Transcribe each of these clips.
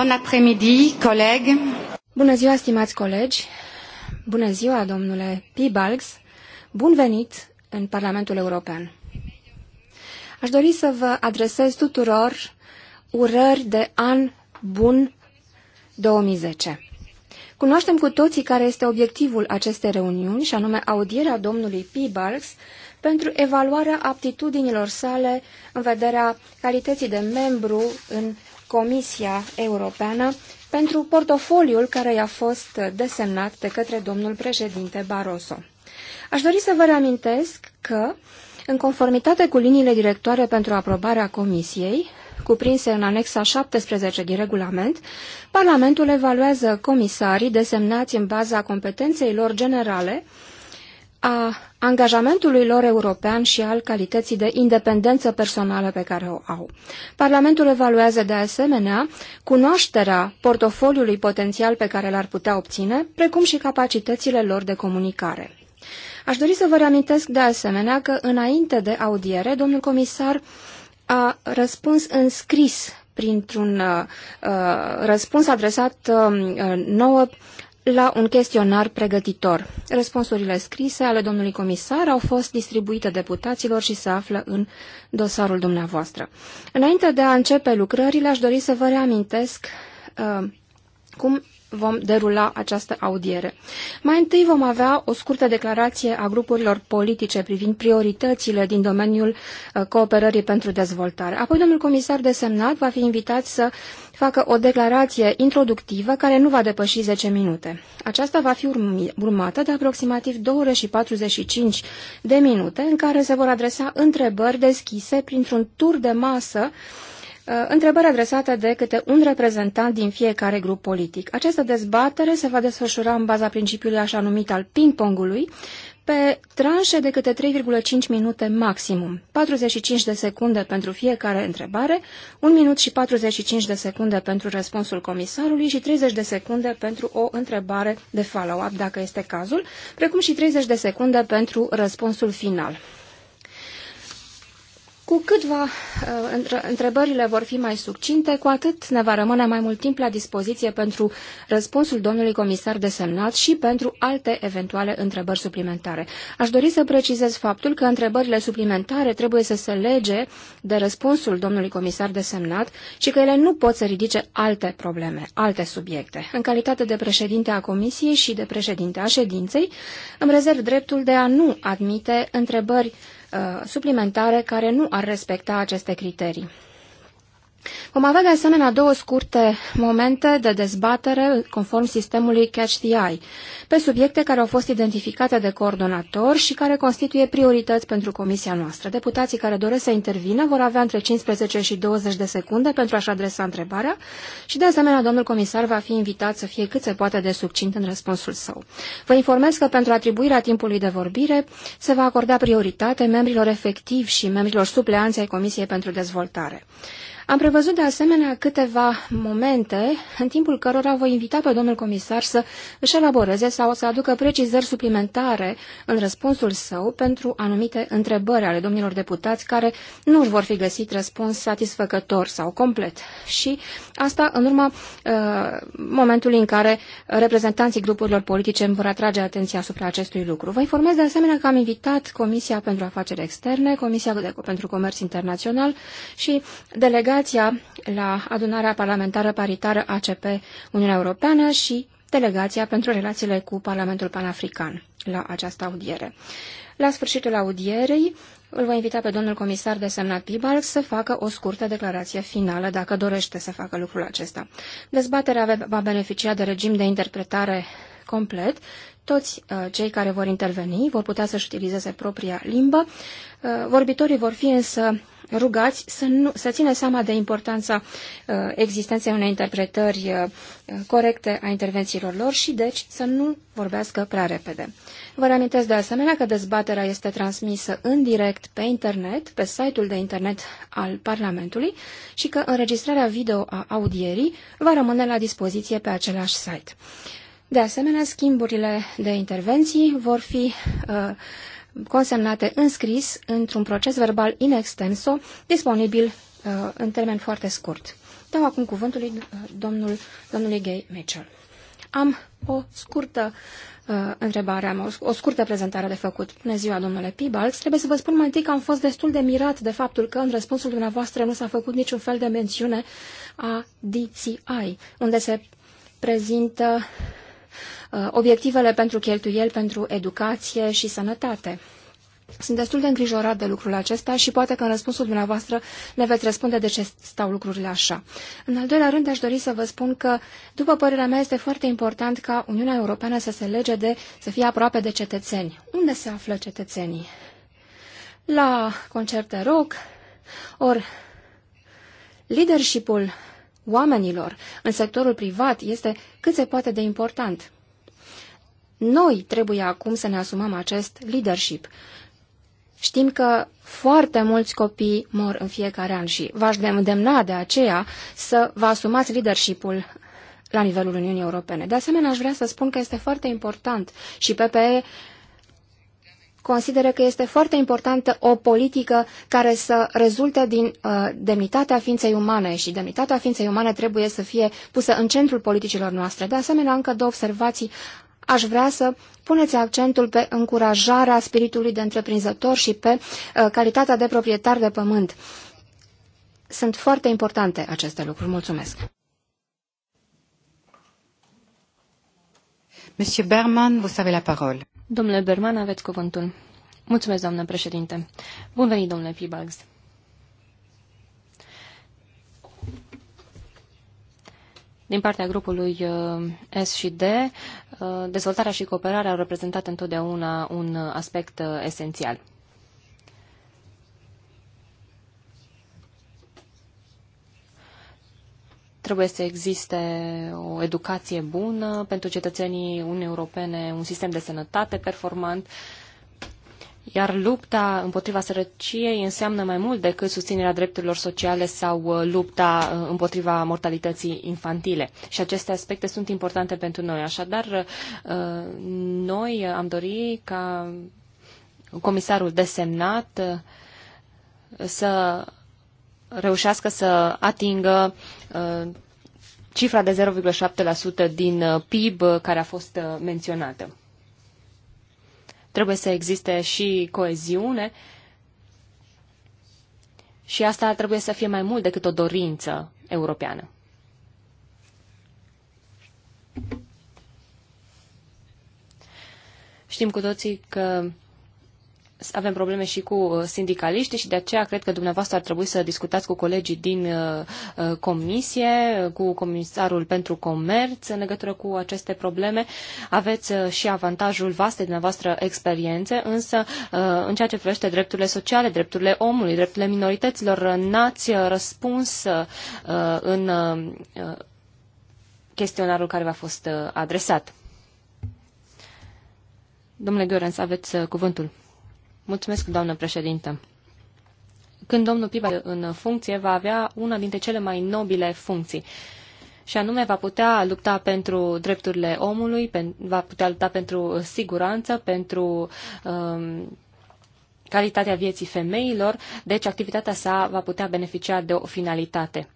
Bon après-midi, colegi. Bună ziua, stimați colegi. Bună ziua, domnule Piebalgs. Bun venit în Parlamentul European. Aș dori să vă adresez tuturor urări de an bun 2010. Cunoaștem cu toții care este obiectivul acestei reuniuni, și anume audierea domnului Piebalgs pentru evaluarea aptitudinilor sale în vederea calității de membru în Comisia Europeană pentru portofoliul care i-a fost desemnat de către domnul președinte Barroso. Aș dori să vă reamintesc că, în conformitate cu liniile directoare pentru aprobarea Comisiei, cuprinse în anexa 17 din regulament, Parlamentul evaluează comisarii desemnați în baza competenței lor generale a angajamentului lor european și al calității de independență personală pe care o au. Parlamentul evaluează de asemenea cunoașterea portofoliului potențial pe care l-ar putea obține, precum și capacitățile lor de comunicare. Aș dori să vă reamintesc de asemenea că înainte de audiere, domnul comisar a răspuns în scris printr-un uh, uh răspuns adresat uh, uh nouă la un chestionar pregătitor. Răspunsurile scrise ale domnului comisar au fost distribuite deputaților și se află în dosarul dumneavoastră. Înainte de a începe lucrările, aș dori să vă reamintesc uh, cum vom derula această audiere. Mai întâi vom avea o scurtă declarație a grupurilor politice privind prioritățile din domeniul uh, cooperării pentru dezvoltare. Apoi domnul comisar desemnat va fi invitat să facă o declarație introductivă care nu va depăși 10 minute. Aceasta va fi urmată de aproximativ 2 ore și 45 de minute în care se vor adresa întrebări deschise printr-un tur de masă Uh, întrebări adresate de câte un reprezentant din fiecare grup politic. Această dezbatere se va desfășura în baza principiului așa numit al ping-pongului, pe tranșe de câte 3,5 minute maximum, 45 de secunde pentru fiecare întrebare, 1 minut și 45 de secunde pentru răspunsul comisarului și 30 de secunde pentru o întrebare de follow-up, dacă este cazul, precum și 30 de secunde pentru răspunsul final. Cu cât va, uh, întrebările vor fi mai succinte, cu atât ne va rămâne mai mult timp la dispoziție pentru răspunsul domnului comisar desemnat și pentru alte eventuale întrebări suplimentare. Aș dori să precizez faptul că întrebările suplimentare trebuie să se lege de răspunsul domnului comisar desemnat și că ele nu pot să ridice alte probleme, alte subiecte. În calitate de președinte a comisiei și de președinte a ședinței, îmi rezerv dreptul de a nu admite întrebări Uh, suplimentare care nu ar respecta aceste criterii. Vom avea de asemenea două scurte momente de dezbatere conform sistemului Catch the Eye, pe subiecte care au fost identificate de coordonator și care constituie priorități pentru comisia noastră. Deputații care doresc să intervină vor avea între 15 și 20 de secunde pentru a-și adresa întrebarea și de asemenea domnul comisar va fi invitat să fie cât se poate de succint în răspunsul său. Vă informez că pentru atribuirea timpului de vorbire se va acorda prioritate membrilor efectivi și membrilor supleanți ai Comisiei pentru Dezvoltare. Am prevăzut de asemenea câteva momente în timpul cărora voi invita pe domnul comisar să își elaboreze sau să aducă precizări suplimentare în răspunsul său pentru anumite întrebări ale domnilor deputați care nu își vor fi găsit răspuns satisfăcător sau complet. Și asta în urma uh, momentului în care reprezentanții grupurilor politice îmi vor atrage atenția asupra acestui lucru. Vă informez de asemenea că am invitat Comisia pentru Afaceri Externe, Comisia pentru Comerț Internațional și delegați delegația la adunarea parlamentară paritară ACP Uniunea Europeană și delegația pentru relațiile cu Parlamentul Panafrican la această audiere. La sfârșitul audierei, îl voi invita pe domnul comisar de semnat Pibal să facă o scurtă declarație finală, dacă dorește să facă lucrul acesta. Dezbaterea va beneficia de regim de interpretare complet toți uh, cei care vor interveni vor putea să-și utilizeze propria limbă. Uh, vorbitorii vor fi însă rugați să, nu, să ține seama de importanța uh, existenței unei interpretări uh, corecte a intervențiilor lor și deci să nu vorbească prea repede. Vă reamintesc de asemenea că dezbaterea este transmisă în direct pe internet, pe site-ul de internet al Parlamentului și că înregistrarea video a audierii va rămâne la dispoziție pe același site. De asemenea, schimburile de intervenții vor fi uh, consemnate în scris într-un proces verbal in extenso, disponibil uh, în termen foarte scurt. Dau acum cuvântul lui uh, domnul, domnului Gay Mitchell. Am o scurtă uh, întrebare, am o, o scurtă prezentare de făcut. Bună ziua, domnule Pibalx. Trebuie să vă spun mai întâi că am fost destul de mirat de faptul că în răspunsul dumneavoastră nu s-a făcut niciun fel de mențiune a DCI, unde se prezintă Uh, obiectivele pentru cheltuieli pentru educație și sănătate. Sunt destul de îngrijorat de lucrul acesta și poate că în răspunsul dumneavoastră ne veți răspunde de ce stau lucrurile așa. În al doilea rând, aș dori să vă spun că, după părerea mea, este foarte important ca Uniunea Europeană să se lege de, să fie aproape de cetățeni. Unde se află cetățenii? La concerte rock, ori leadership oamenilor în sectorul privat este cât se poate de important. Noi trebuie acum să ne asumăm acest leadership. Știm că foarte mulți copii mor în fiecare an și v-aș îndemna de aceea să vă asumați leadership-ul la nivelul Uniunii Europene. De asemenea, aș vrea să spun că este foarte important și PPE consideră că este foarte importantă o politică care să rezulte din uh, demnitatea ființei umane și demnitatea ființei umane trebuie să fie pusă în centrul politicilor noastre. De asemenea, încă două observații aș vrea să puneți accentul pe încurajarea spiritului de întreprinzător și pe uh, calitatea de proprietar de pământ. Sunt foarte importante aceste lucruri. Mulțumesc! Monsieur Berman, vous avez la parole. Domnule Berman, aveți cuvântul. Mulțumesc, doamnă președinte. Bun venit, domnule Pibags. Din partea grupului uh, S și D, uh, dezvoltarea și cooperarea au reprezentat întotdeauna un aspect uh, esențial. trebuie să existe o educație bună pentru cetățenii Uniunii Europene, un sistem de sănătate performant iar lupta împotriva sărăciei înseamnă mai mult decât susținerea drepturilor sociale sau uh, lupta uh, împotriva mortalității infantile. Și aceste aspecte sunt importante pentru noi. Așadar, uh, noi am dori ca comisarul desemnat să reușească să atingă cifra de 0,7% din PIB care a fost menționată. Trebuie să existe și coeziune și asta trebuie să fie mai mult decât o dorință europeană. Știm cu toții că avem probleme și cu uh, sindicaliști și de aceea cred că dumneavoastră ar trebui să discutați cu colegii din uh, uh, comisie, cu comisarul pentru comerț în legătură cu aceste probleme. Aveți și avantajul din dumneavoastră experiențe, însă în ceea ce privește drepturile sociale, drepturile omului, drepturile minorităților, n-ați răspuns în chestionarul care v-a fost adresat. Domnule Gheorens, aveți cuvântul. Mulțumesc, doamnă președintă. Când domnul Piba în funcție va avea una dintre cele mai nobile funcții și anume va putea lupta pentru drepturile omului, va putea lupta pentru siguranță, pentru um, calitatea vieții femeilor, deci activitatea sa va putea beneficia de o finalitate.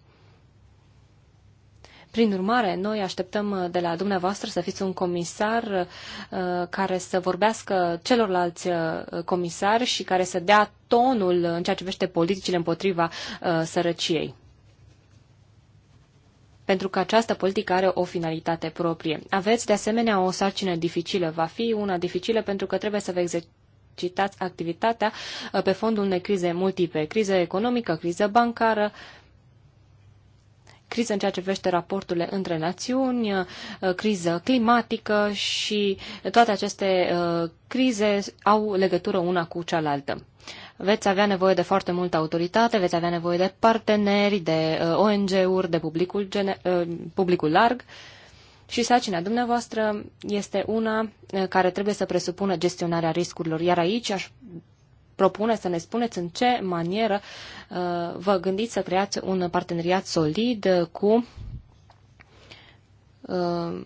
Prin urmare, noi așteptăm uh, de la dumneavoastră să fiți un comisar uh, care să vorbească celorlalți uh, comisari și care să dea tonul în ceea ce vește politicile împotriva sărăciei pentru că această politică are o finalitate proprie. Aveți, de asemenea, o sarcină dificilă. Va fi una dificilă pentru că trebuie să vă citați activitatea pe fondul unei crize multiple. Criză economică, criză bancară, criză în ceea ce vește raporturile între națiuni, uh, criză climatică și toate aceste uh, crize au legătură una cu cealaltă veți avea nevoie de foarte multă autoritate, veți avea nevoie de parteneri, de uh, ONG-uri, de publicul, gene, publicul larg. Și sacina dumneavoastră este una care trebuie să presupună gestionarea riscurilor. Iar aici aș propune să ne spuneți în ce manieră uh, vă gândiți să creați un parteneriat solid uh, cu uh,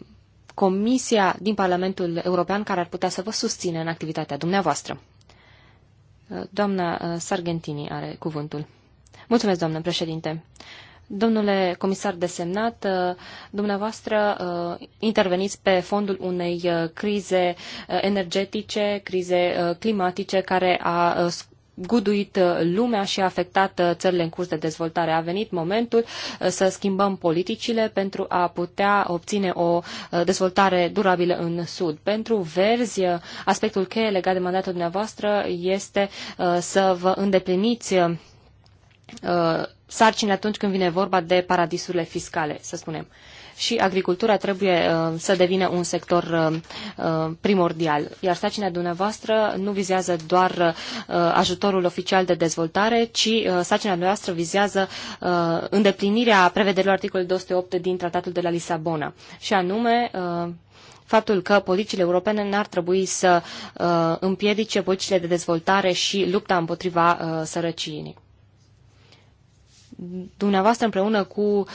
Comisia din Parlamentul European care ar putea să vă susține în activitatea dumneavoastră. Doamna Sargentini are cuvântul. Mulțumesc, doamnă președinte. Domnule comisar desemnat, uh, dumneavoastră uh, interveniți pe fondul unei uh, crize energetice, crize climatice care a guduit lumea și a afectat țările în curs de dezvoltare. A venit momentul să schimbăm politicile pentru a putea obține o dezvoltare durabilă în Sud. Pentru verzi, aspectul cheie legat de mandatul dumneavoastră este să vă îndepliniți Uh, sarcini atunci când vine vorba de paradisurile fiscale, să spunem. Și agricultura trebuie uh, să devină un sector uh, primordial. Iar sarcina dumneavoastră nu vizează doar ajutorul oficial de dezvoltare, ci sarcina noastră vizează îndeplinirea prevederilor articolului 208 din Tratatul de la Lisabona. Și anume faptul că politicile europene n-ar trebui să împiedice politicile de dezvoltare și lupta împotriva sărăciei dumneavoastră împreună cu uh,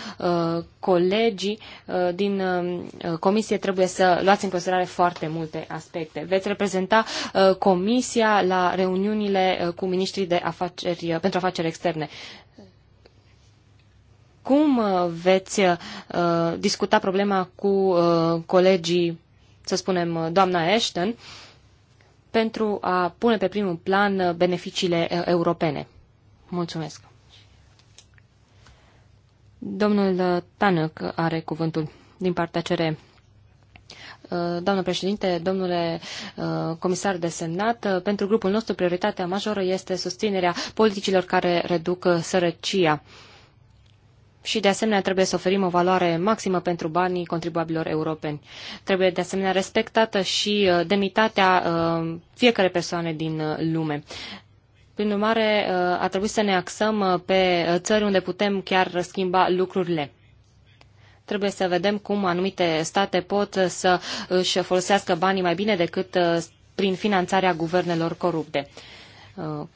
colegii uh, din uh, comisie trebuie să luați în considerare foarte multe aspecte. Veți reprezenta uh, comisia la reuniunile uh, cu ministrii de afaceri, uh, pentru afaceri externe. Cum uh, veți uh, discuta problema cu uh, colegii, să spunem, uh, doamna Ashton, pentru a pune pe primul plan uh, beneficiile uh, europene? Mulțumesc! Domnul uh, Tanăc are cuvântul din partea CRE. Uh, doamnă președinte, domnule uh, comisar desemnat, pentru grupul nostru prioritatea majoră este susținerea politicilor care reduc sărăcia. Și de asemenea trebuie să oferim o valoare maximă pentru banii contribuabilor europeni. Trebuie de asemenea respectată și demnitatea fiecare persoane din lume. Prin urmare, uh, a trebuit să ne axăm uh, pe uh, țări unde putem chiar schimba lucrurile. Trebuie să vedem cum anumite state pot să își folosească banii mai bine decât prin finanțarea guvernelor corupte.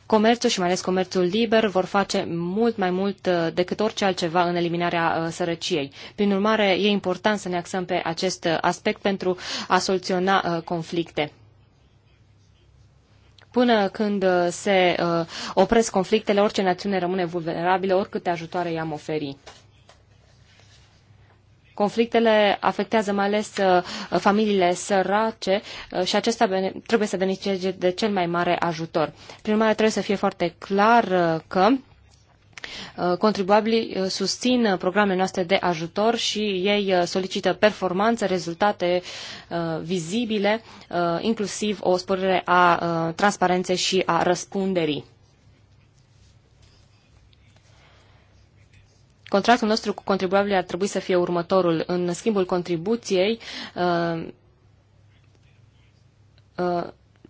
Comerțul și mai ales comerțul liber vor face mult mai mult decât orice altceva în eliminarea sărăciei. Prin urmare, e important să ne axăm pe acest aspect pentru a soluționa conflicte. Până când uh, se uh, opresc conflictele, orice națiune rămâne vulnerabilă, oricâte ajutoare i-am oferi. Conflictele afectează mai ales uh, familiile sărace și acesta trebuie să beneficieze de cel mai mare ajutor. Prin urmare, trebuie să fie foarte clar că Uh, contribuabilii uh, susțin uh, programele noastre de ajutor și ei solicită performanță, rezultate vizibile, inclusiv o sporire a transparenței și a răspunderii. Contractul nostru cu contribuabilii ar trebui să fie următorul. În schimbul contribuției, uh, uh,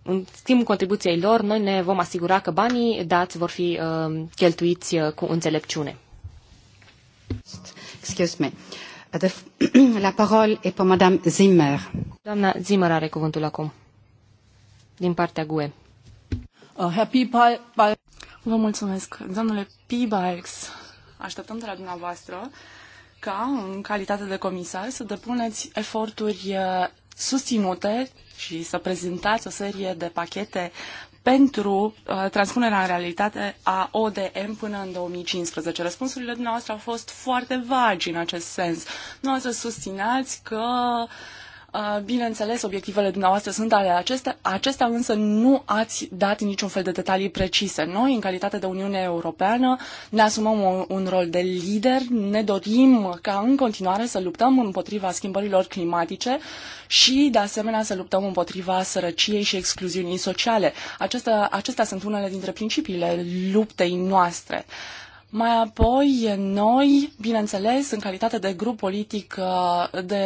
în schimbul contribuției lor, noi ne vom asigura că banii dați vor fi uh, cheltuiți uh, cu înțelepciune. Excuse me. Uh, la parole est pour Madame Zimmer. Doamna Zimmer are cuvântul acum, din partea GUE. Uh, Vă mulțumesc. Domnule Bikes așteptăm de la dumneavoastră ca, în calitate de comisar, să depuneți eforturi susținute și să prezentați o serie de pachete pentru uh, transpunerea în realitate a ODM până în 2015. Răspunsurile dumneavoastră au fost foarte vagi în acest sens. să susțineați că uh, Bineînțeles, obiectivele dumneavoastră sunt ale acestea, acestea însă nu ați dat niciun fel de detalii precise. Noi, în calitate de Uniune Europeană, ne asumăm un, un rol de lider, ne dorim ca în continuare să luptăm împotriva schimbărilor climatice și, de asemenea, să luptăm împotriva sărăciei și excluziunii sociale. Acestea, acestea sunt unele dintre principiile luptei noastre. Uh, mai apoi, noi, bineînțeles, în calitate de grup politic, uh, de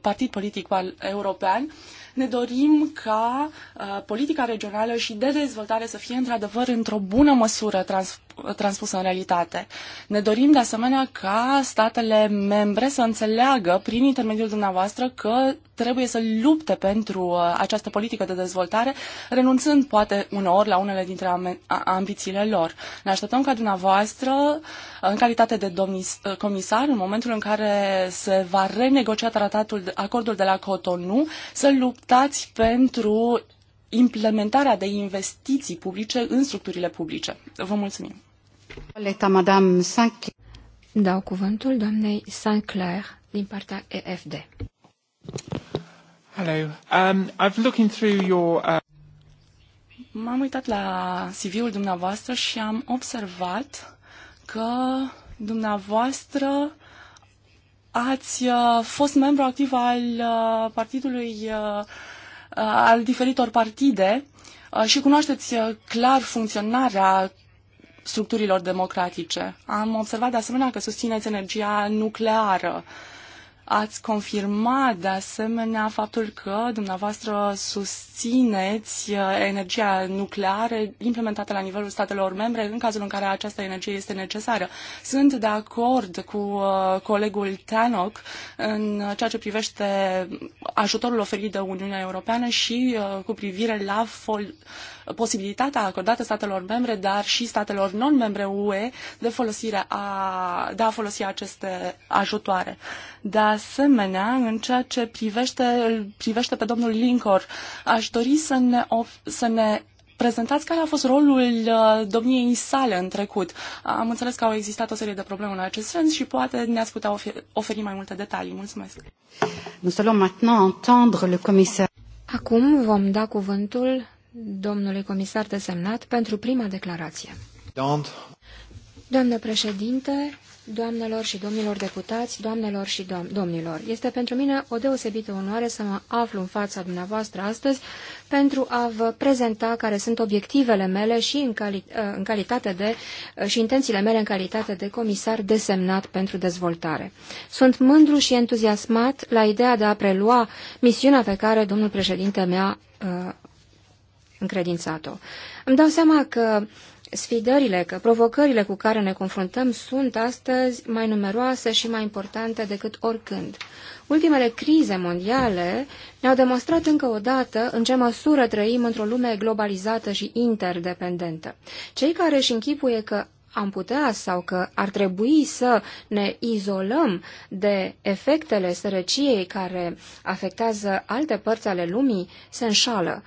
partid politic european, ne dorim ca uh, politica regională și de dezvoltare să fie într-adevăr într-o bună măsură trans- transpusă în realitate. Ne dorim de asemenea ca statele membre să înțeleagă prin intermediul dumneavoastră că trebuie să lupte pentru uh, această politică de dezvoltare, renunțând poate uneori la unele dintre ambițiile lor. Ne așteptăm ca dumneavoastră, uh, în calitate de domnis, uh, comisar, în momentul în care se va renegocia tratatul, acordul de la Cotonou, să luptați pentru implementarea de investiții publice în structurile publice. Vă mulțumim. Leta, Madame Saint Dau cuvântul doamnei Saint Clair din partea EFD. Hello. Um, I've looking through your uh... M-am uitat la CV-ul dumneavoastră și am observat că dumneavoastră ați uh, fost membru activ al uh, Partidului uh, Uh, al diferitor partide uh, și cunoașteți uh, clar funcționarea structurilor democratice. Am observat de asemenea că susțineți energia nucleară Ați confirmat de asemenea faptul că dumneavoastră susțineți uh, energia nucleară implementată la nivelul statelor membre în cazul în care această energie este necesară. Sunt de acord cu uh, colegul Tanok în ceea ce privește ajutorul oferit de Uniunea Europeană și uh, cu privire la posibilitatea acordată statelor membre, dar și statelor non-membre UE de, folosire a, de a folosi aceste ajutoare. De asemenea, în ceea ce privește, îl privește pe domnul Lincor, aș dori să ne, of- să ne prezentați care a fost rolul uh, domniei sale în trecut. Am înțeles că au existat o serie de probleme în acest sens și poate ne-ați putea oferi mai multe detalii. Mulțumesc. Acum vom da cuvântul domnului comisar desemnat pentru prima declarație. Doamnă președinte, doamnelor și domnilor deputați, doamnelor și dom domnilor. Este pentru mine o deosebită onoare să mă aflu în fața dumneavoastră astăzi pentru a vă prezenta care sunt obiectivele mele și în, cali uh, în calitate de, uh, și intențiile mele în calitate de comisar desemnat pentru dezvoltare. Sunt mândru și entuziasmat la ideea de a prelua misiunea pe care domnul președinte mi-a uh, încredințat-o. Îmi dau seama că uh, sfidările, că provocările cu care ne confruntăm sunt astăzi mai numeroase și mai importante decât oricând. Ultimele crize mondiale ne-au demonstrat încă o dată în ce măsură trăim într-o lume globalizată și interdependentă. Cei care își închipuie că am putea sau că ar trebui să ne izolăm de efectele sărăciei care afectează alte părți ale lumii, se înșală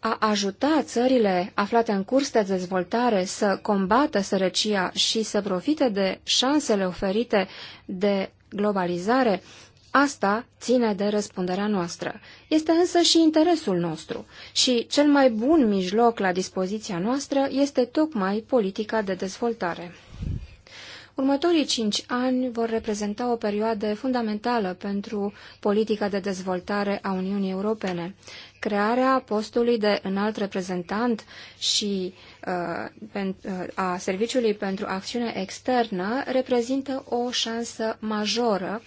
a ajuta țările aflate în curs de dezvoltare să combată sărăcia și să profite de șansele oferite de globalizare, asta ține de răspunderea noastră. Este însă și interesul nostru și cel mai bun mijloc la dispoziția noastră este tocmai politica de dezvoltare. Următorii cinci ani vor reprezenta o perioadă fundamentală pentru politica de dezvoltare a Uniunii Europene crearea postului de înalt reprezentant și uh, uh, a Serviciului pentru Acțiune Externă reprezintă o șansă majoră,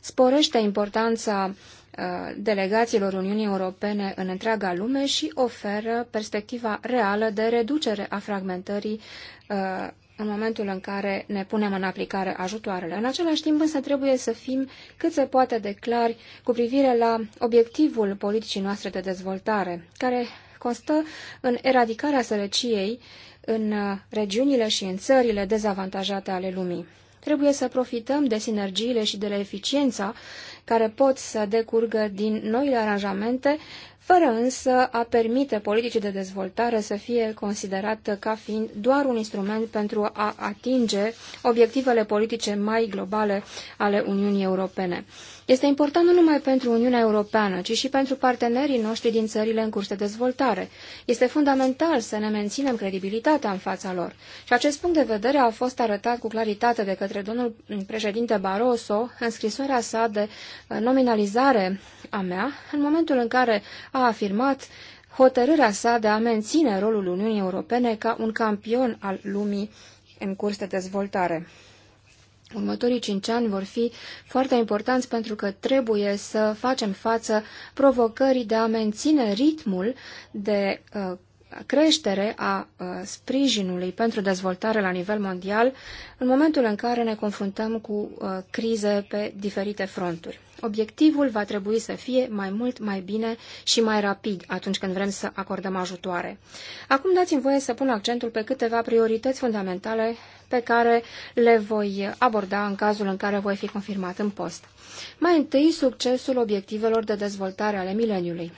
sporește importanța uh, delegațiilor Uniunii Europene în întreaga lume și oferă perspectiva reală de reducere a fragmentării în momentul în care ne punem în aplicare ajutoarele. În același timp însă trebuie să fim cât se poate de clari cu privire la obiectivul politicii noastre de dezvoltare, care constă în eradicarea sărăciei în regiunile și în țările dezavantajate ale lumii. Trebuie să profităm de sinergiile și de la eficiența care pot să decurgă din noile aranjamente, fără însă a permite politicii de dezvoltare să fie considerată ca fiind doar un instrument pentru a atinge obiectivele politice mai globale ale Uniunii Europene este important nu numai pentru Uniunea Europeană, ci și pentru partenerii noștri din țările în curs de dezvoltare. Este fundamental să ne menținem credibilitatea în fața lor. Și acest punct de vedere a fost arătat cu claritate de către domnul președinte Barroso în scrisoarea sa de uh, nominalizare a mea, în momentul în care a afirmat hotărârea sa de a menține rolul Uniunii Europene ca un campion al lumii în curs de dezvoltare. Următorii cinci ani vor fi foarte importanți pentru că trebuie să facem față provocării de a menține ritmul de uh, creștere a uh, sprijinului pentru dezvoltare la nivel mondial în momentul în care ne confruntăm cu uh, crize pe diferite fronturi. Obiectivul va trebui să fie mai mult, mai bine și mai rapid atunci când vrem să acordăm ajutoare. Acum dați-mi voie să pun accentul pe câteva priorități fundamentale pe care le voi aborda în cazul în care voi fi confirmat în post. Mai întâi, succesul obiectivelor de dezvoltare ale mileniului.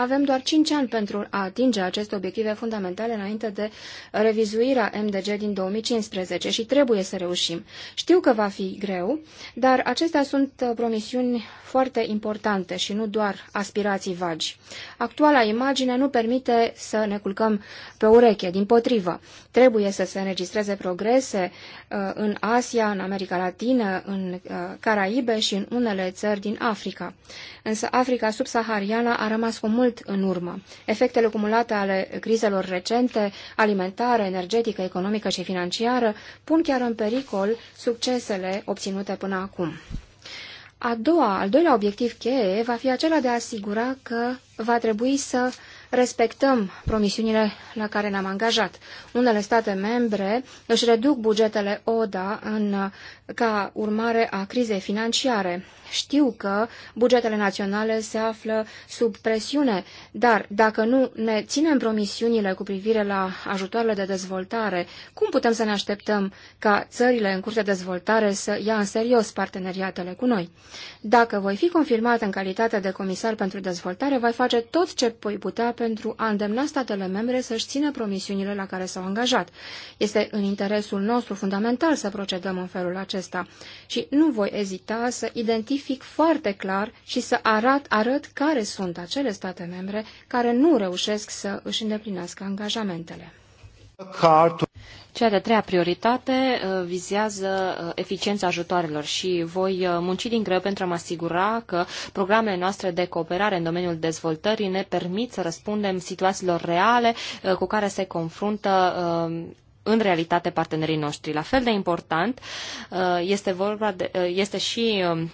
Avem doar 5 ani pentru a atinge aceste obiective fundamentale înainte de revizuirea MDG din 2015 și trebuie să reușim. Știu că va fi greu, dar acestea sunt uh, promisiuni foarte importante și nu doar aspirații vagi. Actuala imagine nu permite să ne culcăm pe ureche, din potrivă. Trebuie să se înregistreze progrese uh, în Asia, în America Latină, în uh, Caraibe și în unele țări din Africa. Însă Africa subsahariană a rămas cu mult mult în urmă. Efectele acumulate ale crizelor recente, alimentară, energetică, economică și financiară, pun chiar în pericol succesele obținute până acum. A doua, al doilea obiectiv cheie va fi acela de a asigura că va trebui să respectăm promisiunile la care ne-am angajat. Unele state membre își reduc bugetele ODA în, ca urmare a crizei financiare. Știu că bugetele naționale se află sub presiune, dar dacă nu ne ținem promisiunile cu privire la ajutoarele de dezvoltare, cum putem să ne așteptăm ca țările în curs de dezvoltare să ia în serios parteneriatele cu noi? Dacă voi fi confirmat în calitate de comisar pentru dezvoltare, voi face tot ce voi putea pentru a îndemna statele membre să-și țină promisiunile la care s-au angajat. Este în interesul nostru fundamental să procedăm în felul acesta și nu voi ezita să identific foarte clar și să arat, arăt care sunt acele state membre care nu reușesc să își îndeplinească angajamentele. Cea de-a treia prioritate uh, vizează uh, eficiența ajutoarelor și voi uh, munci din greu pentru a mă asigura că programele noastre de cooperare în domeniul dezvoltării ne permit să răspundem situațiilor reale cu care se confruntă în realitate partenerii noștri. La fel de important este, vorba de, este și um,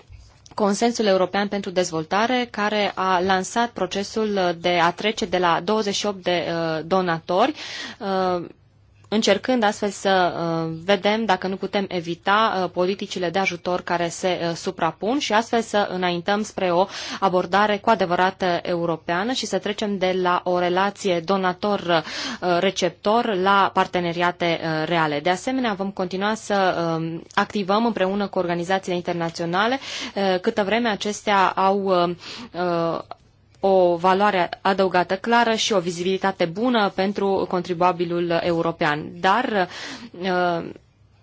Consensul European pentru Dezvoltare, care a lansat procesul de a trece de la 28 de donatori încercând astfel să uh, vedem dacă nu putem evita uh, politicile de ajutor care se uh, suprapun și astfel să înaintăm spre o abordare cu adevărat europeană și să trecem de la o relație donator-receptor la parteneriate reale. De asemenea, vom continua să activăm împreună cu organizațiile internaționale câtă vreme acestea au o valoare adăugată clară și o vizibilitate bună pentru contribuabilul european. Dar uh,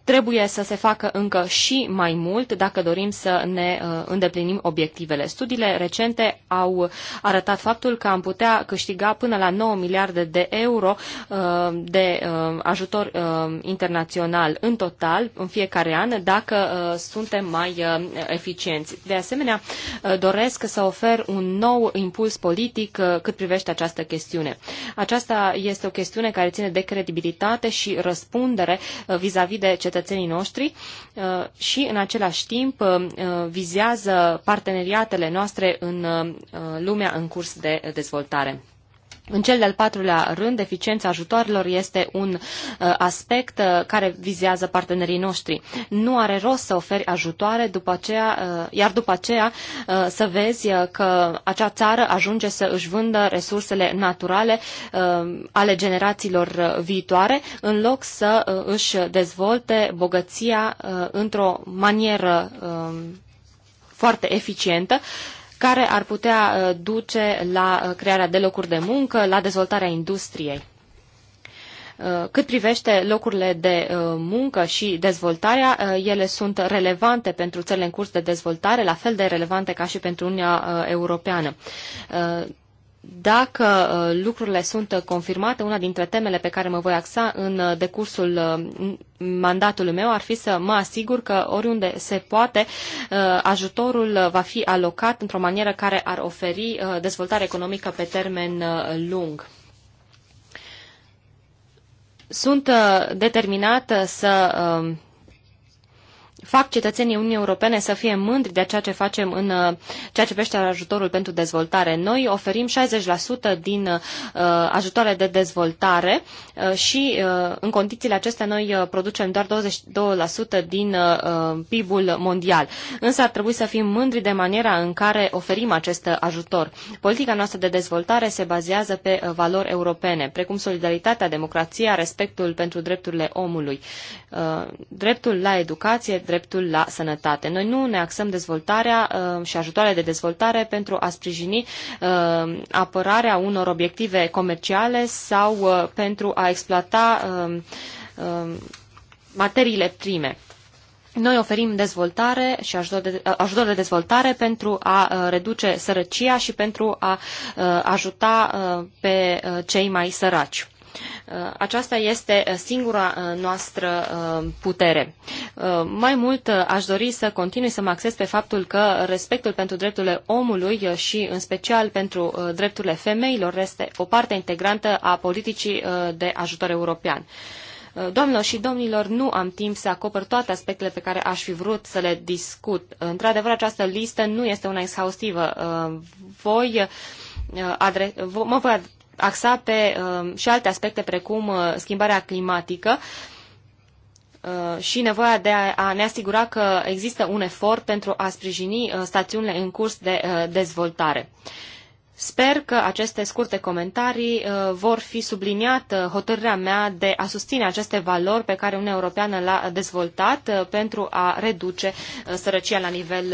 Trebuie să se facă încă și mai mult dacă dorim să ne uh, îndeplinim obiectivele. Studiile recente au arătat faptul că am putea câștiga până la 9 miliarde de euro uh, de uh, ajutor internațional în total în fiecare an dacă suntem mai eficienți. De asemenea, doresc să ofer un nou impuls politic cât privește această chestiune. Aceasta este o chestiune care ține de credibilitate și răspundere vis-a-vis -vis de cetățenii noștri uh, și în același timp uh, uh, vizează parteneriatele noastre în lumea în curs de dezvoltare. În cel de-al patrulea rând, eficiența ajutoarelor este un uh, aspect uh, care vizează partenerii noștri. Nu are rost să oferi ajutoare, după aceea, uh, iar după aceea să vezi că acea țară ajunge să își vândă resursele naturale ale generațiilor viitoare, în loc să își dezvolte bogăția într-o manieră foarte eficientă, uh, care ar putea uh, duce la uh, crearea de locuri de muncă, la dezvoltarea industriei. Uh, cât privește locurile de muncă și dezvoltarea, ele sunt relevante pentru țările în curs de dezvoltare, la fel de relevante ca și pentru Uniunea Europeană dacă uh, lucrurile sunt uh, confirmate, una dintre temele pe care mă voi axa în uh, decursul mandatului meu ar fi să mă asigur că oriunde se poate, ajutorul va fi alocat într-o manieră care ar oferi dezvoltare economică pe termen lung sunt determinată să fac cetățenii Uniunii Europene să fie mândri de ceea ce facem în uh, ceea ce privește ajutorul pentru dezvoltare. Noi oferim 60% din uh, ajutoare de dezvoltare uh, și uh, în condițiile acestea noi uh, producem doar 22% din uh, uh PIB-ul mondial. Însă ar trebui să fim mândri de maniera în care oferim acest ajutor. Politica noastră de dezvoltare se bazează pe valori europene, precum solidaritatea, democrația, respectul pentru drepturile omului, dreptul la educație, dreptul la sănătate. Noi nu ne axăm dezvoltarea uh, și ajutoarea de dezvoltare pentru a sprijini uh, apărarea unor obiective comerciale sau uh, pentru a exploata um, um, materiile prime. Noi oferim dezvoltare și ajutor de, ajutor de dezvoltare pentru a reduce sărăcia și pentru a ajuta pe cei mai săraci. Uh, aceasta este uh, singura uh, noastră putere. Mai mult aș dori să continui să mă acces pe faptul că respectul pentru drepturile omului și în special pentru drepturile femeilor este o parte integrantă a politicii de ajutor european. Doamnelor și domnilor, nu am timp să acopăr toate aspectele pe care aș fi vrut să le discut. Într-adevăr, această listă nu este una exhaustivă. Voi mă voi axa pe uh, și alte aspecte precum uh, schimbarea climatică uh, și nevoia de a ne asigura că există un efort pentru a sprijini stațiunile în curs de dezvoltare. Sper că aceste scurte comentarii uh, vor fi subliniat uh, hotărârea mea de a susține aceste valori pe care Uniunea Europeană le-a dezvoltat uh, pentru a reduce sărăcia la nivel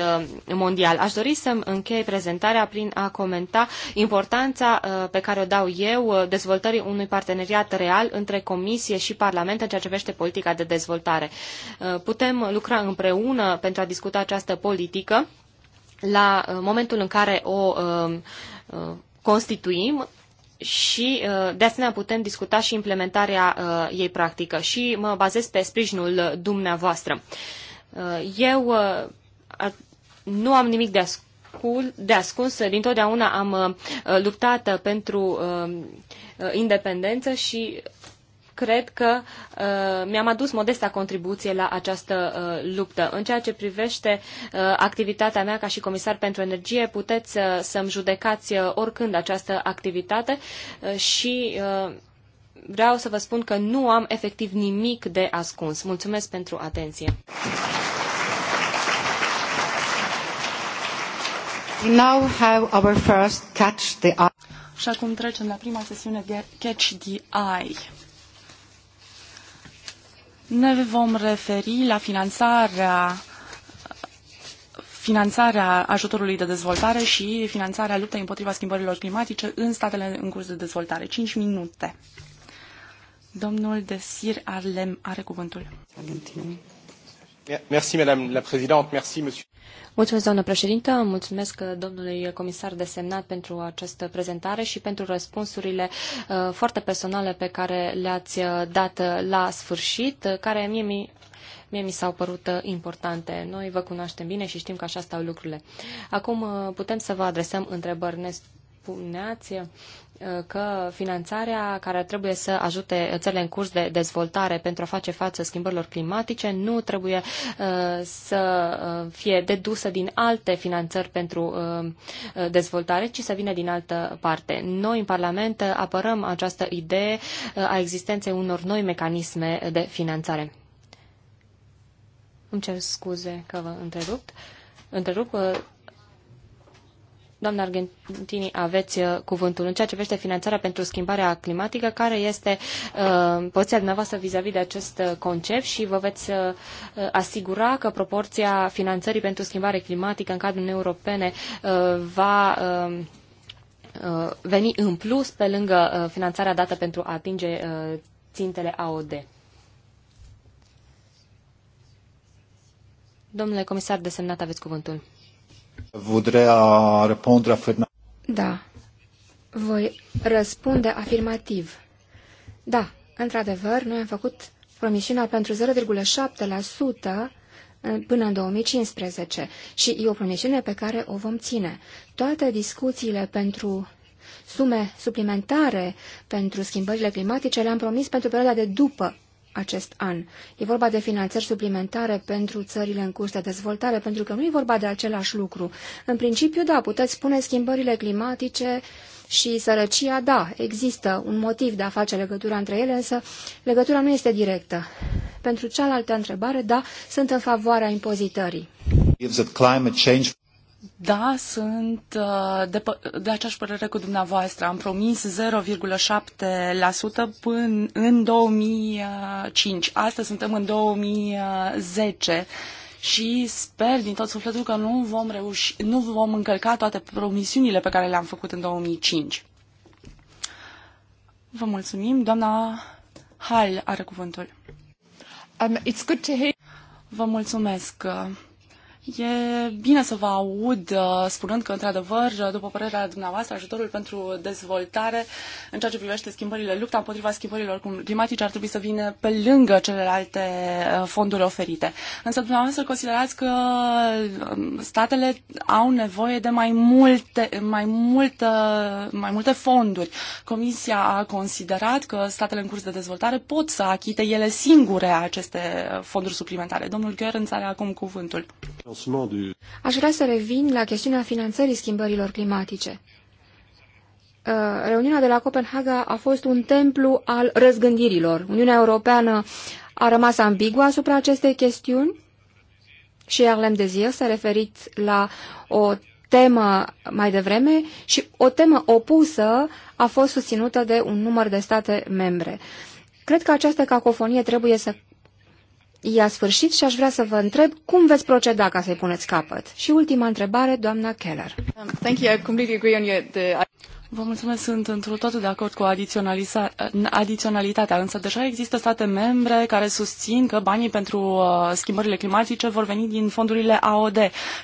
mondial. Aș dori să închei prezentarea prin a comenta importanța pe care o dau eu dezvoltării unui parteneriat real între Comisie și Parlament în ceea ce privește politica de dezvoltare. Putem lucra împreună pentru a discuta această politică la momentul în care o Uh, constituim și uh, de asemenea putem discuta și implementarea uh, ei practică și mă bazez pe sprijinul dumneavoastră. Eu nu am nimic de ascuns de ascuns, dintotdeauna am luptat pentru independență și cred că uh, mi-am adus modesta contribuție la această uh, luptă. În ceea ce privește uh, activitatea mea ca și comisar pentru energie, puteți uh, să-mi judecați uh, oricând această activitate uh, și uh, vreau să vă spun că nu am efectiv nimic de ascuns. Mulțumesc pentru atenție. We now have our first catch the eye. Și acum trecem la prima sesiune de Catch the Eye. Ne vom referi la finanțarea finanțarea ajutorului de dezvoltare și finanțarea luptei împotriva schimbărilor climatice în statele în curs de dezvoltare. 5 minute. Domnul Desir Arlem are cuvântul. Merci, Madame la Présidente. Merci, Monsieur. Mulțumesc, doamnă președintă, mulțumesc domnului comisar desemnat pentru această prezentare și pentru răspunsurile uh, foarte personale pe care le-ați uh, dat uh, la sfârșit, care mie mi mie mi s-au părut importante. Noi vă cunoaștem bine și știm că așa stau lucrurile. Acum putem să vă adresăm întrebări. Ne spuneați că finanțarea care trebuie să ajute țările în curs de dezvoltare pentru a face față schimbărilor climatice nu trebuie uh, să uh, fie dedusă din alte finanțări pentru uh, dezvoltare, ci să vină din altă parte. Noi în Parlament apărăm această idee a existenței unor noi mecanisme de finanțare. Îmi cer scuze că vă întrerup. Întrerup Doamna Argentini, aveți uh, cuvântul în ceea ce vește finanțarea pentru schimbarea climatică, care este uh, poziția dumneavoastră vis-a-vis -vis de acest uh, concept și vă veți uh, uh, asigura că proporția finanțării pentru schimbare climatică în cadrul Europene uh, va uh, veni în plus pe lângă uh, finanțarea dată pentru a atinge uh, țintele AOD. Domnule comisar desemnat, aveți cuvântul. Euh, da. Voi răspunde afirmativ. Da, într-adevăr, noi am făcut promisiunea pentru 0,7% uh, până în 2015 și e o promisiune pe care o vom ține. Toate discuțiile pentru sume suplimentare pentru schimbările climatice le-am promis pentru perioada de după acest an. E vorba de finanțări suplimentare pentru țările în curs de dezvoltare, pentru că nu e vorba de același lucru. În principiu, da, puteți spune schimbările climatice și sărăcia, da, există un motiv de a face legătura între ele, însă legătura nu este directă. Pentru cealaltă întrebare, da, sunt în favoarea impozitării. Da, sunt uh, de, de aceeași părere cu dumneavoastră. Am promis 0,7% până în 2005. Astăzi suntem în 2010 și sper din tot sufletul că nu vom reuși, nu vom încălca toate promisiunile pe care le-am făcut în 2005. Vă mulțumim. Doamna Hall are cuvântul. Um, it's good to hear... Vă mulțumesc. E bine să vă aud uh, spunând că, într-adevăr, după părerea dumneavoastră, ajutorul pentru dezvoltare în ceea ce privește schimbările, lupta împotriva schimbărilor climatice ar trebui să vină pe lângă celelalte uh, fonduri oferite. Însă dumneavoastră considerați că um, statele au nevoie de mai multe, mai multe, mai multe fonduri. Comisia a considerat că statele în curs de dezvoltare pot să achite ele singure aceste uh, fonduri suplimentare. Domnul Gheorghe are acum cuvântul. Aș vrea să revin la chestiunea finanțării schimbărilor climatice. Uh, reuniunea de la Copenhaga a fost un templu al răzgândirilor. Uniunea Europeană a rămas ambiguă asupra acestei chestiuni și Arlem Zier s-a referit la o temă mai devreme și o temă opusă a fost susținută de un număr de state membre. Cred că această cacofonie trebuie să i-a sfârșit și aș vrea să vă întreb cum veți proceda ca să-i puneți capăt. Și ultima întrebare, doamna Keller. Um, thank you. I completely agree on your, the... Vă mulțumesc, sunt într totul de acord cu adiționalitatea, însă deja există state membre care susțin că banii pentru uh, schimbările climatice vor veni din fondurile AOD.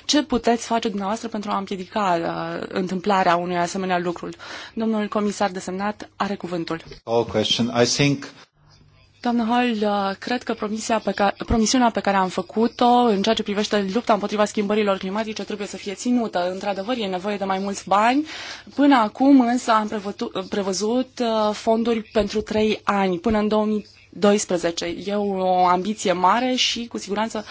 Ce puteți face dumneavoastră pentru a împiedica uh, întâmplarea unui asemenea lucru? Domnul comisar desemnat are cuvântul. All question. I think Doamnă Hall, uh, cred că promisia pe care, promisiunea pe care am făcut-o în ceea ce privește lupta împotriva schimbărilor climatice trebuie să fie ținută. Într-adevăr, e nevoie de mai mulți bani. Până acum însă am prevăzut uh, fonduri pentru trei ani, până în 2012. E o ambiție mare și cu siguranță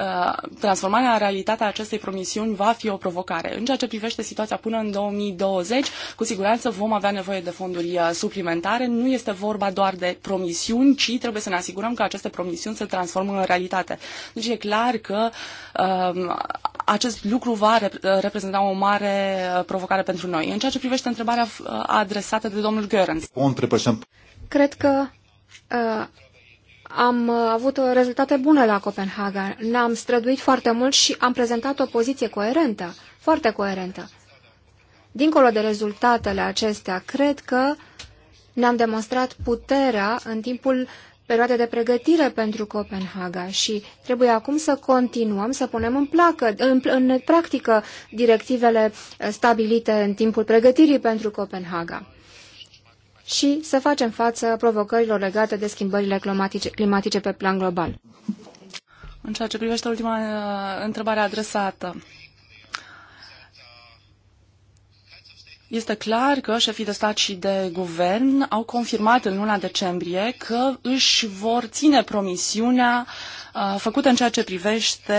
Uh, transformarea în realitatea acestei promisiuni va fi o provocare. În ceea ce privește situația până în 2020, cu siguranță vom avea nevoie de fonduri uh, suplimentare. Nu este vorba doar de promisiuni, ci trebuie să ne asigurăm că aceste promisiuni se transformă în realitate. Deci e clar că um, acest lucru va reprezenta o mare uh, provocare pentru noi. În ceea ce privește întrebarea adresată de domnul Görens. Cred că am uh, avut uh, rezultate bune la Copenhaga. Ne-am străduit foarte mult și am prezentat o poziție coerentă, foarte coerentă. Dincolo de rezultatele acestea, cred că ne-am demonstrat puterea în timpul perioade de pregătire pentru Copenhaga și trebuie acum să continuăm să punem în, placă, în, în practică directivele stabilite în timpul pregătirii pentru Copenhaga și să facem față provocărilor legate de schimbările climatice, climatice pe plan global. În ceea ce privește ultima uh, întrebare adresată, Este clar că șefii de stat și de guvern au confirmat în luna decembrie că își vor ține promisiunea uh, făcută în ceea ce privește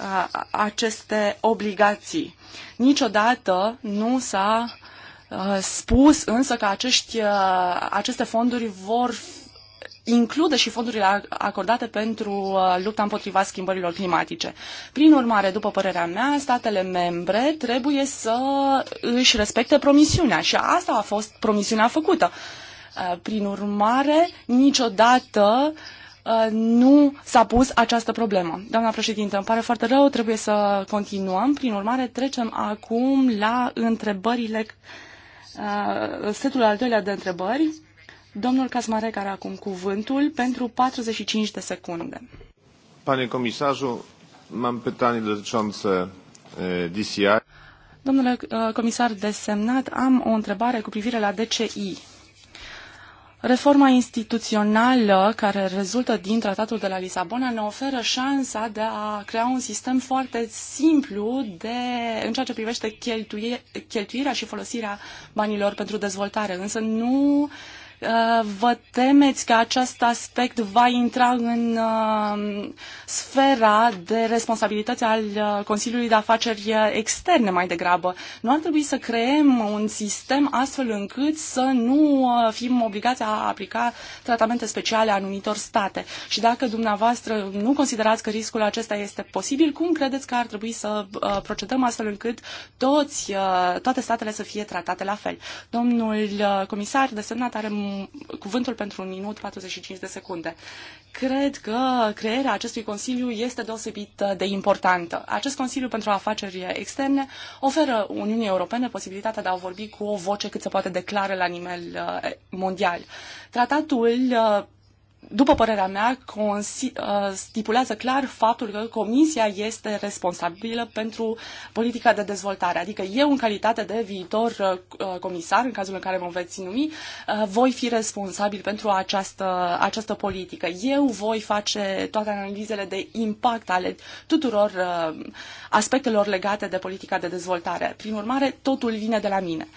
uh, aceste obligații. Niciodată nu s-a Uh, spus însă că acești, uh, aceste fonduri vor include și fondurile acordate pentru uh, lupta împotriva schimbărilor climatice. Prin urmare, după părerea mea, statele membre trebuie să își respecte promisiunea și asta a fost promisiunea făcută. Prin urmare, niciodată nu s-a pus această problemă. Doamna președintă, îmi pare foarte rău, trebuie să continuăm. Prin urmare, trecem acum la întrebările Uh, setul al doilea de întrebări. Domnul Casmarec are acum cuvântul pentru 45 de secunde. Panie comisarzu, mam pytanie dotyczące uh, DCI. Domnule uh, comisar desemnat, am o întrebare cu privire la DCI. Reforma instituțională care rezultă din tratatul de la Lisabona ne oferă șansa de a crea un sistem foarte simplu de, în ceea ce privește cheltuie, cheltuirea și folosirea banilor pentru dezvoltare, însă nu uh, Uh, vă temeți că acest aspect va intra în uh, sfera de responsabilități al uh, Consiliului de Afaceri Externe mai degrabă. Nu ar trebui să creăm un sistem astfel încât să nu fim obligați a aplica tratamente speciale anumitor state. Și dacă dumneavoastră nu considerați că riscul acesta este posibil, cum credeți că ar trebui să procedăm astfel încât toți, toate statele să fie tratate la fel? Domnul comisar desemnat are cuvântul pentru un minut 45 de secunde. Cred că crearea acestui Consiliu este deosebit de importantă. Acest Consiliu pentru Afaceri Externe oferă Uniunii Europene posibilitatea de a vorbi cu o voce cât se poate declară la nivel eh, mondial. Tratatul eh, după părerea mea, uh, stipulează clar faptul că Comisia este responsabilă pentru politica de dezvoltare. Adică eu, în calitate de viitor uh, comisar, în cazul în care mă veți numi, uh, voi fi responsabil pentru această, această politică. Eu voi face toate analizele de impact ale tuturor aspectelor legate de politica de dezvoltare. Prin urmare, totul vine de la mine.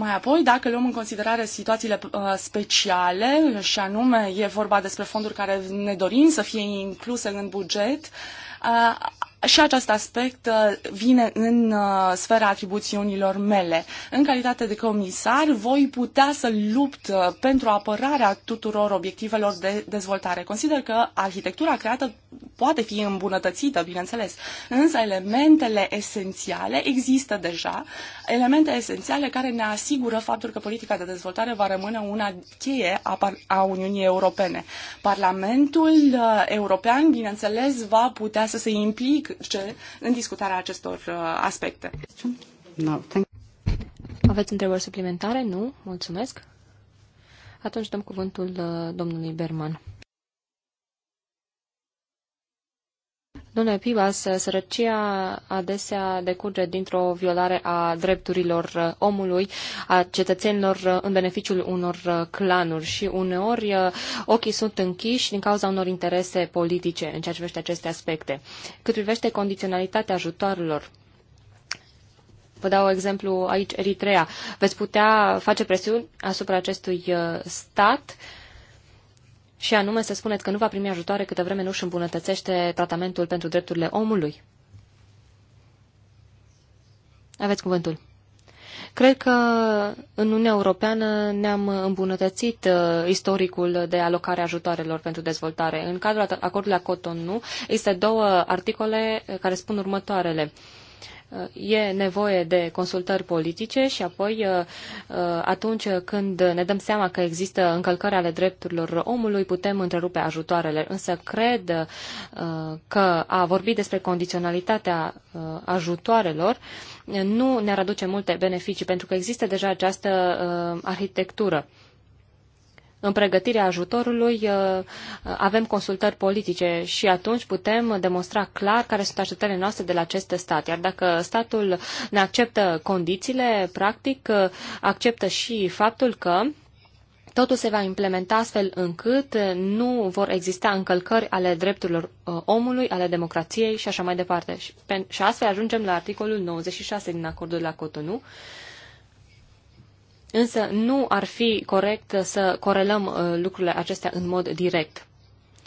Mai apoi, dacă luăm în considerare situațiile uh, speciale, și anume e vorba despre fonduri care ne dorim să fie incluse în buget, uh, și acest aspect uh, vine în sfera atribuțiunilor mele. În calitate de comisar, voi putea să lupt pentru apărarea tuturor obiectivelor de dezvoltare. Consider că arhitectura creată poate fi îmbunătățită, bineînțeles, însă elementele esențiale există deja, elemente esențiale care ne asigură faptul că politica de dezvoltare va rămâne una cheie a, a Uniunii Europene. Parlamentul uh, European, bineînțeles, va putea să se implice în discutarea acestor uh, aspecte. No, thank Aveți întrebări suplimentare? Nu? Mulțumesc. Atunci dăm cuvântul uh, domnului Berman. Domnule Pibas, sărăcia adesea decurge dintr-o violare a drepturilor uh, omului, a cetățenilor uh, în beneficiul unor uh, clanuri și uneori ochii sunt închiși din cauza unor interese politice în ceea ce privește aceste aspecte. Cât privește condiționalitatea ajutoarelor, Vă dau exemplu aici Eritrea. Veți putea face presiuni asupra acestui stat uh, și anume să spuneți că nu va primi ajutoare câtă vreme nu își îmbunătățește tratamentul pentru drepturile omului. Aveți cuvântul. Cred că în Uniunea Europeană ne-am îmbunătățit uh, istoricul de alocare ajutoarelor pentru dezvoltare. În cadrul acordului la Cotonou există două articole uh, care spun următoarele e nevoie de consultări politice și apoi uh, uh, atunci când ne dăm seama că există încălcări ale drepturilor omului, putem întrerupe ajutoarele. Însă cred uh, că a vorbi despre condiționalitatea ajutoarelor nu ne-ar aduce multe beneficii, pentru că există deja această arhitectură în pregătirea ajutorului uh, avem consultări politice și atunci putem demonstra clar care sunt așteptările noastre de la acest stat. Iar dacă statul ne acceptă condițiile, practic uh, acceptă și faptul că Totul se va implementa astfel încât uh, nu vor exista încălcări ale drepturilor omului, ale democrației și așa mai departe. Și, astfel ajungem la articolul 96 din acordul la Cotonou, Însă nu ar fi corect să corelăm uh, lucrurile acestea în mod direct.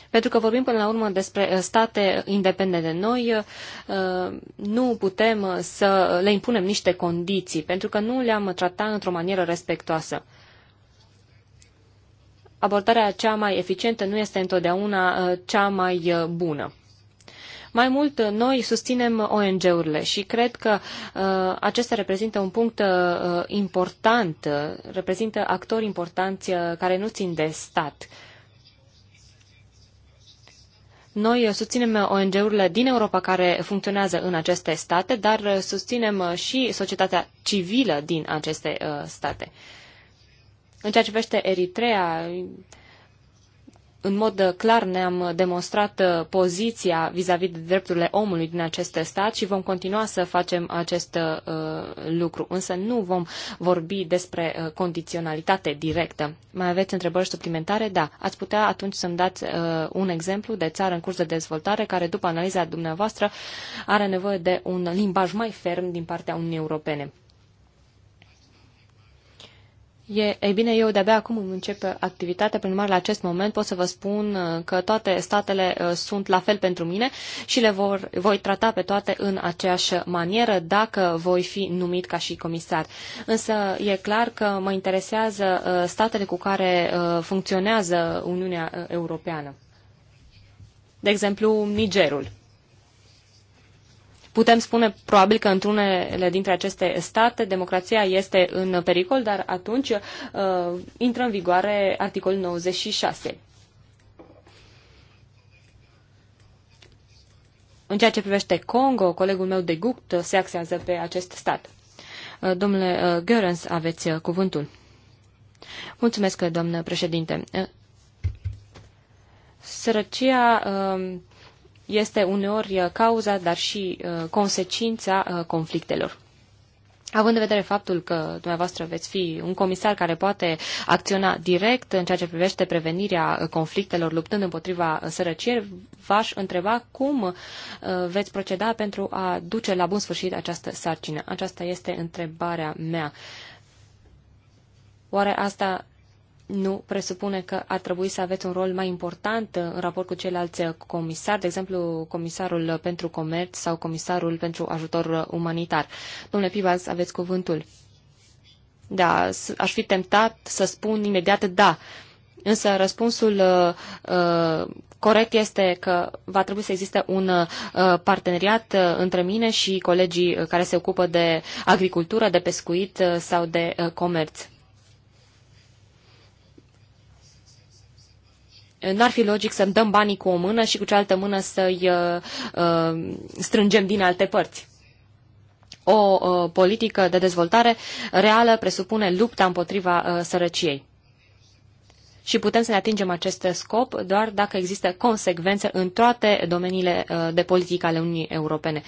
Pentru că vorbim până la urmă despre uh, state independente de noi, uh, nu putem să le impunem niște condiții, pentru că nu le-am tratat într-o manieră respectoasă abordarea cea mai eficientă nu este întotdeauna cea mai bună. Mai mult, noi susținem ONG-urile și cred că uh, acestea reprezintă un punct uh, important, uh, reprezintă actori importanți uh, care nu țin de stat. Noi susținem ONG-urile din Europa care funcționează în aceste state, dar susținem uh, și societatea civilă din aceste uh, state. În ceea ce privește Eritrea, în mod uh, clar ne-am uh, demonstrat uh, poziția vis-a-vis de drepturile omului din acest stat și vom continua să facem acest uh, lucru, însă nu vom vorbi despre uh, condiționalitate directă. Mai aveți întrebări suplimentare? Da. Ați putea atunci să-mi dați uh, un exemplu de țară în curs de dezvoltare care, după analiza dumneavoastră, are nevoie de un limbaj mai ferm din partea Uniunii Europene. E, ei bine, eu de-abia acum îmi încep activitatea, prin urmare, la acest moment pot să vă spun uh, că toate statele uh, sunt la fel pentru mine și le vor, voi trata pe toate în aceeași manieră dacă voi fi numit ca și comisar. Însă e clar că mă interesează uh, statele cu care funcționează Uniunea Europeană. De exemplu, Nigerul. Putem spune probabil că într-unele dintre aceste state democrația este în pericol, dar atunci uh, intră în vigoare articolul 96. În ceea ce privește Congo, colegul meu de Gupt se axează pe acest stat. Uh, domnule uh, Görens, aveți uh, cuvântul. Mulțumesc, doamnă președinte. Sărăcia este uneori uh, cauza, dar și uh, consecința uh, conflictelor. Având în vedere faptul că dumneavoastră veți fi un comisar care poate acționa direct în ceea ce privește prevenirea conflictelor luptând împotriva sărăciei, v-aș întreba cum veți proceda pentru a duce la bun sfârșit această sarcină. Aceasta este întrebarea mea. Oare asta nu presupune că ar trebui să aveți un rol mai important uh, în raport cu ceilalți uh, comisari, de exemplu comisarul pentru comerț sau comisarul pentru ajutor uh, umanitar. Domnule Pibas, aveți cuvântul. Da, aș fi temptat să spun imediat da, însă răspunsul uh, corect este că va trebui să existe un uh, parteneriat uh, între mine și colegii care se ocupă de agricultură, de pescuit uh, sau de uh, comerț. n-ar fi logic să dăm banii cu o mână și cu cealaltă mână să-i uh, uh, strângem din alte părți. O politică de dezvoltare reală presupune lupta împotriva uh, sărăciei. Și putem să ne atingem acest scop doar dacă există consecvențe în toate domeniile de politică ale Uniunii Europene.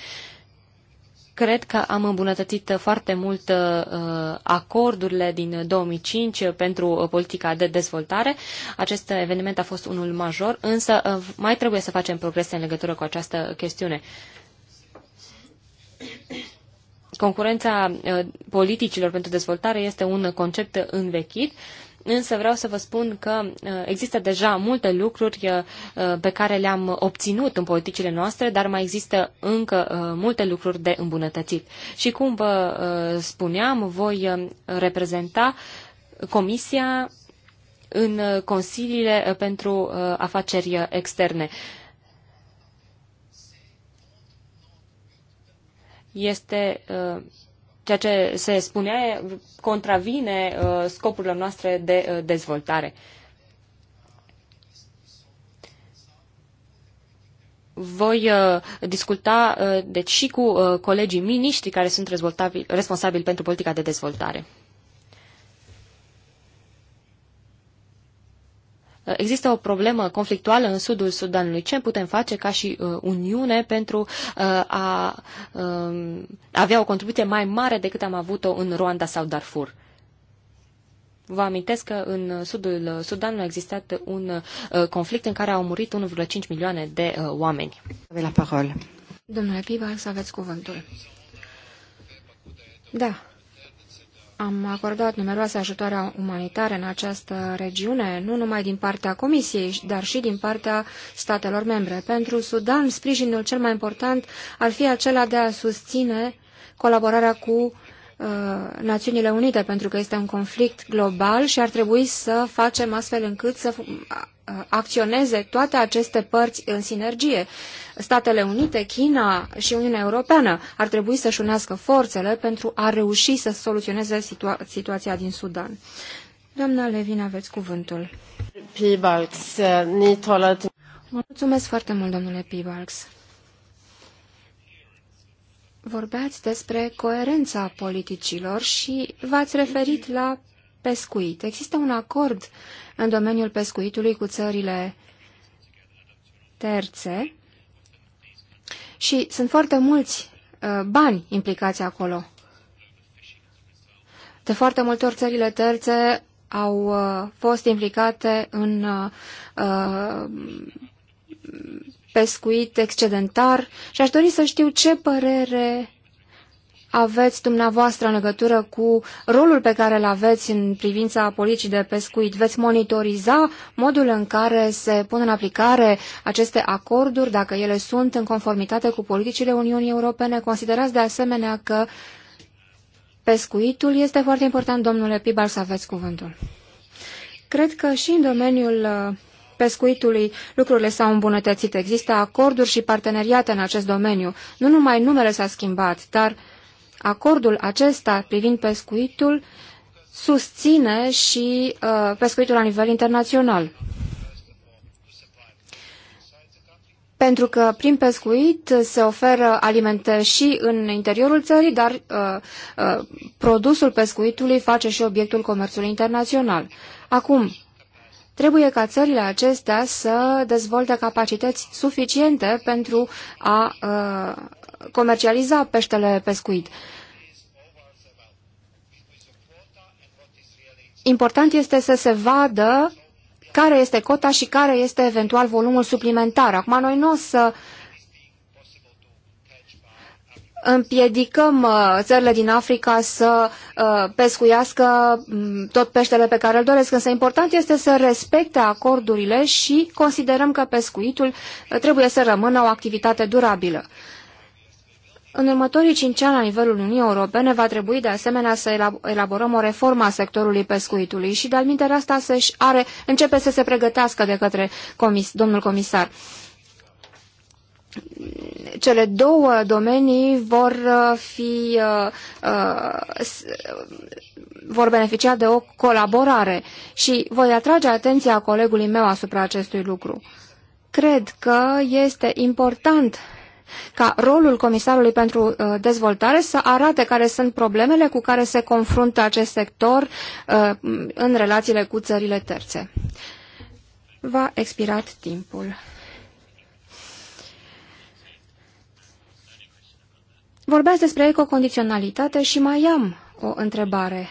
Cred că am îmbunătățit foarte mult uh, acordurile din 2005 pentru uh, politica de dezvoltare. Acest eveniment a fost unul major, însă uh, mai trebuie să facem progrese în legătură cu această chestiune concurența politicilor pentru dezvoltare este un concept învechit însă vreau să vă spun că uh, există deja multe lucruri uh, pe care le-am obținut în politicile noastre, dar mai există încă uh, multe lucruri de îmbunătățit. Și cum vă spuneam, voi reprezenta Comisia în consiliile pentru afaceri externe. Este uh, ceea ce se spunea contravine uh, scopurilor noastre de uh, dezvoltare. voi uh, discuta deci și cu colegii miniștri care sunt responsabili pentru politica de dezvoltare. Există o problemă conflictuală în sudul Sudanului. Ce putem face ca și uh, Uniune pentru uh, a um, avea o contribuție mai mare decât am avut-o în Rwanda sau Darfur? Vă amintesc că în sudul Sudanului a existat un uh, conflict în care au murit 1,5 milioane de oameni. la Domnule Piva, să aveți cuvântul. Da, am acordat numeroase ajutoare umanitare în această regiune, nu numai din partea Comisiei, dar și din partea statelor membre. Pentru Sudan, sprijinul cel mai important ar fi acela de a susține colaborarea cu Uh, Națiunile Unite, pentru că este un conflict global și ar trebui să facem astfel încât să uh, acționeze toate aceste părți în sinergie. Statele Unite, China și Uniunea Europeană ar trebui să-și unească forțele pentru a reuși să soluționeze situa situația din Sudan. Doamna Levin, aveți cuvântul. Uh, Mulțumesc foarte mult, domnule Pibalks vorbeați despre coerența politicilor și v-ați referit la pescuit. Există un acord în domeniul pescuitului cu țările terțe și sunt foarte mulți uh, bani implicați acolo. De foarte multe ori țările terțe au uh, fost implicate în uh, uh pescuit excedentar și aș dori să știu ce părere aveți dumneavoastră în legătură cu rolul pe care îl aveți în privința politicii de pescuit? Veți monitoriza modul în care se pun în aplicare aceste acorduri, dacă ele sunt în conformitate cu politicile Uniunii Europene? Considerați de asemenea că pescuitul este foarte important, domnule Pibar, să aveți cuvântul. Cred că și în domeniul uh, pescuitului, lucrurile s-au îmbunătățit. Există acorduri și parteneriate în acest domeniu. Nu numai numele s-a schimbat, dar acordul acesta privind pescuitul susține și uh, pescuitul la nivel internațional. Pentru că prin pescuit se oferă alimente și în interiorul țării, dar uh, uh, produsul pescuitului face și obiectul comerțului internațional. Acum, Trebuie ca țările acestea să dezvolte capacități suficiente pentru a uh, comercializa peștele pescuit. Important este să se vadă care este cota și care este eventual volumul suplimentar. Acum noi nu o să uh, împiedicăm uh, țările din Africa să uh, pescuiască mm, tot peștele pe care îl doresc, însă important este să respecte acordurile și considerăm că pescuitul uh, trebuie să rămână o activitate durabilă. În următorii cinci ani la nivelul Uniunii Europene va trebui de asemenea să elaborăm o reformă a sectorului pescuitului și de-al asta se are, începe să se pregătească de către comis, domnul comisar cele două domenii vor uh, fi uh, uh, vor beneficia de o colaborare și voi atrage atenția colegului meu asupra acestui lucru. Cred că este important ca rolul Comisarului pentru Dezvoltare să arate care sunt problemele cu care se confruntă acest sector în relațiile cu țările terțe. Va expirat timpul. Vorbeați despre ecocondiționalitate și mai am o întrebare.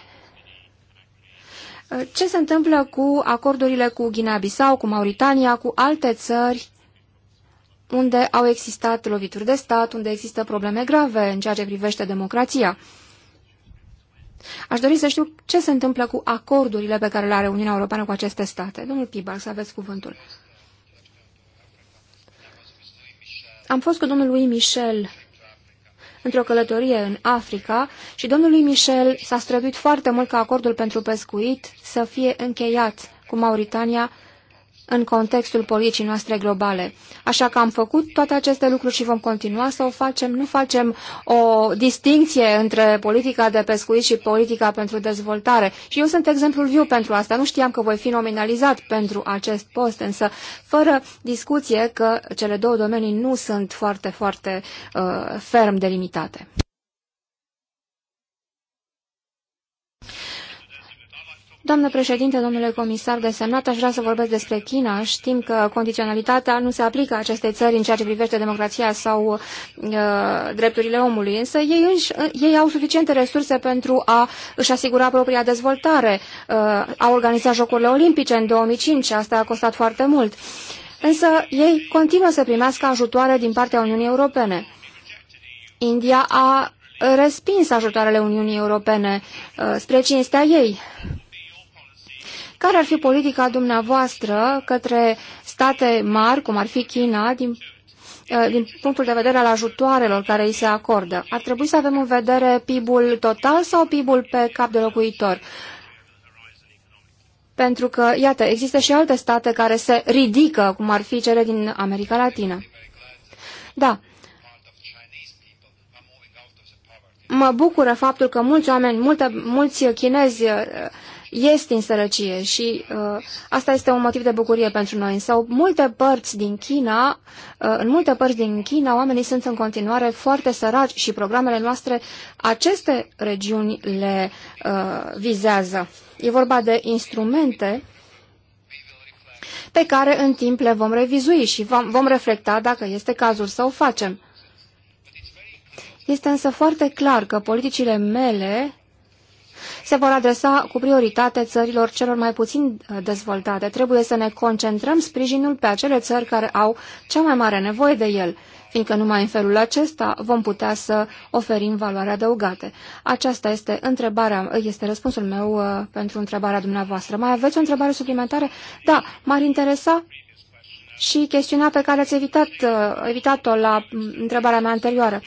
Uh, ce se întâmplă cu acordurile cu Guinea-Bissau, cu Mauritania, cu alte țări unde au existat lovituri de stat, unde există probleme grave în ceea ce privește democrația? Aș dori să știu ce se întâmplă cu acordurile pe care le are Uniunea Europeană cu aceste state. Domnul Pibar, să aveți cuvântul. Am fost cu domnul lui Michel într-o călătorie în Africa și domnului Michel s-a străduit foarte mult ca acordul pentru pescuit să fie încheiat cu Mauritania în contextul politicii noastre globale. Așa că am făcut toate aceste lucruri și vom continua să o facem. Nu facem o distinție între politica de pescuit și politica pentru dezvoltare. Și eu sunt exemplul viu pentru asta. Nu știam că voi fi nominalizat pentru acest post, însă fără discuție că cele două domenii nu sunt foarte, foarte uh, ferm delimitate. Doamnă președinte, domnule comisar desemnat, aș vrea să vorbesc despre China. Știm că condiționalitatea nu se aplică acestei țări în ceea ce privește democrația sau uh, drepturile omului, însă ei, înși, uh, ei au suficiente resurse pentru a își asigura propria dezvoltare. Uh, au organizat Jocurile Olimpice în 2005 și asta a costat foarte mult. Însă ei continuă să primească ajutoare din partea Uniunii Europene. India a respins ajutoarele Uniunii Europene uh, spre cinstea ei. Care ar fi politica dumneavoastră către state mari, cum ar fi China, din uh, din punctul de vedere al ajutoarelor care îi se acordă. Ar trebui să avem în vedere PIB-ul total sau PIB-ul pe cap de locuitor? Pentru că, iată, există și alte state care se ridică, cum ar fi cele din America Latină. Da. Mă bucură faptul că mulți oameni, multe, mulți chinezi uh, este din sărăcie și uh, asta este un motiv de bucurie pentru noi. Sau multe părți din China, uh, în multe părți din China, oamenii sunt în continuare foarte săraci și programele noastre aceste regiuni le uh, vizează. E vorba de instrumente pe care în timp le vom revizui și vom, vom reflecta dacă este cazul să o facem. Este însă foarte clar că politicile mele se vor adresa cu prioritate țărilor celor mai puțin uh, dezvoltate. Trebuie să ne concentrăm sprijinul pe acele țări care au cea mai mare nevoie de el, fiindcă numai în felul acesta vom putea să oferim valoare adăugată. Aceasta este întrebarea, este răspunsul meu uh, pentru întrebarea dumneavoastră. Mai aveți o întrebare suplimentară? Da, m-ar interesa și chestiunea pe care ați uh, evitat-o evitat la mm, întrebarea mea anterioară.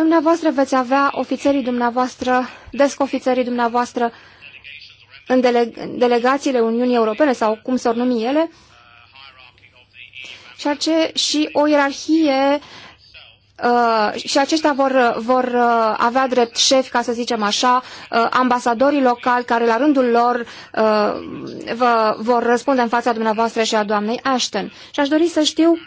Dumneavoastră veți avea ofițerii dumneavoastră, descofițerii dumneavoastră în dele delegațiile Uniunii Europene sau cum s-or numi ele, și, ace- și o ierarhie Uh, și aceștia vor, vor uh, avea drept șefi, ca să zicem așa, uh, ambasadorii locali care la rândul lor uh, vă, vor răspunde în fața dumneavoastră și a doamnei Ashton. Și aș dori să știu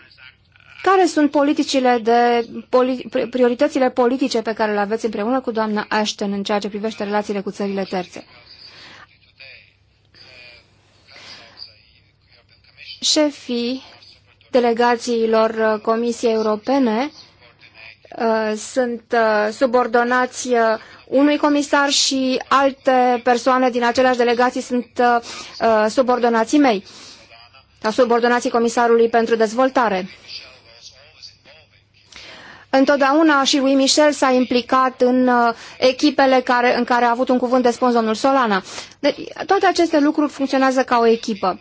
care sunt politicile de, poli, prioritățile politice pe care le aveți împreună cu doamna Ashton în ceea ce privește relațiile cu țările terțe? Șefii delegațiilor Comisiei Europene uh, sunt uh, subordonați uh, unui comisar și alte persoane din aceleași delegații sunt subordonații mei subordonații comisarului pentru dezvoltare. Întotdeauna și lui Michel s-a implicat în uh, echipele care, în care a avut un cuvânt de spus domnul Solana. Deci, toate aceste lucruri funcționează ca o echipă.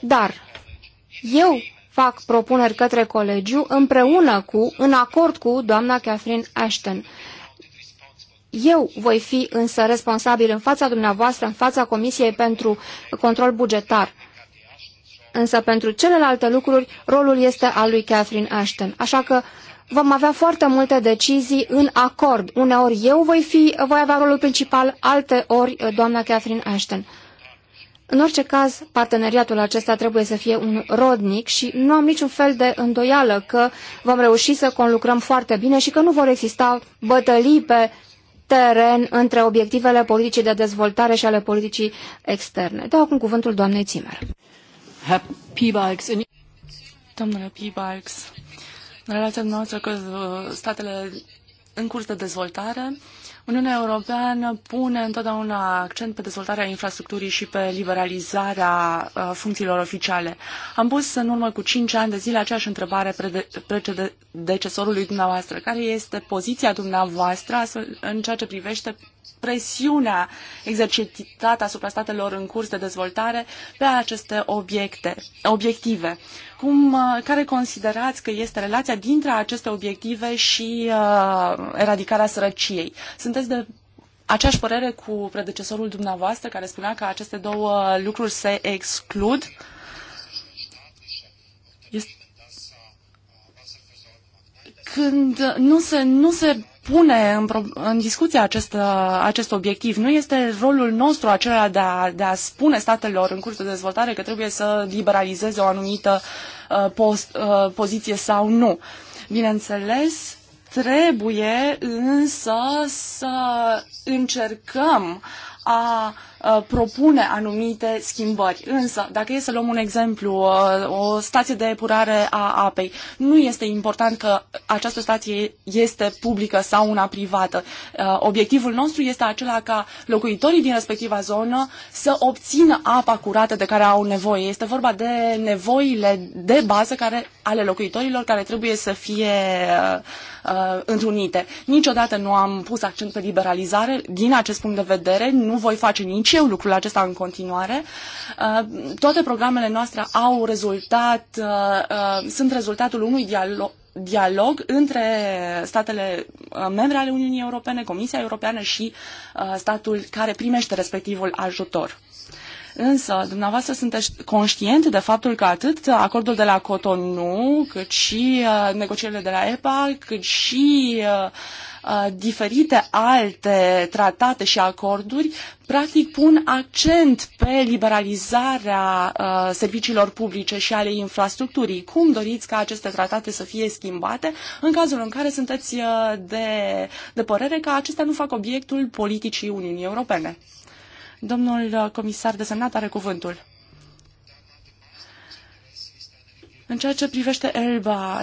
Dar eu fac propuneri către colegiu împreună cu, în acord cu doamna Catherine Ashton. Eu voi fi însă responsabil în fața dumneavoastră, în fața Comisiei pentru Control Bugetar. Însă pentru celelalte lucruri, rolul este al lui Catherine Ashton. Așa că vom avea foarte multe decizii în acord. Uneori eu voi, fi, voi avea rolul principal, alte ori uh, doamna Catherine Ashton. În orice caz, parteneriatul acesta trebuie să fie un rodnic și nu am niciun fel de îndoială că vom reuși să conlucrăm foarte bine și că nu vor exista bătălii pe teren între obiectivele politicii de dezvoltare și ale politicii externe. Dau acum cuvântul doamnei Zimmer. Domnule Pibalx, relația noastră cu uh, statele în curs de dezvoltare, Uniunea Europeană pune întotdeauna accent pe dezvoltarea infrastructurii și pe liberalizarea uh, funcțiilor oficiale. Am pus în urmă cu 5 ani de zile aceeași întrebare precedecesorului dumneavoastră. Care este poziția dumneavoastră în ceea ce privește presiunea exercitată asupra statelor în curs de dezvoltare pe aceste obiecte, obiective. Cum, uh, care considerați că este relația dintre aceste obiective și uh, eradicarea sărăciei? Sunteți de aceeași părere cu predecesorul dumneavoastră care spunea că aceste două lucruri se exclud? Este... Când nu se, nu se pune în, pro- în discuție acest, uh, acest obiectiv. Nu este rolul nostru acela de a, de a spune statelor în curs de dezvoltare că trebuie să liberalizeze o anumită uh, post, uh, poziție sau nu. Bineînțeles, trebuie însă să încercăm a uh, Uh, propune anumite schimbări. Însă, dacă e să luăm un exemplu, uh, o stație de epurare a apei, nu este important că această stație este publică sau una privată. Uh, obiectivul nostru este acela ca locuitorii din respectiva zonă să obțină apa curată de care au nevoie. Este vorba de nevoile de bază care, ale locuitorilor care trebuie să fie uh, uh, întrunite. Niciodată nu am pus accent pe liberalizare. Din acest punct de vedere, nu voi face nici eu lucrul acesta în continuare. Uh, toate programele noastre au rezultat, uh, uh, sunt rezultatul unui dialog dialog între statele uh, membre ale Uniunii Europene, Comisia Europeană și uh, statul care primește respectivul ajutor. Însă, dumneavoastră sunteți conștient de faptul că atât acordul de la Cotonou, cât și uh, negocierile de la EPA, cât și uh, uh, diferite alte tratate și acorduri, practic pun accent pe liberalizarea uh, serviciilor publice și ale infrastructurii. Cum doriți ca aceste tratate să fie schimbate în cazul în care sunteți uh, de, de părere că acestea nu fac obiectul politicii Uniunii Europene? Domnul uh, comisar desemnat are cuvântul. În ceea ce privește Elba,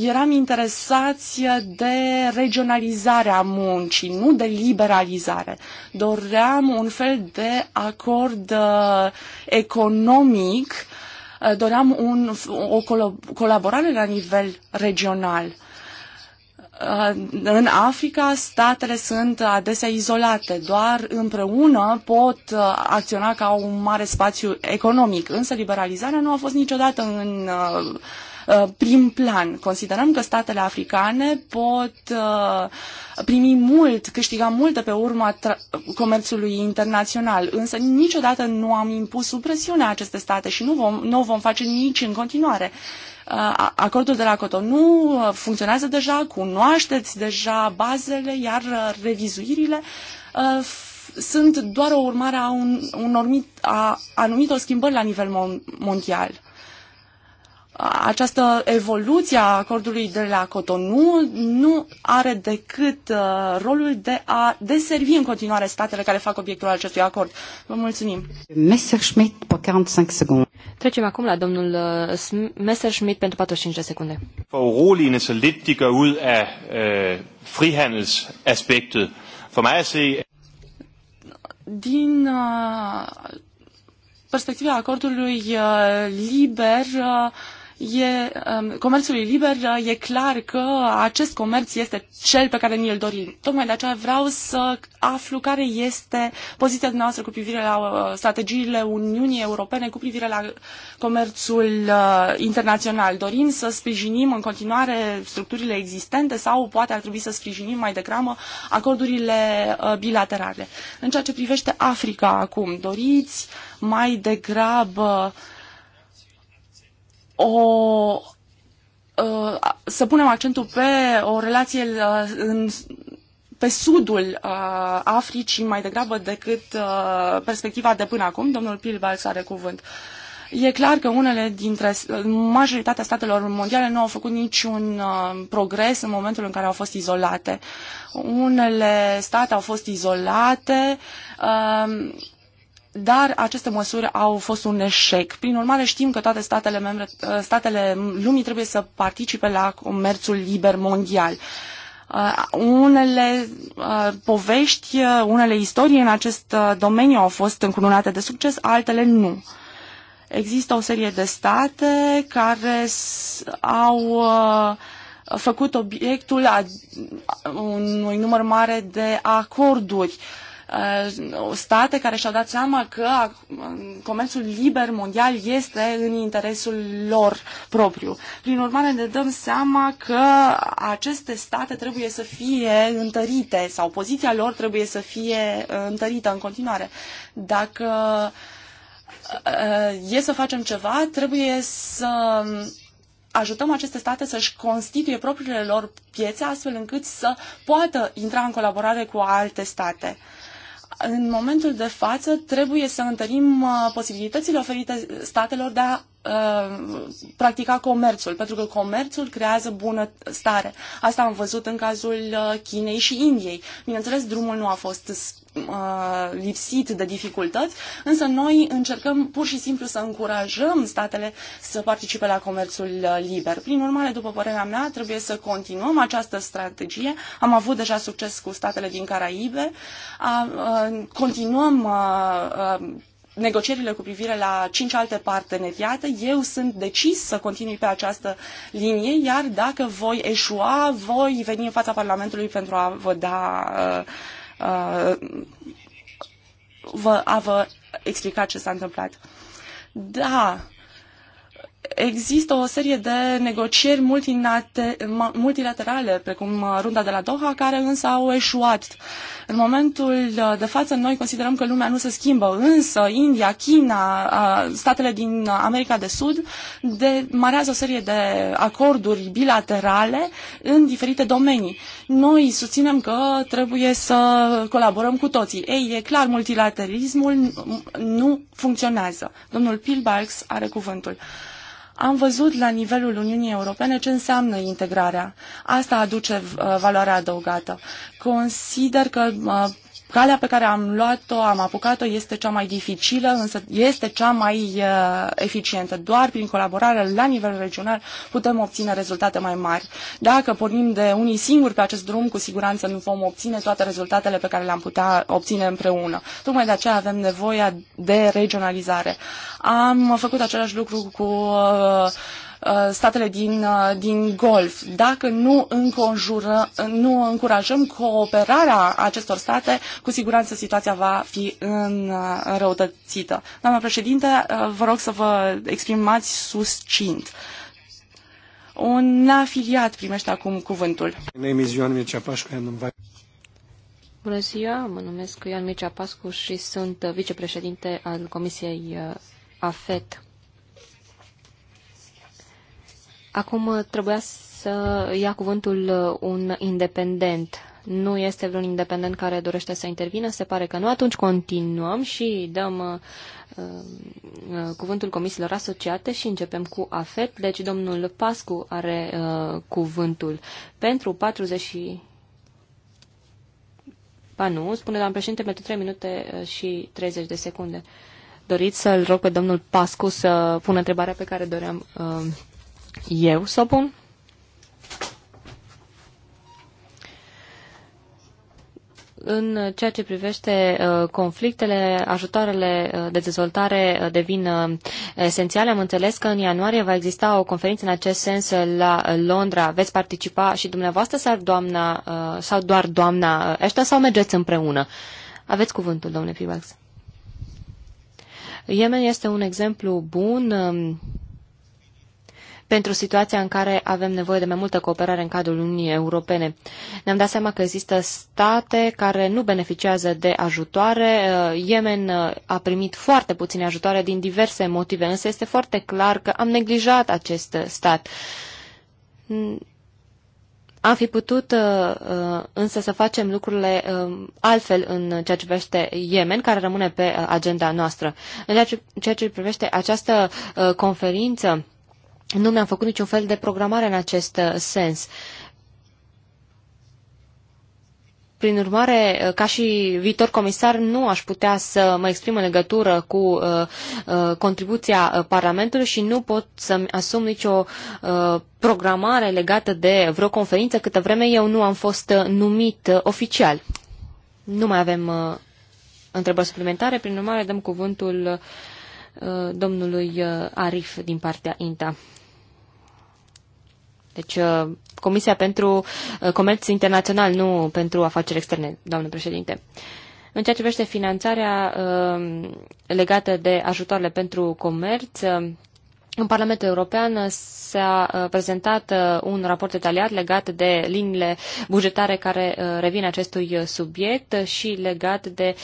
eram interesați de regionalizarea muncii, nu de liberalizare. Doream un fel de acord uh, economic, uh, doream un, o colaborare la nivel regional. Uh, în Africa statele sunt adesea izolate, doar împreună pot uh, acționa ca un mare spațiu economic, însă liberalizarea nu a fost niciodată în uh, Uh, prim plan. Considerăm că statele africane pot uh, primi mult, câștiga multe pe urma comerțului internațional, însă niciodată nu am impus sub presiune aceste state și nu, vom, nu o vom face nici în continuare uh, acordul de la Cotonou funcționează deja, cunoașteți deja bazele, iar revizuirile sunt doar o urmare a, un, ormit, a anumitor schimbări la nivel mondial această evoluție a acordului de la Cotonou nu are decât uh, rolul de a deservi în continuare statele care fac obiectul acestui acord. Vă mulțumim. Messerschmidt, pe 45 secunde. Trecem acum la domnul uh, Messerschmidt pentru 45 de secunde. Foruroligende så lidt de gør ud af øh, frihandelsaspektet. For mig at se... Din uh, perspectiva acordului uh, liber, uh, e, um, comerțului liber, uh, e clar că acest comerț este cel pe care ni-l dorim. Tocmai de aceea vreau să aflu care este poziția noastră cu privire la uh, strategiile Uniunii Europene cu privire la comerțul uh, internațional. Dorim să sprijinim în continuare structurile existente sau poate ar trebui să sprijinim mai degrabă acordurile bilaterale. În ceea ce privește Africa acum, doriți mai degrabă uh, o ă, să punem accentul pe o relație ă, în, pe sudul ă, Africii mai degrabă decât perspectiva de până acum. Domnul Pilbalx are cuvânt. E clar că unele dintre majoritatea statelor mondiale nu au făcut niciun uh, progres în momentul în care au fost izolate. Unele state au fost izolate. Uh, dar aceste măsuri au fost un eșec. Prin urmare, știm că toate statele, membre, ă, statele lumii trebuie să participe la comerțul liber mondial. Uh, unele uh, povești, uh, unele istorii în acest uh, domeniu au fost încununate de succes, altele nu. Există o serie de state care au uh, făcut obiectul a unui număr mare de acorduri uh, Uh, state care și-au dat seama că comerțul liber mondial este în interesul lor propriu. Prin urmare, ne dăm seama că aceste state trebuie să fie întărite sau poziția lor trebuie să fie uh, întărită în continuare. Dacă uh, e să facem ceva, trebuie să ajutăm aceste state să-și constituie propriile lor piețe astfel încât să poată intra în colaborare cu alte state. În momentul de față trebuie să întărim uh, posibilitățile oferite statelor de a uh, practica comerțul, pentru că comerțul creează bună stare. Asta am văzut în cazul uh, Chinei și Indiei. Bineînțeles, drumul nu a fost Uh, lipsit de dificultăți, însă noi încercăm pur și simplu să încurajăm statele să participe la comerțul uh, liber. Prin urmare, după părerea mea, trebuie să continuăm această strategie. Am avut deja succes cu statele din Caraibe. Uh, continuăm negocierile cu privire la cinci alte parteneriate. Eu sunt decis să continui pe această linie, iar dacă voi eșua, voi veni în fața Parlamentului pentru a vă da uh, Uh, vă, a vă explica ce s-a întâmplat. Da, Există o serie de negocieri multilaterale, precum uh, runda de la Doha, care însă au eșuat. În momentul uh, de față, noi considerăm că lumea nu se schimbă, însă India, China, uh, statele din America de Sud demarează o serie de acorduri bilaterale în diferite domenii. Noi susținem că trebuie să colaborăm cu toții. Ei, e clar, multilaterismul nu funcționează. Domnul Pilbarks are cuvântul. Am văzut la nivelul Uniunii Europene ce înseamnă integrarea. Asta aduce uh, valoarea adăugată. Consider că uh, Calea pe care am luat-o, am apucat-o, este cea mai dificilă, însă este cea mai uh, eficientă. Doar prin colaborare la nivel regional putem obține rezultate mai mari. Dacă pornim de unii singuri pe acest drum, cu siguranță nu vom obține toate rezultatele pe care le-am putea obține împreună. Tocmai de aceea avem nevoia de regionalizare. Am făcut același lucru cu uh, Uh, statele din, uh, din Golf, dacă nu, înconjură, nu încurajăm cooperarea acestor state, cu siguranță situația va fi în, înrăutățită. Doamna președinte, uh, vă rog să vă exprimați suscint. Un afiliat primește acum cuvântul. Bună ziua, mă numesc Ioan Mircea Pascu și sunt vicepreședinte al Comisiei AFET. Acum uh, trebuia să ia cuvântul uh, un independent. Nu este vreun independent care dorește să intervină? Se pare că nu. Atunci continuăm și dăm uh, cuvântul comisiilor asociate și începem cu AFET. Deci domnul Pascu are cuvântul pentru 40 Pa nu, spune doamna președinte, pentru 3 minute și 30 de secunde. Doriți să-l rog pe domnul Pascu să pună întrebarea pe care doream uh, eu să o pun? În ceea ce privește uh, conflictele, ajutoarele uh, de dezvoltare uh, devin esențiale. Am înțeles că în ianuarie va exista o conferință în acest sens la Londra. Veți participa și dumneavoastră sau, doamna, sau doar doamna Ashton sau mergeți împreună? Aveți cuvântul, domnule Pivax. Yemen este un exemplu bun um, pentru situația în care avem nevoie de mai multă cooperare în cadrul Uniunii Europene. Ne-am dat seama că există state care nu beneficiază de ajutoare. Uh, Yemen uh, a primit foarte puține ajutoare din diverse motive, însă este foarte clar că am neglijat acest stat. Am fi putut uh, însă să facem lucrurile altfel în ceea ce privește Yemen, care rămâne pe agenda noastră. În ceea ce privește această conferință nu mi-am făcut niciun fel de programare în acest uh, sens. Prin urmare, uh, ca și viitor comisar, nu aș putea să mă exprim în legătură cu uh, contribuția Parlamentului și nu pot să-mi asum nicio programare legată de vreo conferință câtă vreme eu nu am fost numit oficial. Nu mai avem întrebări suplimentare, prin urmare dăm cuvântul domnului Arif din partea INTA. Deci, uh, Comisia pentru uh, Comerț Internațional, nu pentru afaceri externe, doamnă președinte. În ceea ce privește finanțarea uh, legată de ajutoarele pentru comerț, în Parlamentul European s-a prezentat un raport detaliat legat de liniile bugetare care revin acestui subiect și legat de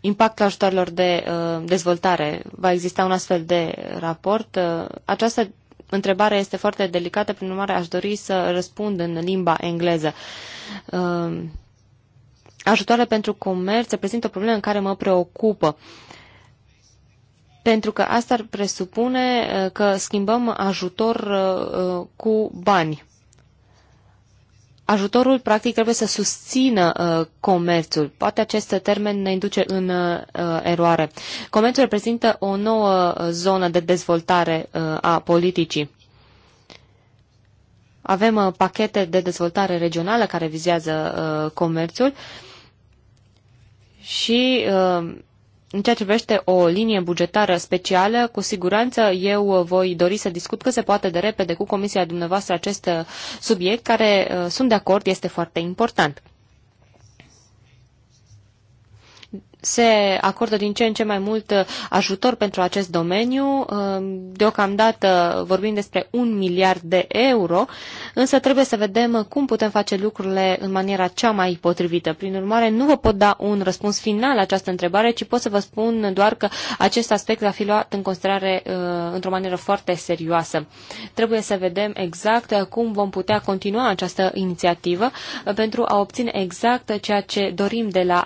impactul ajutoarelor de dezvoltare. Va exista un astfel de raport. Această Întrebarea este foarte delicată, prin urmare aș dori să răspund în limba engleză. Uh, Ajutoare pentru comerț reprezintă o problemă în care mă preocupă pentru că asta ar presupune uh, că schimbăm ajutor uh, cu bani ajutorul practic trebuie să susțină uh, comerțul. Poate acest termen ne induce în uh, eroare. Comerțul reprezintă o nouă uh, zonă de dezvoltare uh, a politicii. Avem uh, pachete de dezvoltare regională care vizează uh, comerțul și uh, în ceea ce privește o linie bugetară specială, cu siguranță eu voi dori să discut cât se poate de repede cu comisia dumneavoastră acest subiect, care uh, sunt de acord, este foarte important. se acordă din ce în ce mai mult uh, ajutor pentru acest domeniu. Um, deocamdată vorbim despre un miliard de euro, însă trebuie să vedem cum putem face lucrurile în maniera cea mai potrivită. Prin urmare, nu vă pot da un răspuns final la această întrebare, ci pot să vă spun doar că acest aspect va fi luat în considerare uh, într-o manieră foarte serioasă. Trebuie să vedem exact uh, cum vom putea continua această inițiativă pentru a obține exact ceea ce dorim de la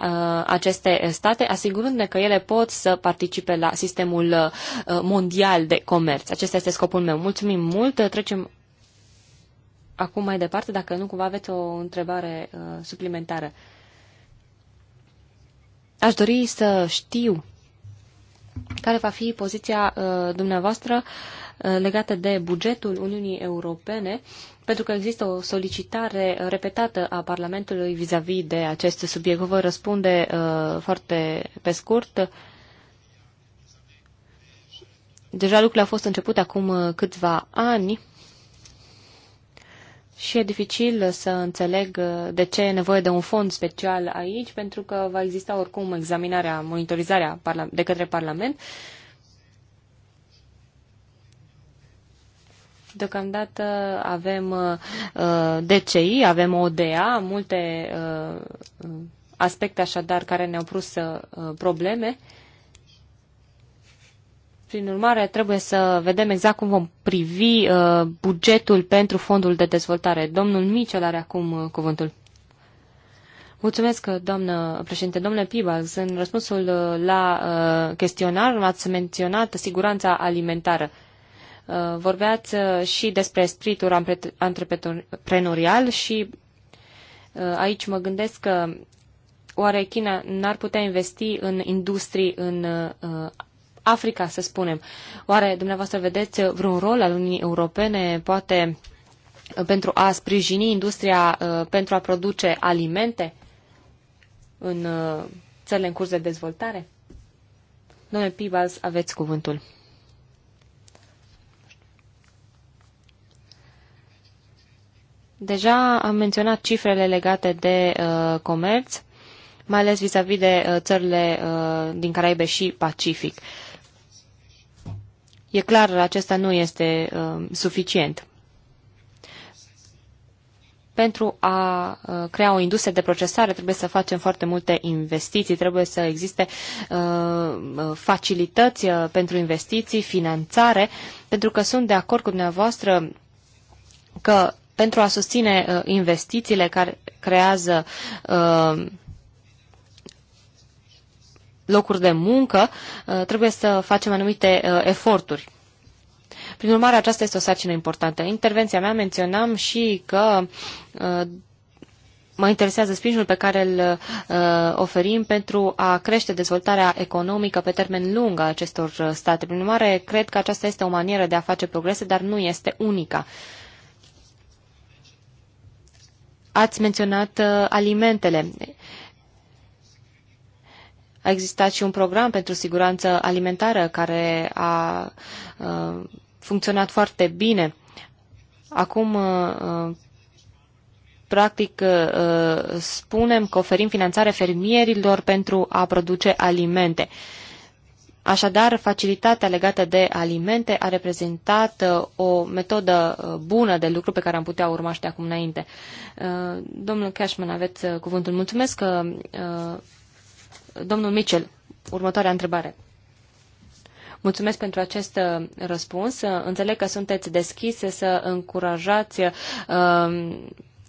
aceste state state, asigurându-ne că ele pot să participe la sistemul uh, mondial de comerț. Acesta este scopul meu. Mulțumim mult. Trecem acum mai departe, dacă nu cumva aveți o întrebare uh, suplimentară. Aș dori să știu care va fi poziția uh, dumneavoastră legată de bugetul Uniunii Europene pentru că există o solicitare repetată a Parlamentului vis-a-vis -vis de acest subiect. Vă răspunde uh, foarte pe scurt. Deja lucrurile au fost început acum uh, câțiva ani și e dificil să înțeleg uh, de ce e nevoie de un fond special aici, pentru că va exista oricum examinarea, monitorizarea de către Parlament. Uh, Deocamdată avem uh, DCI, avem ODA, multe uh, aspecte așadar care ne-au pus uh, probleme. Prin urmare, trebuie să vedem exact cum vom privi uh, bugetul pentru fondul de dezvoltare. Domnul Micel are acum uh, cuvântul. Mulțumesc, doamnă președinte. Domnule Pibals, în răspunsul uh, la uh, chestionar ați menționat siguranța alimentară. Uh, Uh, vorbeați uh, și despre spiritul antreprenorial și uh, aici mă gândesc că oare China n-ar putea investi în industrii în Africa, să spunem. Oare dumneavoastră vedeți vreun rol al Uniunii Europene, poate pentru a sprijini industria pentru a produce alimente în țările în curs de dezvoltare? Domnule Pibas, aveți cuvântul. Deja am menționat cifrele legate de uh, comerț, mai ales vis-a-vis -vis de uh, țările uh, din Caraibe și Pacific. E clar, acesta nu este uh, suficient. Pentru a uh, crea o industrie de procesare trebuie să facem foarte multe investiții, trebuie să existe uh, uh facilități uh, pentru investiții, finanțare, pentru că sunt de acord cu dumneavoastră că pentru a susține uh, investițiile care creează uh, locuri de muncă, uh, trebuie să facem anumite eforturi. Prin urmare, aceasta este o sarcină importantă. Intervenția mea menționam și că mă interesează sprijinul pe care îl oferim pentru a crește dezvoltarea economică pe termen lung a acestor state. Prin urmare, cred că aceasta este o manieră de a face progrese, dar nu este unica. Ați menționat uh, alimentele. A existat și un program pentru siguranță alimentară care a uh, funcționat foarte bine. Acum, uh, practic, spunem că oferim finanțare fermierilor pentru a produce alimente. Uh, Așadar, facilitatea legată de alimente a reprezentat uh, o metodă uh, bună de lucru pe care am putea urma și de acum înainte. Uh, domnul Cashman, aveți cuvântul. Mulțumesc Domnul Mitchell, următoarea întrebare. Mulțumesc pentru acest răspuns. Înțeleg că sunteți deschise să încurajați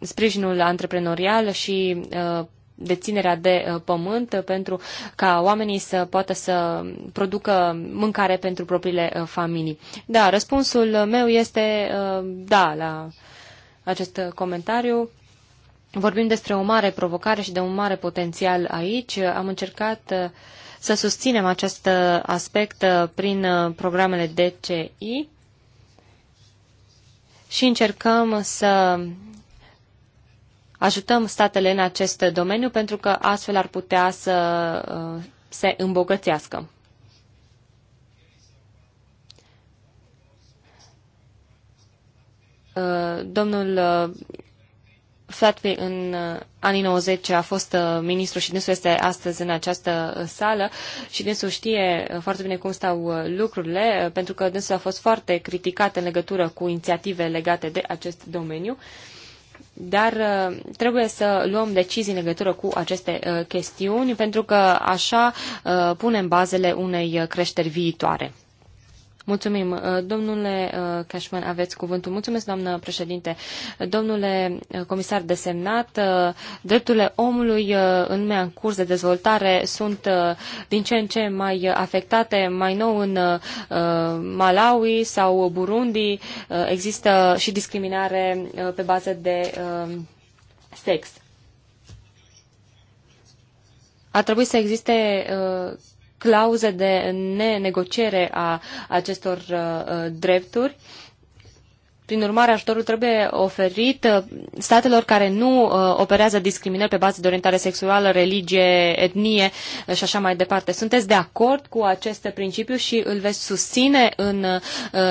sprijinul antreprenorial și uh, deținerea de uh, pământ uh, pentru ca oamenii să poată să producă mâncare pentru propriile uh, familii. Da, răspunsul meu este da la acest comentariu. Vorbim despre o mare provocare și de un mare potențial aici. Am încercat să susținem acest aspect prin programele DCI și încercăm să ajutăm statele în acest domeniu pentru că astfel ar putea să uh, se îmbogățească. Uh, domnul uh, Flatby în anii 90 a fost ministru și dânsul este astăzi în această sală și dânsul știe foarte bine cum stau lucrurile, pentru că dânsul a fost foarte criticat în legătură cu inițiative legate de acest domeniu. Uh, dar uh, trebuie să luăm decizii în legătură cu aceste uh, chestiuni, pentru că așa uh, punem bazele unei creșteri viitoare. Mulțumim. Uh, domnule uh, Cashman, aveți cuvântul. Mulțumesc, doamnă președinte. Domnule uh, comisar desemnat, drepturile omului în mea în curs de dezvoltare sunt din ce în ce mai afectate, mai nou în Malawi sau Burundi. Există și discriminare pe bază de sex. Ar trebui să existe clauze de nenegociere a acestor uh, drepturi. Prin urmare, ajutorul trebuie oferit uh, statelor care nu uh, operează discriminări pe bază de orientare sexuală, religie, etnie și așa mai departe. Sunteți de acord cu acest principiu și îl veți susține în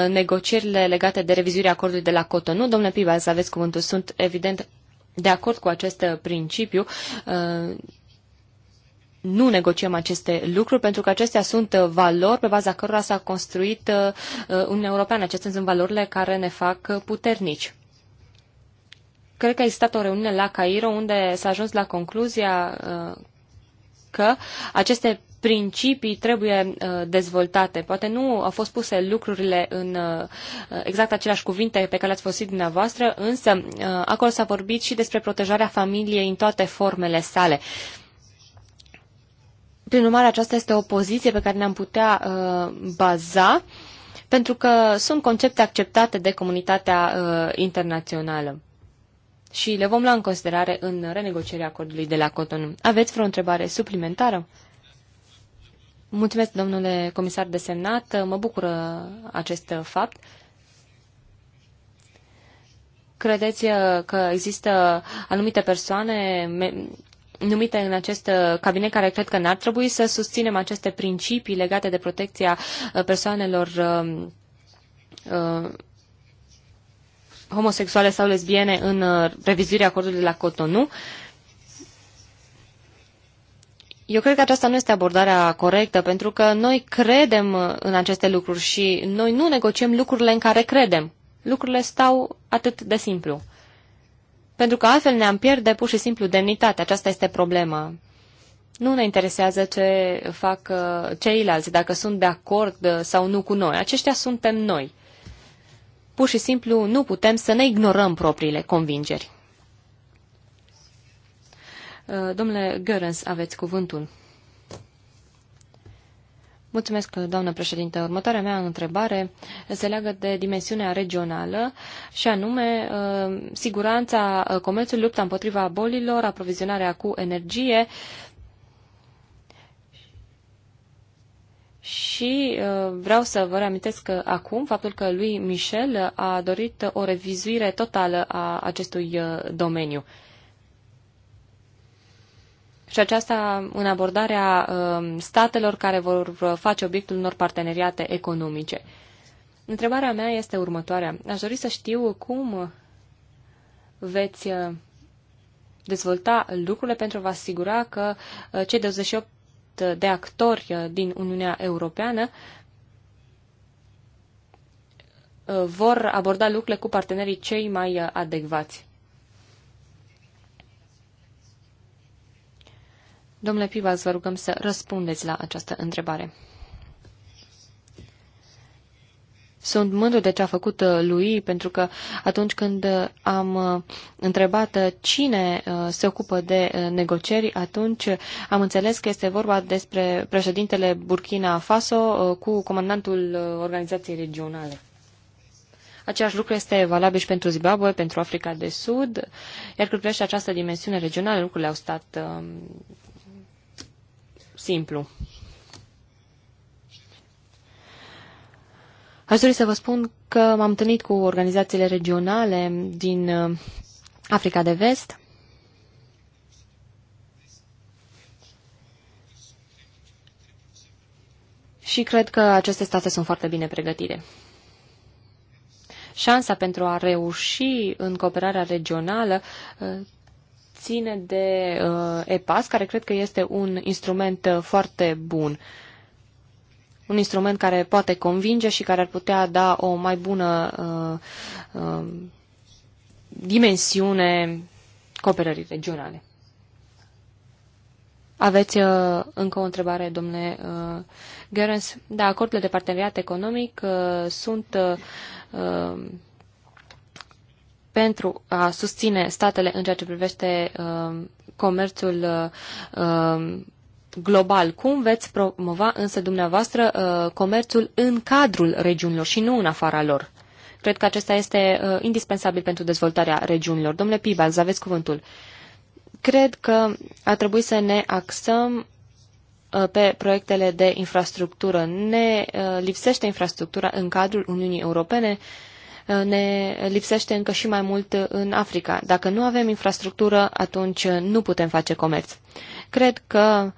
negocierile legate de revizuirea acordului de la Cotonou? Domnule Piva, să aveți cuvântul. Sunt evident de acord cu acest principiu nu negociem aceste lucruri, pentru că acestea sunt uh, valori pe baza cărora s-a construit uh, uh, Uniunea Europeană. Acestea sunt valorile care ne fac puternici. Cred că a existat o reuniune la Cairo unde s-a ajuns la concluzia că aceste principii trebuie dezvoltate. Poate nu au fost puse lucrurile în exact aceleași cuvinte pe care le-ați folosit dumneavoastră, însă acolo s-a vorbit și despre protejarea familiei în toate formele sale. Prin urmare, aceasta este o poziție pe care ne-am putea uh, baza, pentru că sunt concepte acceptate de comunitatea uh, internațională. Și le vom lua în considerare în renegocierea acordului de la Cotonou. Aveți vreo întrebare suplimentară? Mulțumesc, domnule comisar desemnat. Mă bucură acest fapt. Credeți uh, că există anumite persoane numite în acest uh, cabinet care cred că n-ar trebui să susținem aceste principii legate de protecția uh, persoanelor uh, homosexuale sau lesbiene în revizuirea acordului de la Cotonou. Eu cred că aceasta nu este abordarea corectă, pentru că noi credem în aceste lucruri și noi nu negociem lucrurile în care credem. Lucrurile stau atât de simplu pentru că altfel ne-am pierde pur și simplu demnitatea. Aceasta este problema. Nu ne interesează ce fac uh, ceilalți, dacă sunt de acord uh, sau nu cu noi. Aceștia suntem noi. Pur și simplu nu putem să ne ignorăm propriile convingeri. Uh, domnule Görens, aveți cuvântul. Mulțumesc, doamnă președinte. Următoarea mea întrebare se leagă de dimensiunea regională și anume uh, siguranța uh, comerțului, lupta împotriva bolilor, aprovizionarea cu energie și uh, vreau să vă reamintesc acum faptul că lui Michel a dorit o revizuire totală a acestui domeniu. Și aceasta în abordarea um, statelor care vor face obiectul unor parteneriate economice. Întrebarea mea este următoarea. Aș dori să știu cum veți uh, dezvolta lucrurile pentru a vă asigura că uh, cei 28 de actori uh, din Uniunea Europeană vor aborda lucrurile cu partenerii cei mai adecvați. Domnule Pivas, vă rugăm să răspundeți la această întrebare. Sunt mândru de ce a făcut uh, lui, pentru că atunci când uh, am uh, întrebat cine se ocupă de negocieri, atunci am înțeles că este vorba despre președintele Burkina Faso cu comandantul organizației regionale. Același lucru este valabil și pentru Zimbabwe, pentru Africa de Sud, iar când privește această dimensiune regională, lucrurile au stat um, simplu. Aș dori să vă spun că m-am întâlnit cu organizațiile regionale din uh, Africa de Vest. Și cred că aceste state sunt foarte bine pregătite. Șansa pentru a reuși în cooperarea regională uh, ține de uh, EPAS, care cred că este un instrument uh, foarte bun. Un instrument care poate convinge și care ar putea da o mai bună uh, uh, dimensiune cooperării regionale. Aveți uh, încă o întrebare, domnule uh, Gerens? Da, acordurile de parteneriat economic uh, sunt uh, um, pentru a susține statele în ceea ce privește uh, comerțul uh, global. Cum veți promova însă dumneavoastră uh, comerțul în cadrul regiunilor și nu în afara lor? Cred că acesta este uh, indispensabil pentru dezvoltarea regiunilor. Domnule Pibal, aveți cuvântul. Cred că ar trebui să ne axăm uh, pe proiectele de infrastructură. Ne uh, lipsește infrastructura în cadrul Uniunii Europene uh, Eh, ne lipsește încă și mai mult eh, în Africa. Dacă nu avem infrastructură, atunci eh, nu putem face comerț. Cred că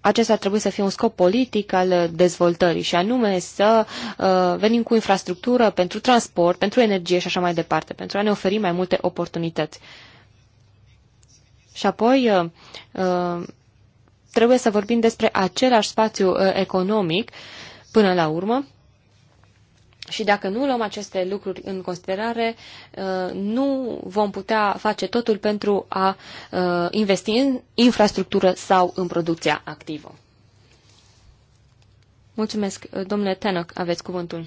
acesta ar trebui să fie un scop politic al dezvoltării și anume să uh, venim cu infrastructură pentru transport, pentru energie și așa mai departe, pentru a ne oferi mai multe oportunități. Și apoi uh, trebuie să vorbim despre același spațiu economic până la urmă și dacă nu luăm aceste lucruri în considerare, uh, nu vom putea face totul pentru a uh, investi în infrastructură sau în producția activă. Mulțumesc, domnule Tenoc, aveți cuvântul.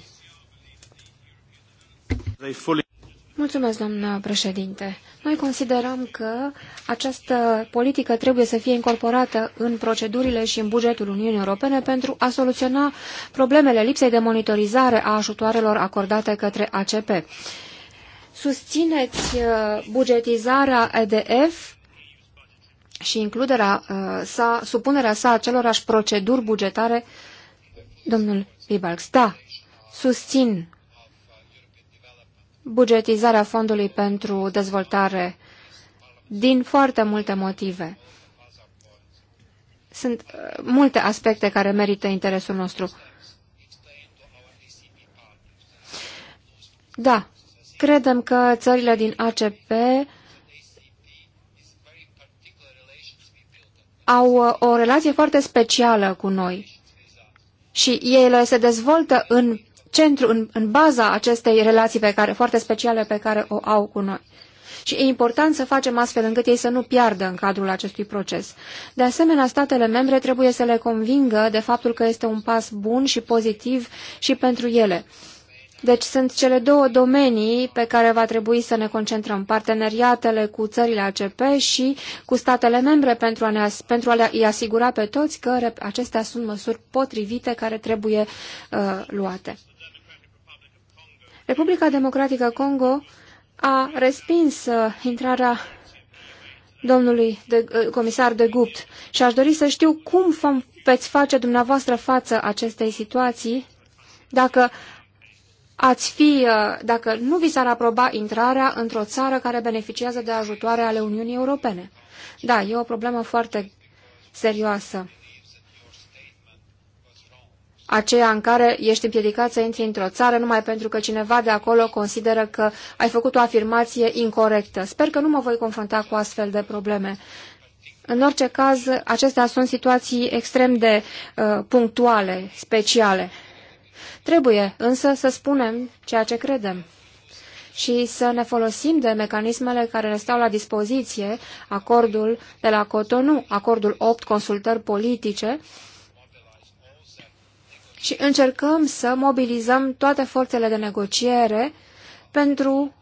Mulțumesc, doamnă președinte. Noi considerăm că această politică trebuie să fie incorporată în procedurile și în bugetul Uniunii Europene pentru a soluționa problemele lipsei de monitorizare a ajutoarelor acordate către ACP. Susțineți uh, bugetizarea EDF și includerea uh, sa, supunerea sa acelorași proceduri bugetare, domnul Bibalx. Da, susțin bugetizarea Fondului pentru Dezvoltare din foarte multe motive. Sunt uh, multe aspecte care merită interesul nostru. Da, credem că țările din ACP au uh, o relație foarte specială cu noi și ele se dezvoltă în centru, în, în baza acestei relații pe care, foarte speciale pe care o au cu noi. Și e important să facem astfel încât ei să nu piardă în cadrul acestui proces. De asemenea, statele membre trebuie să le convingă de faptul că este un pas bun și pozitiv și pentru ele. Deci sunt cele două domenii pe care va trebui să ne concentrăm, parteneriatele cu țările ACP și cu statele membre pentru a, ne, pentru a le asigura pe toți că acestea sunt măsuri potrivite care trebuie uh, luate. Republica Democratică Congo a respins uh, intrarea domnului de, uh, comisar de Gupt și aș dori să știu cum veți face dumneavoastră față acestei situații dacă ați fi, uh, dacă nu vi s-ar aproba intrarea într-o țară care beneficiază de ajutoare ale Uniunii Europene. Da, e o problemă foarte serioasă aceea în care ești împiedicat să intri într-o țară numai pentru că cineva de acolo consideră că ai făcut o afirmație incorrectă. Sper că nu mă voi confrunta cu astfel de probleme. În orice caz, acestea sunt situații extrem de uh, punctuale, speciale. Trebuie însă să spunem ceea ce credem și să ne folosim de mecanismele care ne stau la dispoziție, acordul de la Cotonou, acordul 8, consultări politice, uh, și încercăm să mobilizăm toate forțele de negociere pentru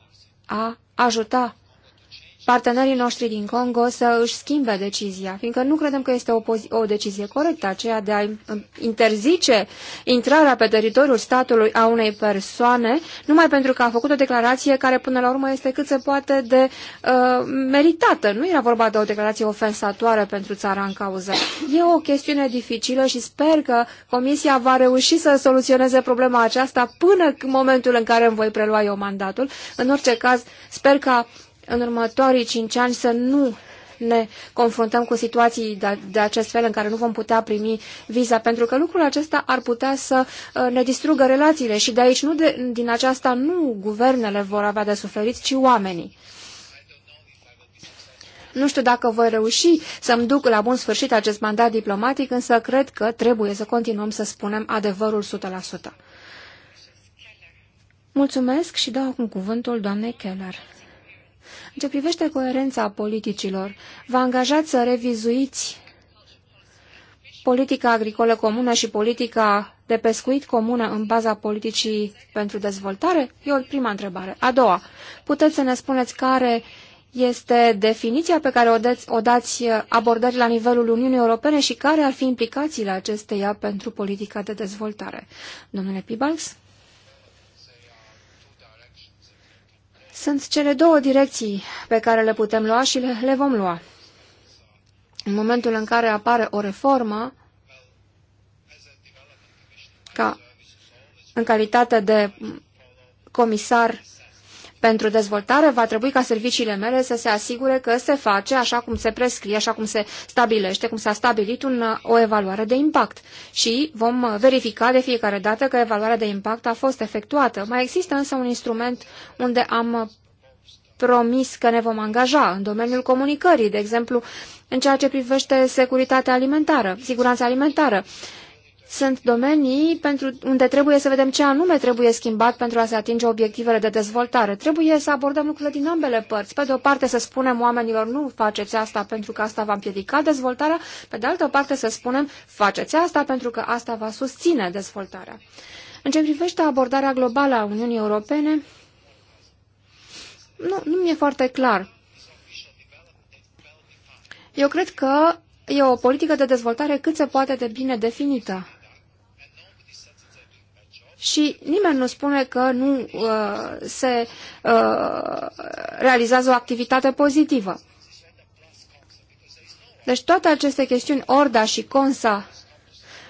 a ajuta partenerii noștri din Congo să își schimbe decizia, fiindcă nu credem că este o, o decizie corectă aceea de a um, interzice intrarea pe teritoriul statului a unei persoane, numai pentru că a făcut o declarație care până la urmă este cât se poate de uh, meritată. Nu era vorba de o declarație ofensatoare pentru țara în cauză. E o chestiune dificilă și sper că Comisia va reuși să soluționeze problema aceasta până în momentul în care îmi voi prelua eu mandatul. În orice caz, sper că în următorii cinci ani să nu ne confruntăm cu situații de, de acest fel în care nu vom putea primi viza, pentru că lucrul acesta ar putea să uh, ne distrugă relațiile și de aici, nu de, din aceasta, nu guvernele vor avea de suferit, ci oamenii. Nu știu dacă voi reuși să-mi duc la bun sfârșit acest mandat diplomatic, însă cred că trebuie să continuăm să spunem adevărul 100%. Mulțumesc și dau acum cuvântul doamnei Keller. În ce privește coerența politicilor, vă angajați să revizuiți politica agricolă comună și politica de pescuit comună în baza politicii pentru dezvoltare? E o prima întrebare. A doua, puteți să ne spuneți care este definiția pe care o, deți, o dați abordării la nivelul Uniunii Europene și care ar fi implicațiile acesteia pentru politica de dezvoltare? Domnule Pibals? Sunt cele două direcții pe care le putem lua și le, le vom lua. În momentul în care apare o reformă, ca în calitate de comisar pentru dezvoltare va trebui ca serviciile mele să se asigure că se face așa cum se prescrie, așa cum se stabilește, cum s-a stabilit un, o evaluare de impact. Și vom verifica de fiecare dată că evaluarea de impact a fost efectuată. Mai există însă un instrument unde am promis că ne vom angaja în domeniul comunicării, de exemplu, în ceea ce privește securitatea alimentară, siguranța alimentară. Uh, sunt domenii pentru unde trebuie să vedem ce anume trebuie schimbat pentru a se atinge obiectivele de dezvoltare. Trebuie să abordăm lucrurile din ambele părți. Pe de o parte să spunem oamenilor nu faceți asta pentru că asta va împiedica dezvoltarea, pe de altă parte să spunem faceți asta pentru că asta va susține dezvoltarea. În ce privește abordarea globală a Uniunii Europene, nu, nu mi-e foarte clar. Eu cred că e o politică de dezvoltare cât se poate de bine definită și nimeni nu spune că nu uh, se uh, realizează o activitate pozitivă. Deci toate aceste chestiuni, Orda și Consa,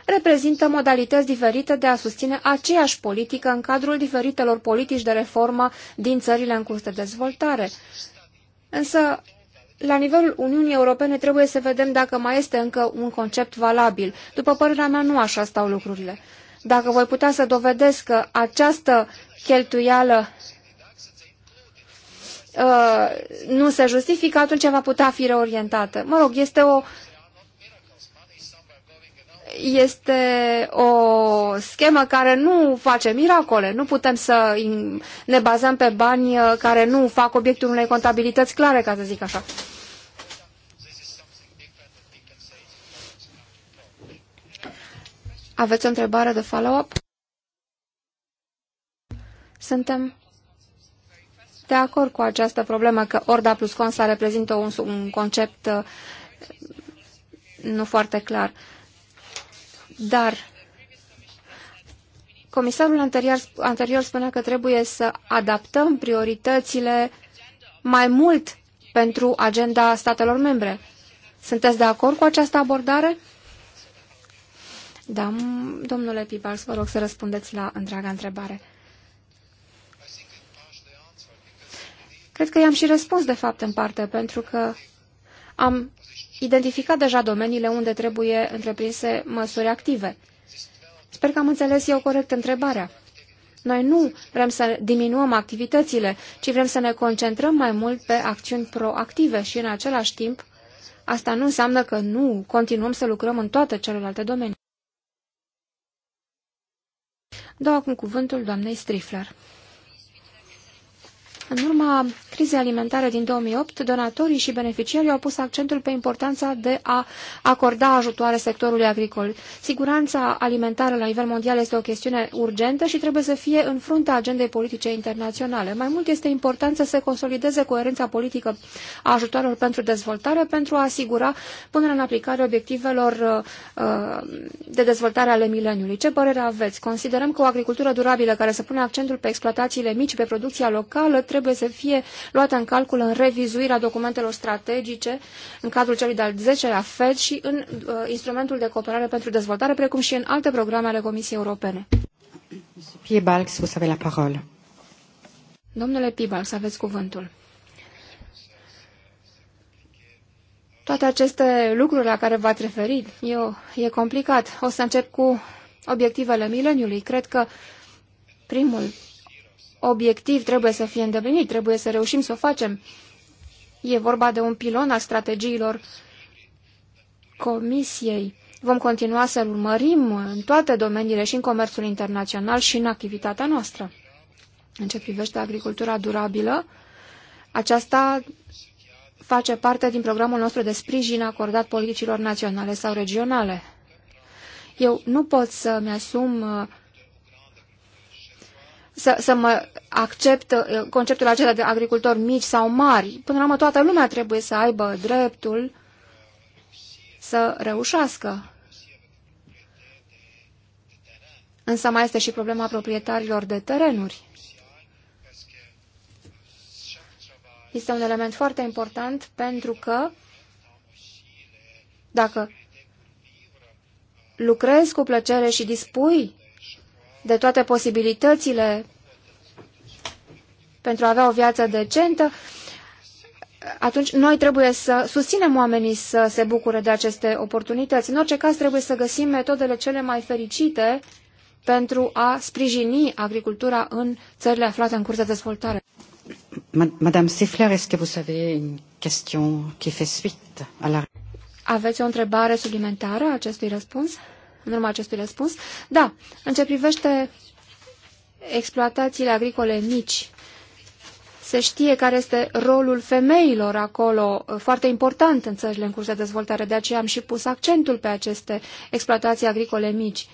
reprezintă modalități diferite de a susține aceeași politică în cadrul diferitelor politici de reformă din țările în curs de dezvoltare. Însă, la nivelul Uniunii Europene trebuie să vedem dacă mai este încă un concept valabil. După părerea mea, nu așa stau lucrurile dacă voi putea să dovedesc că această cheltuială uh, nu se justifică, atunci va putea fi reorientată. Mă rog, este o este o schemă care nu face miracole. Nu putem să ne bazăm pe bani uh, care nu fac obiectul unei contabilități clare, ca să zic așa. Aveți o întrebare de follow-up? Suntem de acord cu această problemă că Orda plus Consa reprezintă un, un concept uh, nu foarte clar. Dar comisarul anterior, anterior spunea că trebuie să adaptăm prioritățile mai mult pentru agenda statelor membre. Sunteți de acord cu această abordare? Da, domnule Pibars, vă rog să răspundeți la întreaga întrebare. Cred că i-am și răspuns, de fapt, în parte, pentru că am identificat deja domeniile unde trebuie întreprinse măsuri active. Sper că am înțeles eu corect întrebarea. Noi nu vrem să diminuăm activitățile, ci vrem să ne concentrăm mai mult pe acțiuni proactive și, în același timp, asta nu înseamnă că nu continuăm să lucrăm în toate celelalte domenii. Dau acum cuvântul doamnei Strifler. În urma crizei alimentare din 2008, donatorii și beneficiarii au pus accentul pe importanța de a acorda ajutoare sectorului agricol. Siguranța alimentară la nivel mondial este o chestiune urgentă și trebuie să fie în fruntea agendei politice internaționale. Mai mult este important să se consolideze coerența politică a ajutoarelor pentru dezvoltare pentru a asigura punerea în aplicare obiectivelor uh, de dezvoltare ale mileniului. Ce părere aveți? Considerăm că o agricultură durabilă care să pune accentul pe exploatațiile mici, pe producția locală, trebuie să fie luată în calcul în revizuirea documentelor strategice în cadrul celui de-al 10-lea FED și în uh, instrumentul de cooperare pentru dezvoltare, precum și în alte programe ale Comisiei Europene. Piebalgs, vous avez la parole. Domnule Pibalgs, aveți cuvântul. Toate aceste lucruri la care v-ați referit, eu, e complicat. O să încep cu obiectivele mileniului. Cred că primul obiectiv trebuie să fie îndeplinit, trebuie să reușim să o facem. E vorba de un pilon al strategiilor Comisiei. Vom continua să-l urmărim în toate domeniile și în comerțul internațional și în activitatea noastră. În ce privește agricultura durabilă, aceasta face parte din programul nostru de sprijin acordat politicilor naționale sau regionale. Eu nu pot să-mi asum uh, să, să mă accept uh, conceptul acela de agricultori mici sau mari. Până la urmă, toată lumea trebuie să aibă dreptul să reușească. Însă mai este și problema proprietarilor de terenuri. Este un element foarte important pentru că dacă lucrezi cu plăcere și dispui de toate posibilitățile pentru a avea o viață decentă, atunci noi trebuie să susținem oamenii să se bucure de aceste oportunități. În orice caz trebuie să găsim metodele cele mai fericite pentru a sprijini agricultura în țările aflate în curs de dezvoltare. Madame Sifler, est-ce que vous avez une question qui fait suite à la... Aveți o întrebare suplimentară acestui răspuns? în urma acestui răspuns. Da, în ce privește exploatațiile agricole mici, se știe care este rolul femeilor acolo, uh, foarte important în țările în curs de dezvoltare, de aceea am și pus accentul pe aceste exploatații agricole mici.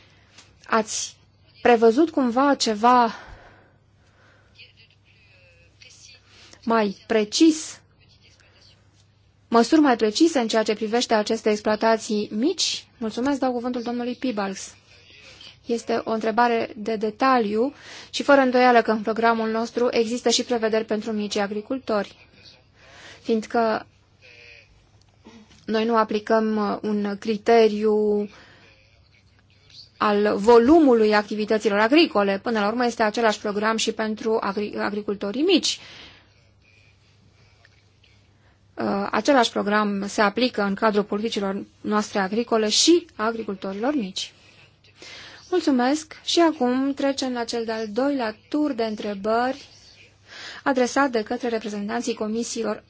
Ați prevăzut cumva ceva mai precis măsuri mai precise în ceea ce privește aceste exploatații mici? Mulțumesc, dau cuvântul domnului Pibals. Este o întrebare de detaliu și fără îndoială că în programul nostru există și prevederi pentru micii agricultori, fiindcă noi nu aplicăm un criteriu al volumului activităților agricole. Până la urmă este același program și pentru agri agricultorii mici. Uh, același program se aplică în cadrul politicilor noastre agricole și agricultorilor mici. Mulțumesc și acum trecem la cel de-al doilea tur de întrebări adresat de către reprezentanții comisiilor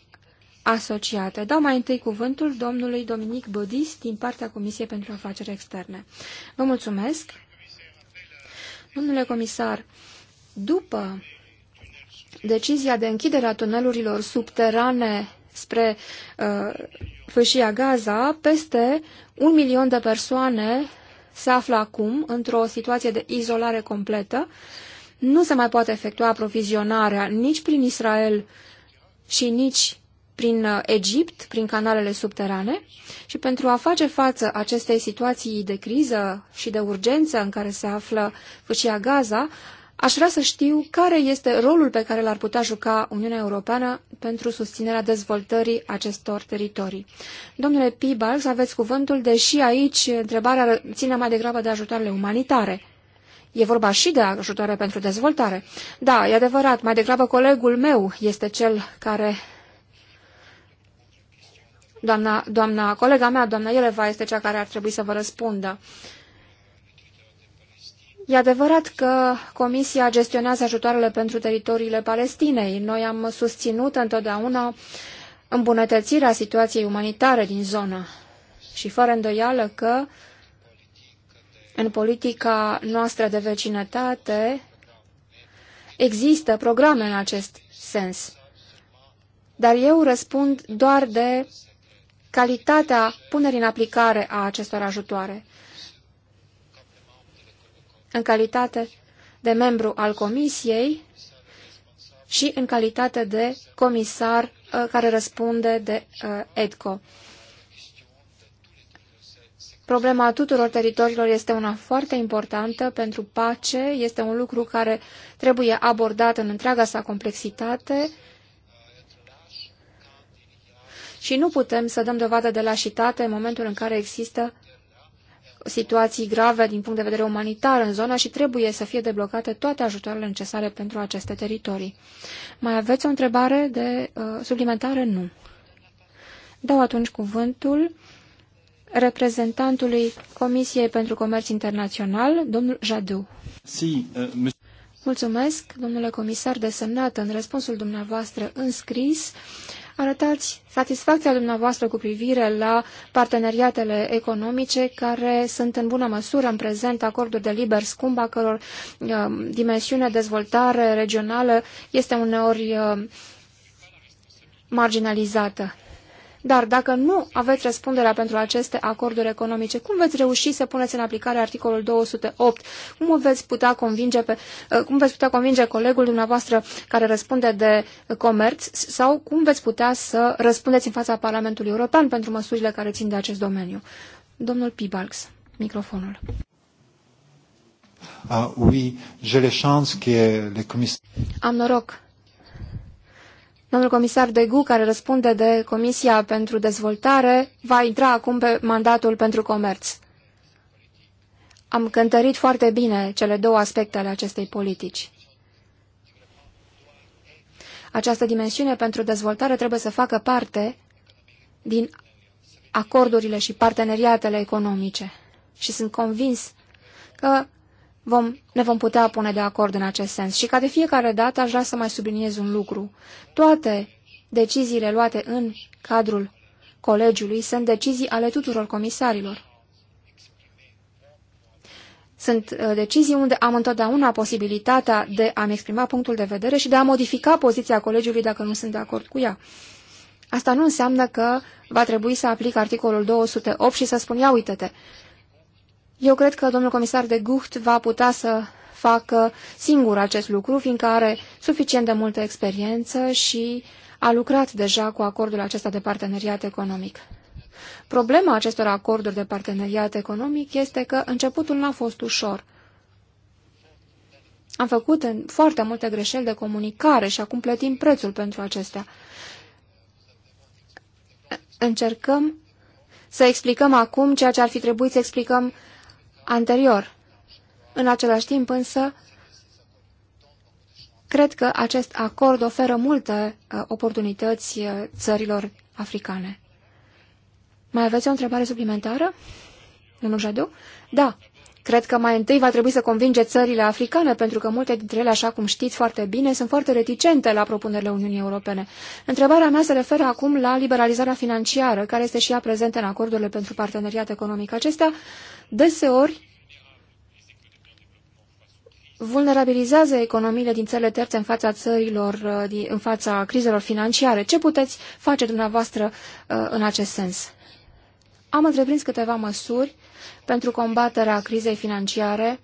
asociate. Dau mai întâi cuvântul domnului Dominic Bodis din partea Comisiei pentru Afaceri Externe. Vă mulțumesc. Domnule comisar, după decizia de închidere a tunelurilor subterane spre uh, fâșia Gaza, peste un milion de persoane se află acum într-o situație de izolare completă. Nu se mai poate efectua aprovizionarea nici prin Israel și nici prin uh, Egipt, prin canalele subterane și pentru a face față acestei situații de criză și de urgență în care se află fâșia Gaza, Aș vrea să știu care este rolul pe care l-ar putea juca Uniunea Europeană pentru susținerea dezvoltării acestor teritorii. Domnule Pibals, aveți cuvântul, deși aici întrebarea ține mai degrabă de ajutoarele umanitare. E vorba și de ajutoare pentru dezvoltare. Da, e adevărat, mai degrabă colegul meu este cel care... Doamna, doamna, colega mea, doamna Eleva, este cea care ar trebui să vă răspundă. Uh, E adevărat că Comisia gestionează ajutoarele pentru teritoriile Palestinei. Noi am susținut întotdeauna îmbunătățirea situației umanitare din zonă și fără îndoială că în politica noastră de vecinătate există programe în acest sens. Dar eu răspund doar de calitatea punerii în aplicare a acestor ajutoare în calitate de membru al comisiei și în calitate de comisar uh, care răspunde de uh, EDCO. Problema tuturor teritoriilor este una foarte importantă pentru pace, este un lucru care trebuie abordat în întreaga sa complexitate și nu putem să dăm dovadă de lașitate în momentul în care există situații grave din punct de vedere umanitar în zona și trebuie să fie deblocate toate ajutoarele necesare pentru aceste teritorii. Mai aveți o întrebare de uh, suplimentare? Nu. Dau atunci cuvântul reprezentantului Comisiei pentru Comerț Internațional, domnul Jadu. Si, uh, Mulțumesc, domnule comisar desemnat, în răspunsul dumneavoastră înscris, arătați satisfacția dumneavoastră cu privire la parteneriatele economice care sunt în bună măsură în prezent acorduri de liber schimb a căror uh, dimensiune dezvoltare regională este uneori uh, marginalizată. Dar dacă nu aveți răspunderea pentru aceste acorduri economice, cum veți reuși să puneți în aplicare articolul 208? Cum veți putea convinge, pe, uh, cum veți putea convinge colegul dumneavoastră care răspunde de comerț sau cum veți putea să răspundeți în fața Parlamentului European pentru măsurile care țin de acest domeniu? Domnul Pibalx, microfonul. Uh, oui, j'ai les chances que les commissaires... Am noroc Domnul comisar Degu, care răspunde de Comisia pentru Dezvoltare, va intra acum pe mandatul pentru comerț. Am cântărit foarte bine cele două aspecte ale acestei politici. Această dimensiune pentru dezvoltare trebuie să facă parte din acordurile și parteneriatele economice. Și sunt convins că vom, ne vom putea pune de acord în acest sens. Și ca de fiecare dată aș vrea să mai subliniez un lucru. Toate deciziile luate în cadrul colegiului sunt decizii ale tuturor comisarilor. Sunt uh, decizii unde am întotdeauna posibilitatea de a-mi exprima punctul de vedere și de a modifica poziția colegiului dacă nu sunt de acord cu ea. Asta nu înseamnă că va trebui să aplic articolul 208 și să spun, ia uite-te, eu cred că domnul comisar de Gucht va putea să facă singur acest lucru, fiindcă are suficient de multă experiență și a lucrat deja cu acordul acesta de parteneriat economic. Problema acestor acorduri de parteneriat economic este că începutul n-a fost ușor. Am făcut foarte multe greșeli de comunicare și acum plătim prețul pentru acestea. Încercăm să explicăm acum ceea ce ar fi trebuit să explicăm anterior. În același timp însă, cred că acest acord oferă multe uh, oportunități uh, țărilor africane. Mai aveți o întrebare suplimentară? Domnul Jadu? Da. Cred că mai întâi va trebui să convinge țările africane, pentru că multe dintre ele, așa cum știți foarte bine, sunt foarte reticente la propunerile Uniunii Europene. Întrebarea mea se referă acum la liberalizarea financiară, care este și ea prezentă în acordurile pentru parteneriat economic. Acestea deseori vulnerabilizează economiile din țările terțe în fața țărilor, uh, în fața crizelor financiare. Ce puteți face dumneavoastră uh, în acest sens? Am întreprins câteva măsuri pentru combaterea crizei financiare.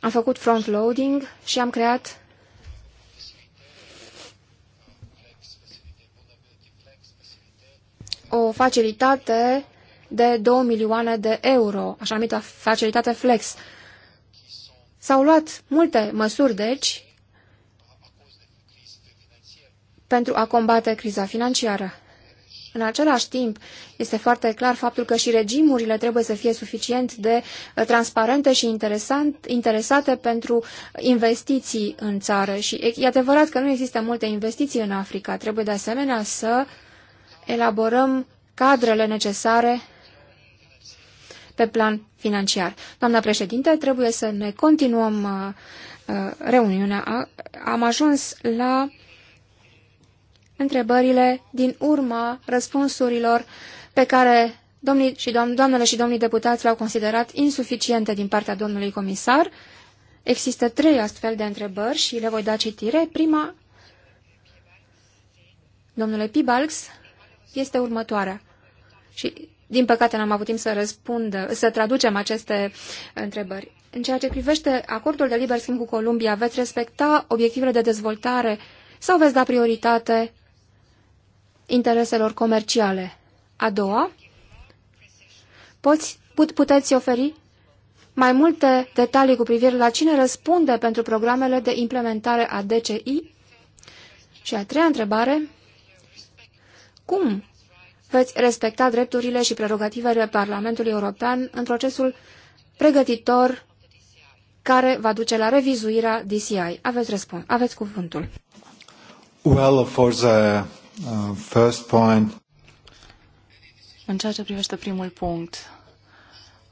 Am făcut front-loading și am creat o facilitate de 2 milioane de euro, așa numită facilitate flex. S-au luat multe măsuri, deci, pentru a combate criza financiară. În același timp, este foarte clar faptul că și regimurile trebuie să fie suficient de uh, transparente și interesant, interesate pentru investiții în țară. Și e adevărat că nu există multe investiții în Africa. Trebuie de asemenea să elaborăm cadrele necesare pe plan financiar. Doamna președinte, trebuie să ne continuăm uh, uh, reuniunea. Am ajuns la întrebările din urma răspunsurilor pe care domnii și doam doamnele și domnii deputați le-au considerat insuficiente din partea domnului comisar. Există trei astfel de întrebări și le voi da citire. Prima, domnule Pibalx, este următoarea. Și din păcate n-am avut timp să răspund, să traducem aceste întrebări. În ceea ce privește acordul de liber schimb cu Columbia, veți respecta obiectivele de dezvoltare sau veți da prioritate intereselor comerciale? A doua, poți, put, puteți oferi mai multe detalii cu privire la cine răspunde pentru programele de implementare a DCI? Și a treia întrebare, cum veți respecta drepturile și prerogativele Parlamentului European în procesul pregătitor care va duce la revizuirea DCI. Aveți, răspuns? aveți cuvântul. Well, for the uh, first point... În ceea ce privește primul punct,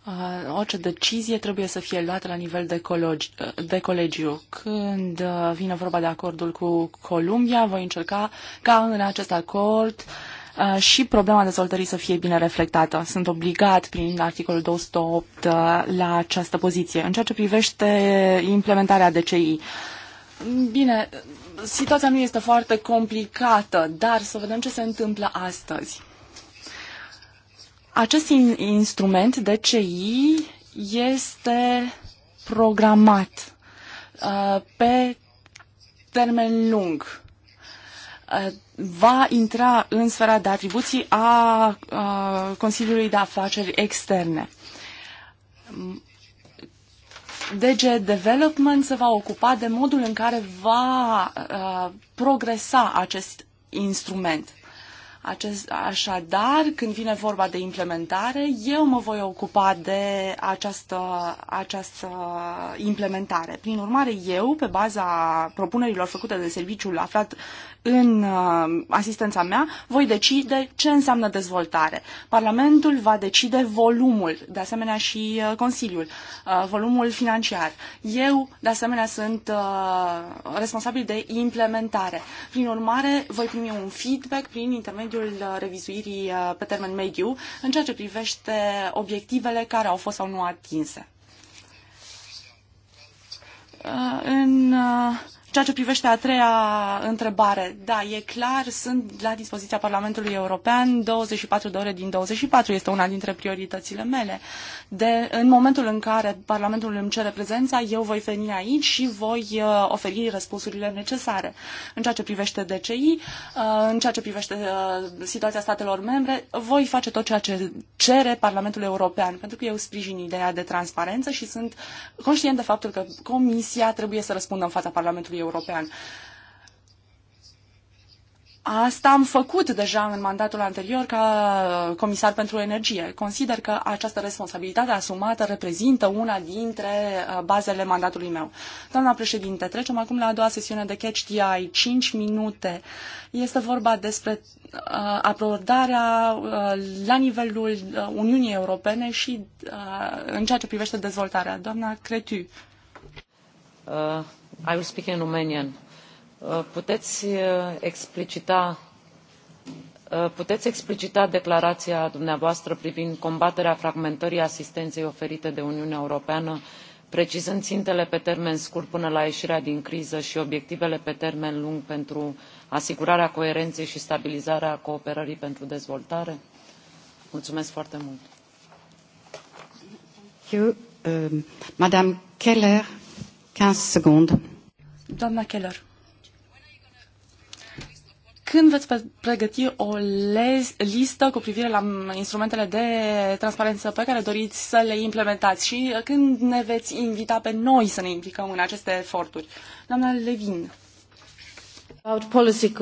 uh, orice decizie trebuie să fie luată la nivel de, colegi, uh, de colegiu. Când vine vorba de acordul cu Columbia, voi încerca ca în acest acord Uh, și problema dezvoltării să fie bine reflectată. Sunt obligat prin articolul 208 uh, la această poziție. În ceea ce privește implementarea DCI, bine, situația nu este foarte complicată, dar să vedem ce se întâmplă astăzi. Acest in- instrument DCI este programat uh, pe termen lung va intra în sfera de atribuții a Consiliului de Afaceri Externe. DG Development se va ocupa de modul în care va progresa acest instrument. Acest, așadar, când vine vorba de implementare, eu mă voi ocupa de această, această implementare. Prin urmare, eu, pe baza propunerilor făcute de serviciul aflat în uh, asistența mea, voi decide ce înseamnă dezvoltare. Parlamentul va decide volumul, de asemenea și uh, Consiliul, uh, volumul financiar. Eu, de asemenea, sunt uh, responsabil de implementare. Prin urmare, voi primi un feedback prin intermediul uh, revizuirii uh, pe termen mediu în ceea ce privește obiectivele care au fost sau nu atinse. Uh, în uh, ceea ce privește a treia întrebare, da, e clar, sunt la dispoziția Parlamentului European 24 de ore din 24, este una dintre prioritățile mele. De, în momentul în care Parlamentul îmi cere prezența, eu voi veni aici și voi uh, oferi răspunsurile necesare. În ceea ce privește DCI, uh, în ceea ce privește uh, situația statelor membre, voi face tot ceea ce cere Parlamentul European, pentru că eu sprijin ideea de transparență și sunt conștient de faptul că Comisia trebuie să răspundă în fața Parlamentului European. Asta am făcut deja în mandatul anterior ca comisar pentru energie. Consider că această responsabilitate asumată reprezintă una dintre uh, bazele mandatului meu. Doamna președinte, trecem acum la a doua sesiune de Catch DI, 5 minute. Este vorba despre uh, abordarea uh, la nivelul Uniunii Europene și în ceea ce privește dezvoltarea. Doamna Cretu. Uh. I will speak in Romanian. Uh, puteți uh, explicita uh, puteți explicita declarația dumneavoastră privind combaterea fragmentării asistenței oferite de uniunea europeană precizând țintele pe termen scurt până la ieșirea din criză și obiectivele pe termen lung pentru asigurarea coerenței și stabilizarea cooperării pentru dezvoltare? Mulțumesc foarte mult. Eu, uh, um, Madame Keller, 15 secunde. Doamna Keller, când veți pregăti o listă cu privire la instrumentele de transparență pe care doriți să le implementați și uh, când ne veți invita pe noi să ne implicăm în aceste eforturi? Doamna Levin. About policy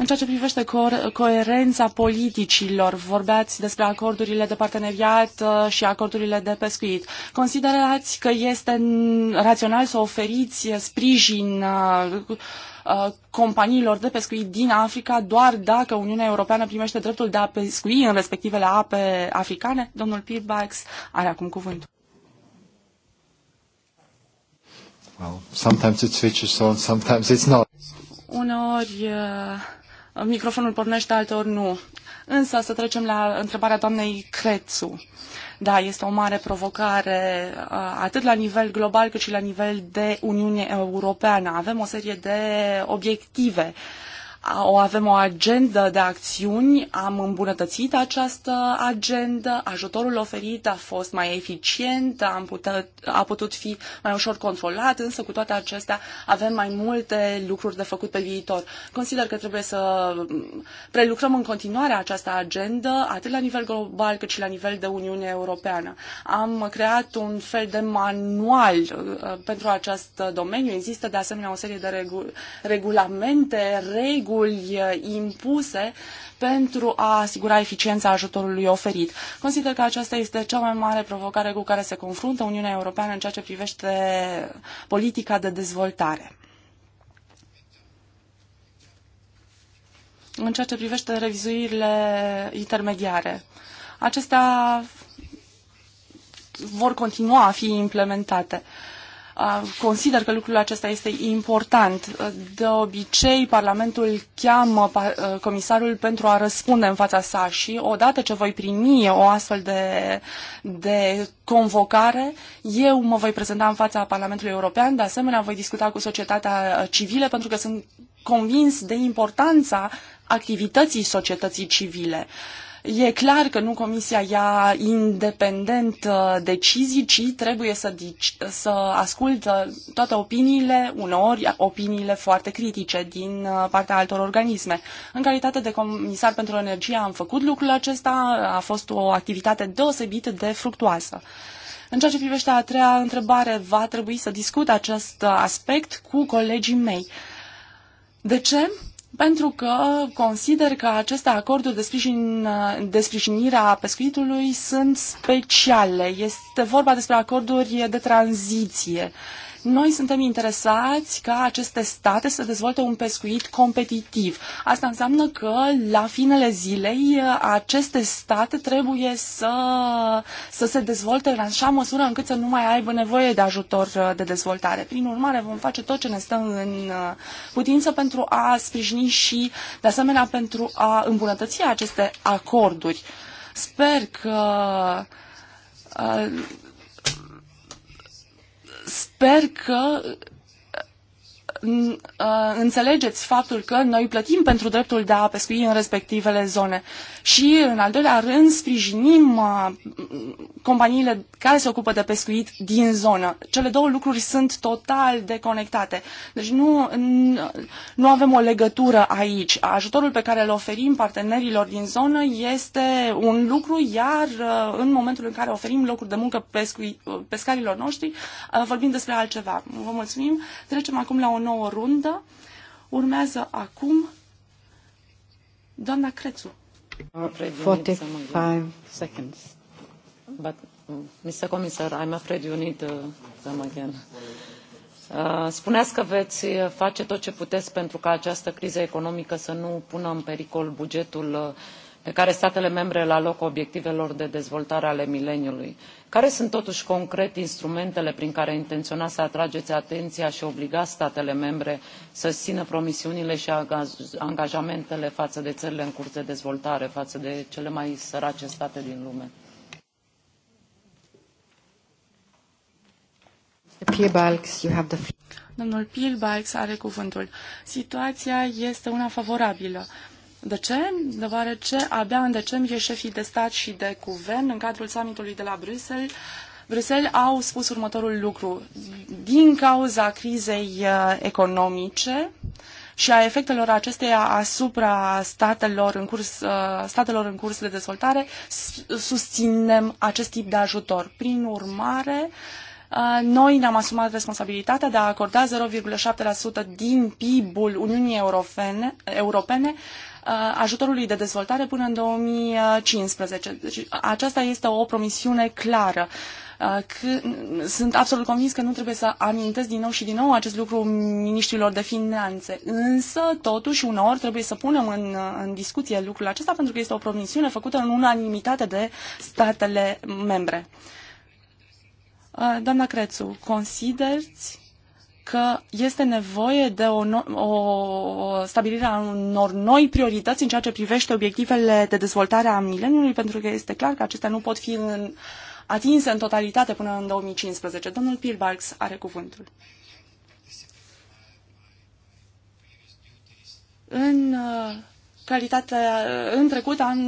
în ceea ce privește co- coerența politicilor, vorbeați despre acordurile de parteneriat uh, și acordurile de pescuit. Considerați că este rațional să oferiți sprijin uh, uh, companiilor de pescuit din Africa doar dacă Uniunea Europeană primește dreptul de a pescui în respectivele ape africane? Domnul Pirbax are acum cuvântul. Well, sometimes it switches on, sometimes it's not. Uneori uh microfonul pornește, alteori nu. Însă să trecem la întrebarea doamnei Crețu. Da, este o mare provocare uh, atât la nivel global cât și la nivel de Uniune Europeană. Avem o serie de obiective uh, o avem o agendă de acțiuni, am îmbunătățit această agendă, ajutorul oferit a fost mai eficient, am putut, a putut fi mai ușor controlat, însă cu toate acestea avem mai multe lucruri de făcut pe viitor. Consider că trebuie să prelucrăm în continuare această agendă, atât la nivel global cât și la nivel de Uniune Europeană. Am creat un fel de manual uh, pentru acest domeniu, există de asemenea o serie de regu- regulamente, reguli, reguli eh, impuse pentru a asigura eficiența ajutorului oferit. Consider că aceasta este cea mai mare provocare cu care se confruntă Uniunea Europeană în ceea ce privește politica de dezvoltare. În ceea ce privește revizuirile intermediare. Acestea vor continua a fi implementate. Uh, consider că lucrul acesta este important. De obicei, Parlamentul cheamă comisarul pentru a răspunde în fața sa și odată ce voi primi o astfel de, de convocare, eu mă voi prezenta în fața Parlamentului European, de asemenea voi discuta cu societatea civilă pentru că sunt convins de importanța activității societății civile. Uh, E clar că nu Comisia ia independent uh, decizii, ci trebuie să, să ascultă toate opiniile, uneori opiniile foarte critice din uh, partea altor organisme. În calitate de comisar pentru energie am făcut lucrul acesta, a fost o activitate deosebit de fructuoasă. În ceea ce privește a treia întrebare, va trebui să discut acest aspect cu colegii mei. De ce? pentru că consider că aceste acorduri de, sprijin, de sprijinire a pescuitului sunt speciale. Este vorba despre acorduri de tranziție. Uh, noi suntem interesați ca aceste state să dezvolte un pescuit competitiv. Asta înseamnă că la finele zilei aceste state trebuie să, să se dezvolte în așa măsură încât să nu mai aibă nevoie de ajutor de dezvoltare. Prin urmare, vom face tot ce ne stă în uh, putință pentru a sprijini și, de asemenea, pentru a îmbunătăți aceste acorduri. Sper că uh, sper că Uh, înțelegeți faptul că noi plătim pentru dreptul de a pescui în respectivele zone. Și, în al doilea rând, sprijinim uh, companiile care se ocupă de pescuit din zonă. Cele două lucruri sunt total deconectate. Deci nu, nu avem o legătură aici. Ajutorul pe care îl oferim partenerilor din zonă este un lucru, iar uh, în momentul în care oferim locuri de muncă pescui, pescarilor noștri, vorbim despre altceva. Vă mulțumim. Trecem acum la o nouă rundă. Urmează acum doamna Crețu. five seconds. But, Mr. Mm, Commissar, I'm afraid you need uh, them again. Uh, spuneați că veți uh, face tot ce puteți pentru ca această criză economică să nu pună în pericol bugetul uh, pe care statele membre le alocă obiectivelor de dezvoltare ale mileniului care sunt totuși concret instrumentele prin care intenționați să atrageți atenția și obligați statele membre să își țină promisiunile și angajamentele față de țările în curs de dezvoltare față de cele mai sărace state din lume? Domnul Pilbalx are cuvântul. Situația este una favorabilă. De ce? Deoarece abia în decembrie șefii de stat și de guvern în cadrul summitului de la Bruxelles Bruxelles au spus următorul lucru. Din cauza crizei uh, economice și a efectelor acesteia asupra statelor în curs, uh, statelor în curs de dezvoltare, susținem acest tip de ajutor. Prin urmare, uh, noi ne-am asumat responsabilitatea de a acorda 0,7% din PIB-ul Uniunii Europene, Europene Uh, ajutorului de dezvoltare până în 2015. Deci aceasta este o promisiune clară. Uh, sunt absolut convins că nu trebuie să amintesc din nou și din nou acest lucru ministrilor de finanțe. Însă, totuși, uneori trebuie să punem în, uh, în discuție lucrul acesta pentru că este o promisiune făcută în unanimitate de statele membre. Doamna Crețu, considerți că este nevoie de o, no- o stabilire a unor noi priorități în ceea ce privește obiectivele de dezvoltare a mileniului, pentru că este clar că acestea nu pot fi în, atinse în totalitate până în 2015. Domnul Pilbarks are cuvântul. În uh, calitate, în trecut am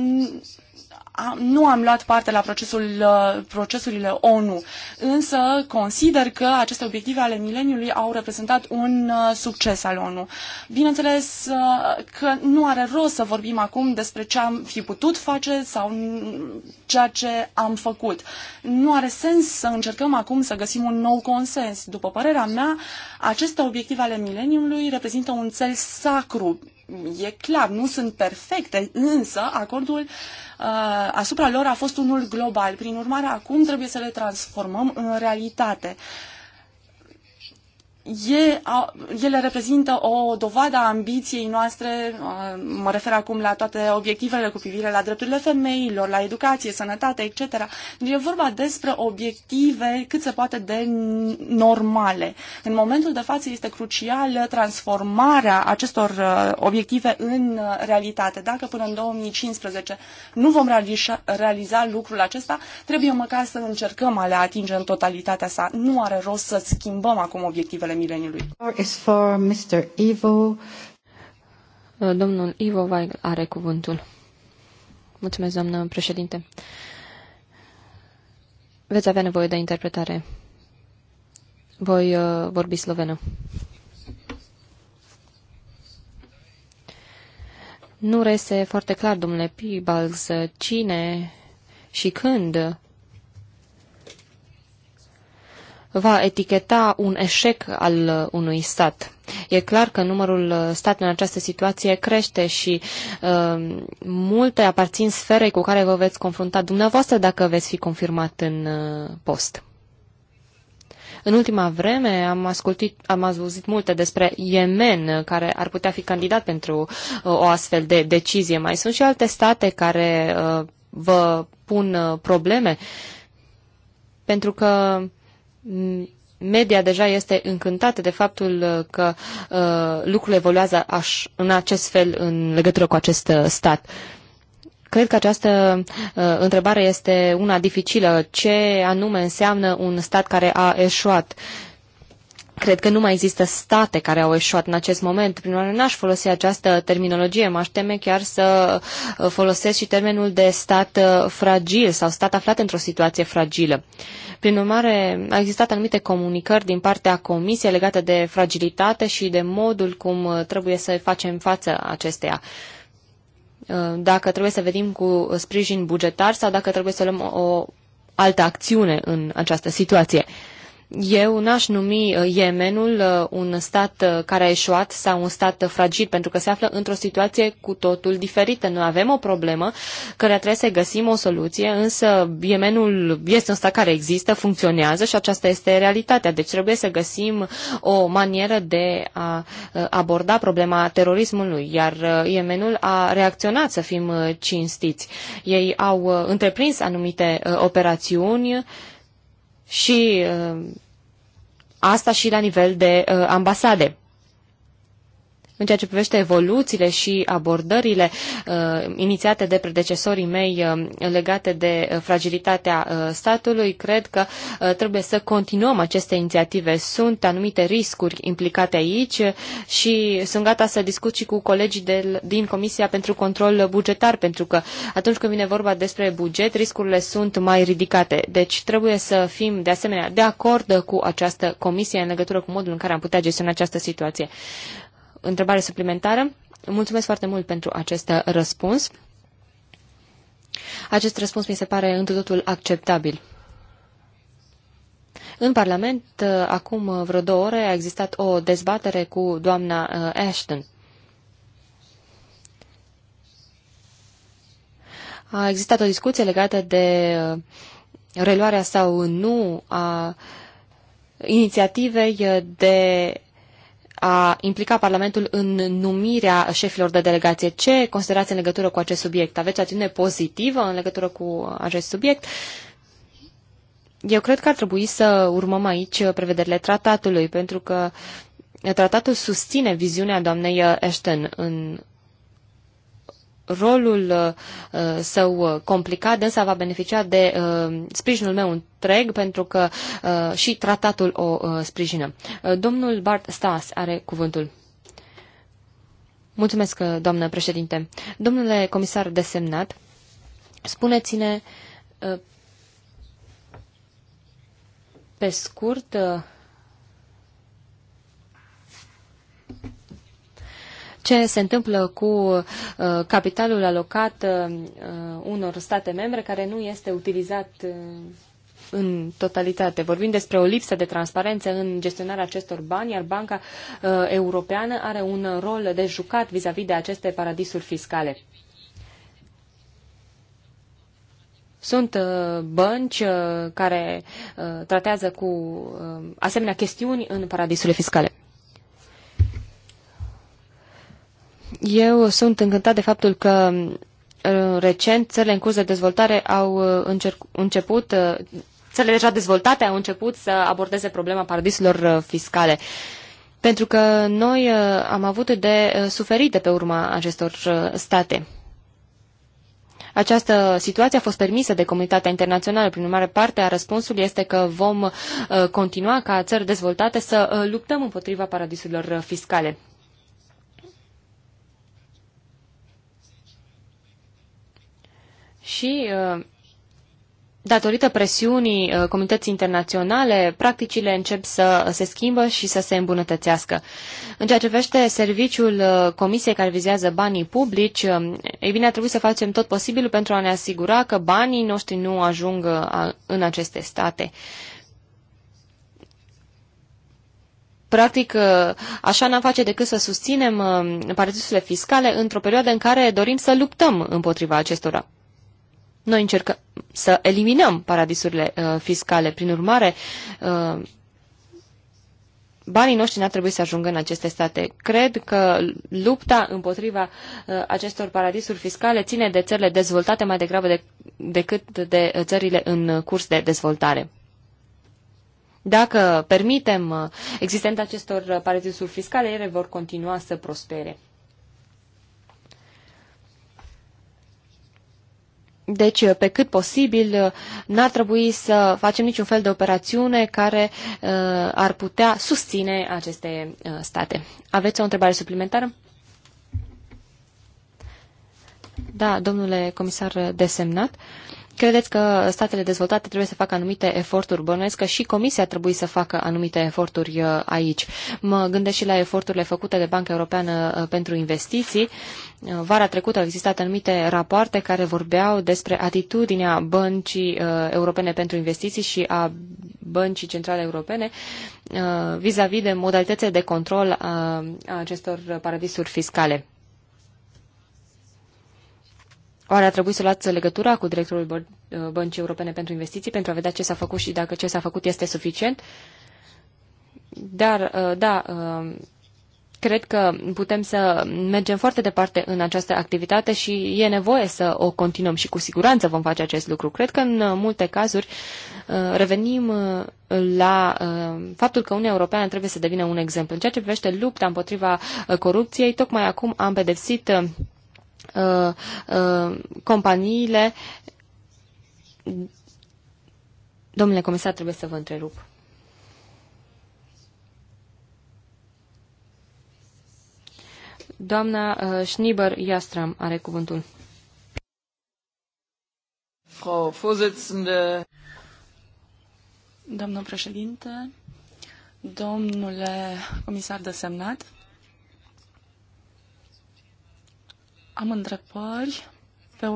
nu am luat parte la procesul, uh, procesurile ONU, însă consider că aceste obiective ale mileniului au reprezentat un uh, succes al ONU. Bineînțeles uh, că nu are rost să vorbim acum despre ce am fi putut face sau ceea ce am făcut. Nu are sens să încercăm acum să găsim un nou consens. După părerea mea, aceste obiective ale mileniului reprezintă un cel sacru e clar, nu sunt perfecte, însă acordul uh, asupra lor a fost unul global. Prin urmare, acum trebuie să le transformăm în realitate e, a, ele reprezintă o dovadă a ambiției noastre, a, mă refer acum la toate obiectivele cu privire la drepturile femeilor, la educație, sănătate, etc. Deci e vorba despre obiective cât se poate de normale. În momentul de față este crucială transformarea acestor uh, obiective în uh, realitate. Dacă până în 2015 nu vom realiza, realiza lucrul acesta, trebuie măcar să încercăm a le atinge în totalitatea sa. Nu are rost să schimbăm acum obiectivele mileniului. Is for Mr. Ivo. Uh, domnul Ivo Weigl are cuvântul. Mulțumesc, doamnă președinte. Veți avea nevoie de interpretare. Voi uh, vorbi slovenă. Nu rese foarte clar, domnule Pibals, cine și când va eticheta un eșec al uh, unui stat. E clar că numărul uh, statelor în această situație crește și uh, multe aparțin sferei cu care vă veți confrunta dumneavoastră dacă veți fi confirmat în uh, post. În ultima vreme am, ascultit, am auzit multe despre Yemen, uh, care ar putea fi candidat pentru uh, o astfel de decizie. Mai sunt și alte state care uh, vă pun uh, probleme, pentru că media deja este încântată de faptul uh, că uh, lucrurile evoluează aș, în acest fel în legătură cu acest uh, stat. Cred că această uh, întrebare este una dificilă. Ce anume înseamnă un stat care a eșuat? Uh, Cred că nu mai există state care au eșuat în acest moment. Prin urmare, n-aș folosi această terminologie. M-aș teme chiar să uh, folosesc și termenul de stat uh, fragil sau stat aflat într-o situație fragilă. Prin urmare, a existat anumite comunicări din partea Comisiei legate de fragilitate și de modul cum uh, trebuie să facem față acesteia dacă trebuie să venim cu sprijin bugetar sau dacă trebuie să luăm o altă acțiune în această situație. Eu n-aș numi uh, Yemenul uh, un stat uh, care a eșuat sau un stat fragil, pentru că se află într-o situație cu totul diferită. Noi avem o problemă care trebuie să găsim o soluție, însă Yemenul este un stat care există, funcționează și aceasta este realitatea. Deci trebuie să găsim o manieră de a aborda problema terorismului, iar Yemenul a reacționat, să fim cinstiți. Ei au întreprins anumite operațiuni, și uh, asta și la nivel de uh, ambasade în ceea ce privește evoluțiile și abordările uh, inițiate de predecesorii mei uh, legate de uh, fragilitatea uh, statului, cred că uh, trebuie să continuăm aceste inițiative. Sunt anumite riscuri implicate aici și sunt gata să discut și cu colegii de, din Comisia pentru Control Bugetar, pentru că atunci când vine vorba despre buget, riscurile sunt mai ridicate. Deci trebuie să fim de asemenea de acord cu această comisie în legătură cu modul în care am putea gestiona această situație întrebare suplimentară. Mulțumesc foarte mult pentru acest răspuns. Acest răspuns mi se pare într totul acceptabil. În Parlament, acum vreo două ore, a existat o dezbatere cu doamna uh, Ashton. A existat o discuție legată de uh, reluarea sau nu a inițiativei de a implica Parlamentul în numirea șefilor de delegație. Ce considerați în legătură cu acest subiect? Aveți atitudine pozitivă în legătură cu acest subiect? Eu cred că ar trebui să urmăm aici prevederile tratatului, pentru că tratatul susține viziunea doamnei Ashton în rolul uh, său uh, complicat, însă va beneficia de uh, sprijinul meu întreg, pentru că și tratatul o sprijină. Domnul Bart Stas are cuvântul. Mulțumesc, doamnă președinte. Domnule comisar desemnat, spuneți-ne pe scurt ce se întâmplă cu uh, capitalul alocat uh, uh, unor state membre care nu este utilizat în totalitate. Vorbim despre o lipsă de transparență în gestionarea acestor bani, iar Banca Europeană are un rol de jucat vis-a-vis -vis de aceste paradisuri fiscale. Sunt bănci care tratează cu asemenea chestiuni în paradisurile fiscale. Eu sunt încântat de faptul că uh, recent țările în curs de dezvoltare au uh, început, uh, țările deja dezvoltate au început să abordeze problema paradisurilor fiscale. Pentru că noi am avut de suferit de pe urma acestor state. Această situație a fost permisă de comunitatea internațională. Prin urmare, partea a răspunsului este că vom continua ca țări dezvoltate să luptăm împotriva paradisurilor fiscale. și uh, datorită presiunii uh, comunității internaționale, practicile încep să se schimbă și să se îmbunătățească. În ceea ce vește serviciul uh, comisiei care vizează banii publici, um, ei bine, a trebuit să facem tot posibilul pentru a ne asigura că banii noștri nu ajung în aceste state. practic, așa n-am face decât să susținem um, paradisurile fiscale într-o perioadă în care dorim să luptăm împotriva acestora. Noi încercăm să eliminăm paradisurile uh, fiscale. Prin urmare, uh, banii noștri n-ar trebui să ajungă în aceste state. Cred că lupta împotriva uh, acestor paradisuri fiscale ține de țările dezvoltate mai degrabă de, decât de uh, țările în curs de dezvoltare. Dacă permitem uh, existența acestor uh, paradisuri fiscale, ele vor continua să prospere. Deci, pe cât posibil, n-ar trebui să facem niciun fel de operațiune care uh, ar putea susține aceste uh, state. Aveți o întrebare suplimentară? Da, domnule comisar desemnat. Uh, Credeți că statele dezvoltate trebuie să facă anumite eforturi? Bănuiesc că și Comisia trebuie să facă anumite eforturi uh, aici. Mă gândesc și la eforturile făcute de Banca Europeană uh, pentru Investiții. Uh, vara trecută au existat anumite rapoarte care vorbeau despre atitudinea Băncii Europene pentru Investiții și a Băncii Centrale Europene vis-a-vis -vis de modalitățile de control a acestor paradisuri fiscale. Oare a trebuit să luați legătura cu directorul uh, Băncii Europene pentru Investiții pentru a vedea ce s-a făcut și dacă ce s-a făcut este suficient? Dar, uh, da, uh, cred că putem să mergem foarte departe în această activitate și e nevoie să o continuăm și cu siguranță vom face acest lucru. Cred că în multe cazuri revenim la faptul că Uniunea Europeană trebuie să devină un exemplu. În ceea ce privește lupta împotriva corupției, tocmai acum am pedepsit Uh, uh, companiile. Domnule comisar, trebuie să vă întrerup. Doamna uh, Schnieber Jastram are cuvântul. Frau Vorsitzende. Doamnă președinte, domnule comisar desemnat, Am întrebări pe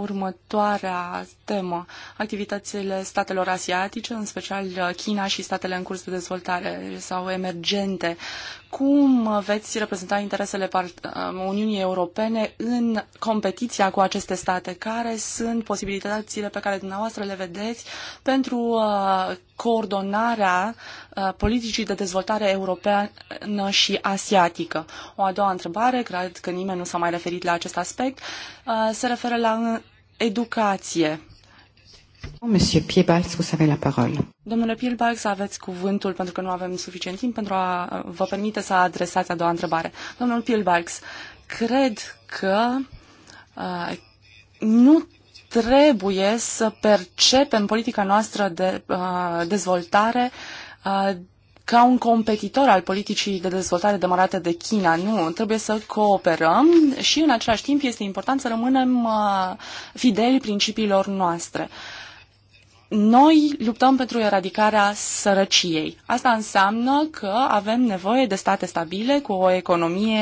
următoarea temă, activitățile statelor asiatice, în special China și statele în curs de dezvoltare sau emergente. Cum veți reprezenta interesele Uniunii Europene în competiția cu aceste state? Care sunt posibilitățile pe care dumneavoastră le vedeți pentru uh, coordonarea Uh, politicii de dezvoltare europeană și asiatică. O a doua întrebare, cred că nimeni nu s-a mai referit la acest aspect, uh, se referă la uh, educație. Oh, monsieur Piebalgs, vous avez la parole. Domnule Piebalgs, aveți cuvântul pentru că nu avem suficient timp pentru a vă permite să adresați a doua întrebare. Domnul Piebalgs, cred că uh, nu trebuie să percepem politica noastră de uh, dezvoltare uh, Uh, ca un competitor al politicii de dezvoltare demarată de China. Nu, trebuie să cooperăm și în același timp este important să rămânem uh, fideli principiilor noastre. Uh, noi luptăm pentru eradicarea sărăciei. Asta înseamnă că avem nevoie de state stabile cu o economie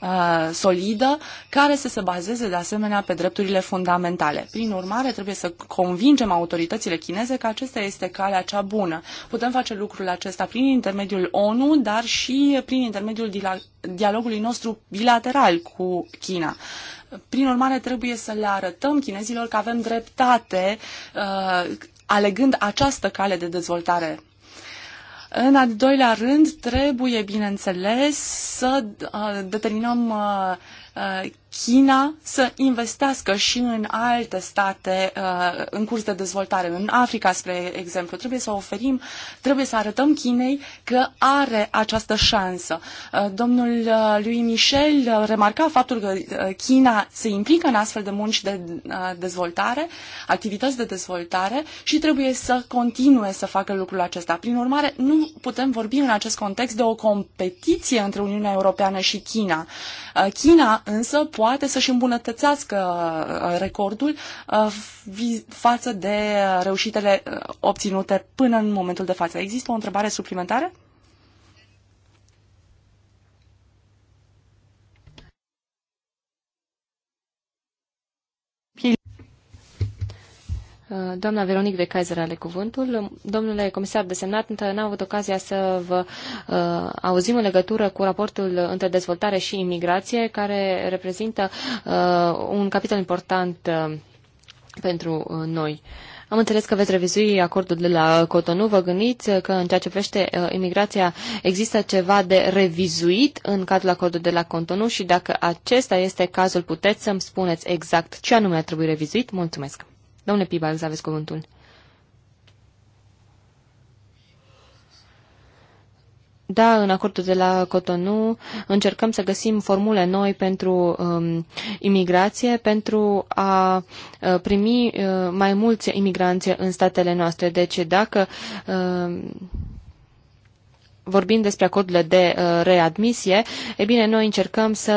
uh, solidă care să se bazeze de asemenea pe drepturile fundamentale. Prin urmare, trebuie să convingem autoritățile chineze că acesta este calea cea bună. Putem face lucrul acesta prin intermediul ONU, dar și prin intermediul dialogului nostru bilateral cu China. Prin urmare, trebuie să le arătăm chinezilor că avem dreptate uh, alegând această cale de dezvoltare în al doilea rând, trebuie, bineînțeles, să uh, determinăm uh, uh, China să investească și în alte state uh, în curs de dezvoltare, în Africa, spre exemplu. Trebuie să oferim, trebuie să arătăm Chinei că are această șansă. Uh, domnul uh, lui Michel uh, remarca faptul că uh, China se implică în astfel de munci de uh, dezvoltare, activități de dezvoltare și trebuie să continue să facă lucrul acesta. Prin urmare, nu putem vorbi în acest context de o competiție între Uniunea Europeană și China. Uh, China însă poate să-și îmbunătățească uh, recordul uh, față de uh, reușitele obținute până în momentul de față. Există o întrebare suplimentară? Uh, doamna Veronic de Kaiser are cuvântul. Domnule comisar desemnat, n-am avut ocazia să vă uh, auzim în legătură cu raportul între dezvoltare și imigrație, care reprezintă uh, un capitol important uh, pentru uh, noi. Am înțeles că veți revizui acordul de la Cotonou. Vă gândiți că în ceea ce privește uh, imigrația există ceva de revizuit în cadrul acordului de la Cotonou și dacă acesta este cazul, puteți să-mi spuneți exact ce anume ar trebui revizuit? Mulțumesc! Domnule Pibalz, aveți cuvântul. Da, în acordul de la Cotonou încercăm să găsim formule noi pentru um, imigrație, pentru a uh, primi uh, mai mulți imigranți în statele noastre. Deci dacă uh, vorbim despre acordurile de uh, readmisie, e bine, noi încercăm să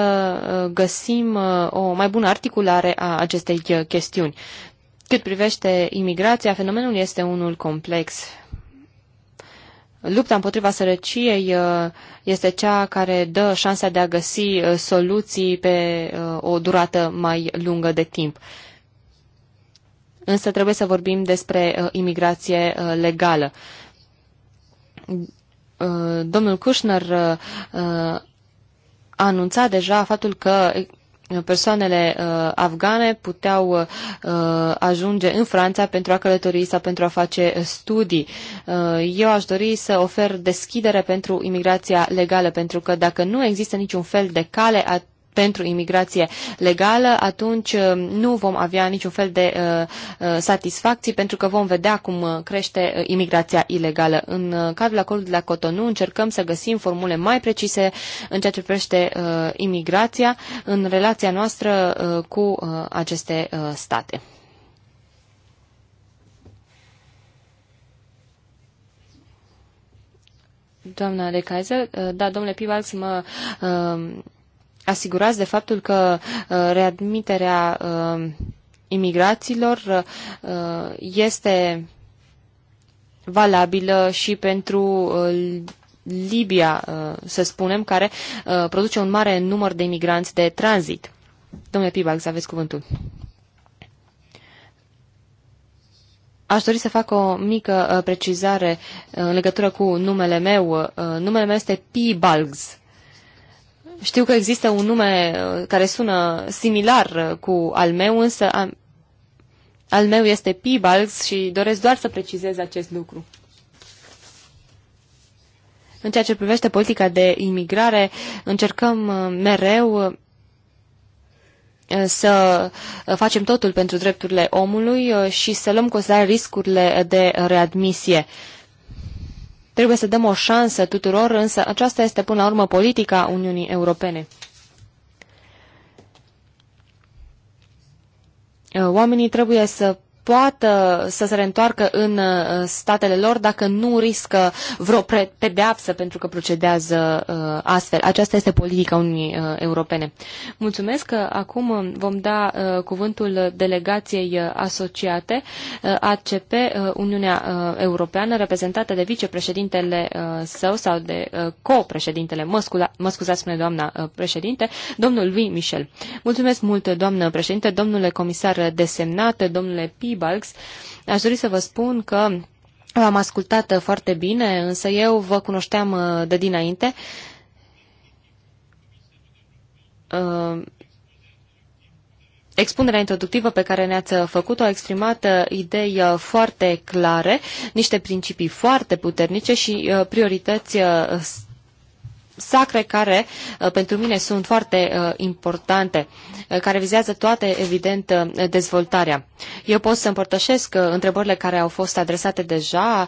uh, găsim uh, o mai bună articulare a acestei uh, chestiuni. Cât privește imigrația, fenomenul este unul complex. Lupta împotriva sărăciei uh, este cea care dă șansa de a găsi uh, soluții pe uh, o durată mai lungă de timp. Însă trebuie să vorbim despre imigrație legală. Domnul Kushner a anunțat deja faptul că persoanele uh, afgane puteau uh, ajunge în Franța pentru a călători sau pentru a face uh, studii. Uh, eu aș dori să ofer deschidere pentru imigrația legală, pentru că dacă nu există niciun fel de cale, pentru imigrație legală, atunci uh, nu vom avea niciun fel de uh, uh, satisfacții pentru că vom vedea cum crește imigrația ilegală. În cadrul acordului de la Cotonou încercăm să găsim formule mai precise în ceea ce privește imigrația în relația noastră cu aceste state. Doamna de Kaiser, da, domnule Pivax, mă asigurați de faptul că uh, readmiterea uh, imigraților uh, este valabilă și pentru Libia, să spunem, care produce un mare număr de imigranți de tranzit. Domnule Pibax, aveți cuvântul. Aș dori să fac o mică precizare în legătură cu numele meu. Numele meu este P. Balgs. Știu că există un nume uh, care sună similar uh, cu al meu, însă am, al meu este Pibalgs și doresc doar să precizez acest lucru. În ceea ce privește politica de imigrare, încercăm uh, mereu să facem totul pentru drepturile omului și să luăm considerare riscurile de readmisie. Trebuie să dăm o șansă tuturor, însă aceasta este până la urmă politica Uniunii Europene. Oamenii trebuie să poată să se reîntoarcă în uh, statele lor dacă nu riscă vreo pedeapsă pentru că procedează uh, astfel. Aceasta este politica Uniunii uh, Europene. Mulțumesc că acum vom da cuvântul delegației asociate ACP Uniunea Europeană, reprezentată de vicepreședintele său sau de copreședintele, mă scuzați spune doamna președinte, domnul lui Michel. Mulțumesc mult, doamnă președinte, domnule comisar desemnat, domnule PIB, Bulks. aș dori să vă spun că am ascultat foarte bine, însă eu vă cunoșteam uh, de dinainte. Uh, expunerea introductivă pe care ne-ați uh, făcut-o a exprimat idei foarte clare, niște principii foarte puternice și priorități sacre care uh, pentru mine sunt foarte uh, importante, uh, care vizează toate, evident, dezvoltarea. Eu pot să împărtășesc întrebările care au fost adresate deja,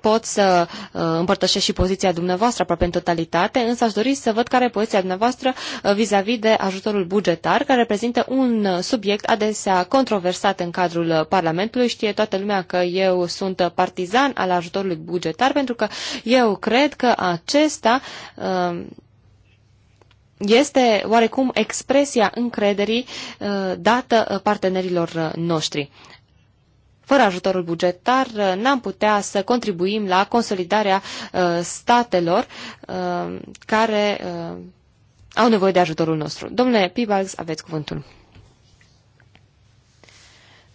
pot să împărtășesc și poziția dumneavoastră aproape în totalitate, însă aș dori să văd care e poziția dumneavoastră vis-a-vis -vis de ajutorul bugetar, care reprezintă un subiect adesea controversat în cadrul Parlamentului. Știe toată lumea că eu sunt partizan al ajutorului bugetar, pentru că eu cred că acesta Um, este oarecum expresia încrederii uh, dată uh, partenerilor uh, noștri. Fără ajutorul bugetar n-am putea să contribuim la consolidarea statelor care au nevoie de ajutorul nostru. Domnule Pibals, aveți cuvântul.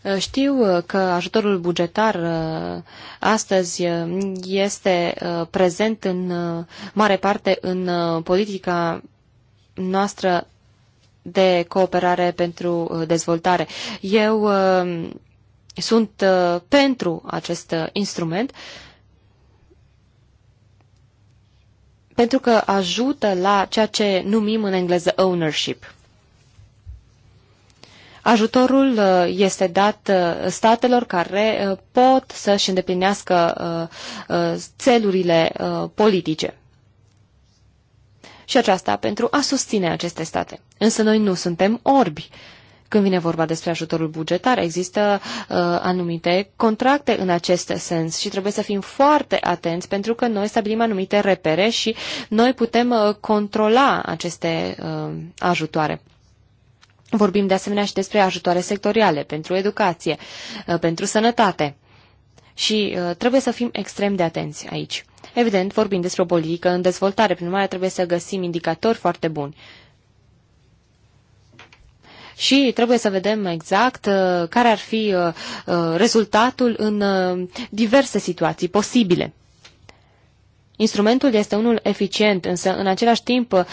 Uh, știu uh, că ajutorul bugetar uh, astăzi este prezent în mare parte în politica noastră de cooperare pentru dezvoltare. Eu sunt pentru acest instrument pentru că ajută la ceea ce numim în engleză ownership. Ajutorul uh, este dat uh, statelor care uh, pot să-și îndeplinească țelurile politice. Și aceasta pentru a susține aceste state. Însă noi nu suntem orbi. Când vine vorba despre ajutorul bugetar, există uh, anumite contracte în acest sens și trebuie să fim foarte atenți pentru că noi stabilim anumite repere și noi putem uh, controla aceste uh, ajutoare. Vorbim de asemenea și despre ajutoare sectoriale pentru educație, uh, pentru sănătate. Și uh, trebuie să fim extrem de atenți aici. Evident, vorbim despre o politică în dezvoltare, prin urmare trebuie să găsim indicatori foarte buni. Și trebuie să vedem exact uh, care ar fi rezultatul în diverse situații posibile. Instrumentul este unul eficient, însă în același timp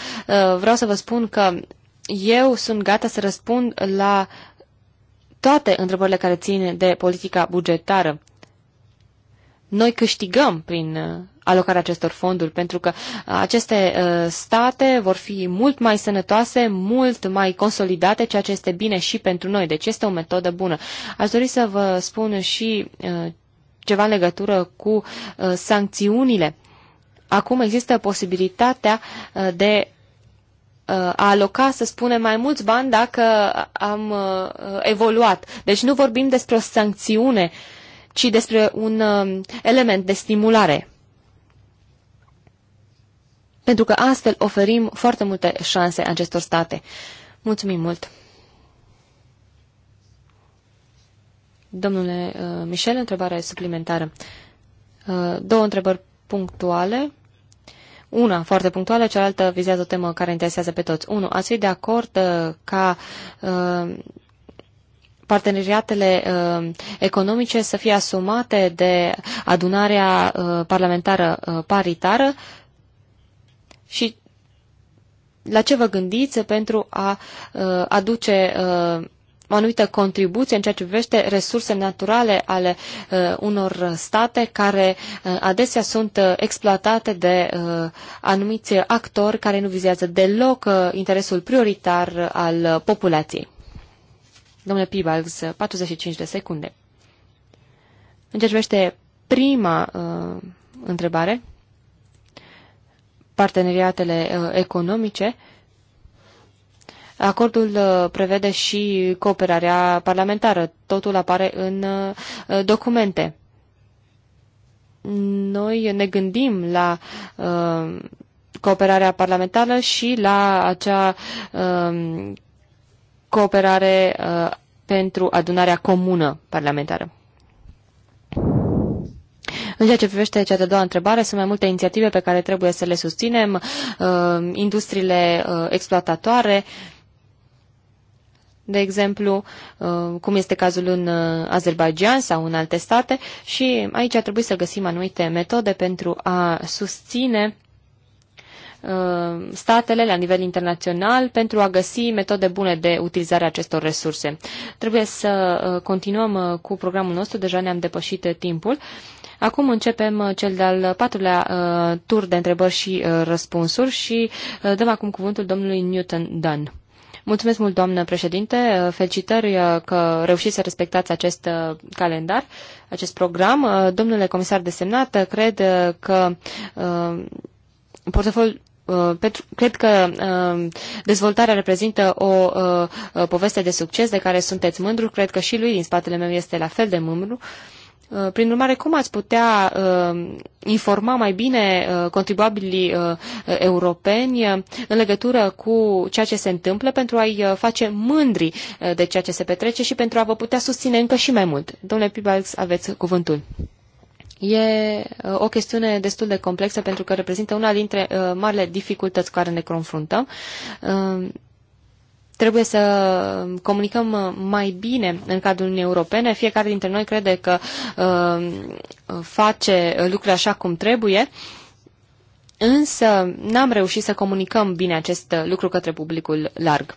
vreau să vă spun că eu sunt gata să răspund la toate întrebările care țin de politica bugetară. Noi câștigăm prin uh, alocarea acestor fonduri, pentru că uh, aceste uh, state vor fi mult mai sănătoase, mult mai consolidate, ceea ce este bine și pentru noi. Deci este o metodă bună. Aș dori să vă spun și ceva în legătură cu sancțiunile. Acum există posibilitatea de Uh, a aloca, să spunem, mai mulți bani dacă am uh, uh, evoluat. Deci nu vorbim despre o sancțiune, ci despre un um, element de stimulare. Pentru că astfel oferim foarte multe șanse acestor state. Mulțumim mult! Domnule Michel, întrebare suplimentară. Două întrebări punctuale una foarte punctuală, cealaltă vizează o temă care interesează pe toți. Unu, ați fi de acord uh, ca uh, parteneriatele uh, economice să fie asumate de adunarea uh, parlamentară uh, paritară și la ce vă gândiți pentru a uh, aduce o anumită contribuție în ceea ce privește resurse naturale ale uh, unor state care uh, adesea sunt uh, exploatate de uh, anumiți actori care nu vizează deloc uh, interesul prioritar al uh, populației. Domnule Pibalgs, 45 uh, de secunde. În ceea ce privește prima uh, întrebare, parteneriatele uh, economice, uh, Acordul uh, prevede și cooperarea parlamentară. Totul apare în uh, documente. Noi ne gândim la uh, cooperarea parlamentară și la acea cooperare pentru adunarea comună parlamentară. În ceea ce privește cea de-a doua întrebare, sunt mai multe inițiative pe care trebuie să le susținem, industriile exploatatoare, de exemplu, uh, cum este cazul în uh, Azerbaijan sau în alte state și aici ar trebui să găsim anumite metode pentru a susține uh, statele la nivel internațional pentru a găsi metode bune de utilizare a acestor resurse. Trebuie să continuăm cu programul nostru, deja ne-am depășit timpul. Acum începem cel de-al patrulea tur de întrebări și răspunsuri și dăm acum cuvântul domnului Newton Dunn. Mulțumesc mult, doamnă președinte. Felicitări uh, că reușiți să respectați acest uh, calendar, acest program. Uh, domnule comisar desemnat, cred că portofoliul cred că dezvoltarea reprezintă o poveste de succes de care sunteți mândru. Cred că și lui din spatele meu este la fel de mândru. Uh, Uh, prin urmare, cum ați putea uh, informa mai bine uh, contribuabilii europeni în legătură cu ceea ce se întâmplă pentru a-i face mândri de ceea ce se petrece și pentru a vă putea susține încă și mai mult? Domnule Pibalx, aveți cuvântul. E o chestiune destul de complexă pentru că reprezintă una dintre uh, marile dificultăți cu care ne confruntăm. Uh, Trebuie să comunicăm uh, mai bine în cadrul Uniunii Europene. Fiecare dintre noi crede că uh, face lucrurile așa cum trebuie, însă n-am reușit să comunicăm bine acest uh, lucru către publicul larg.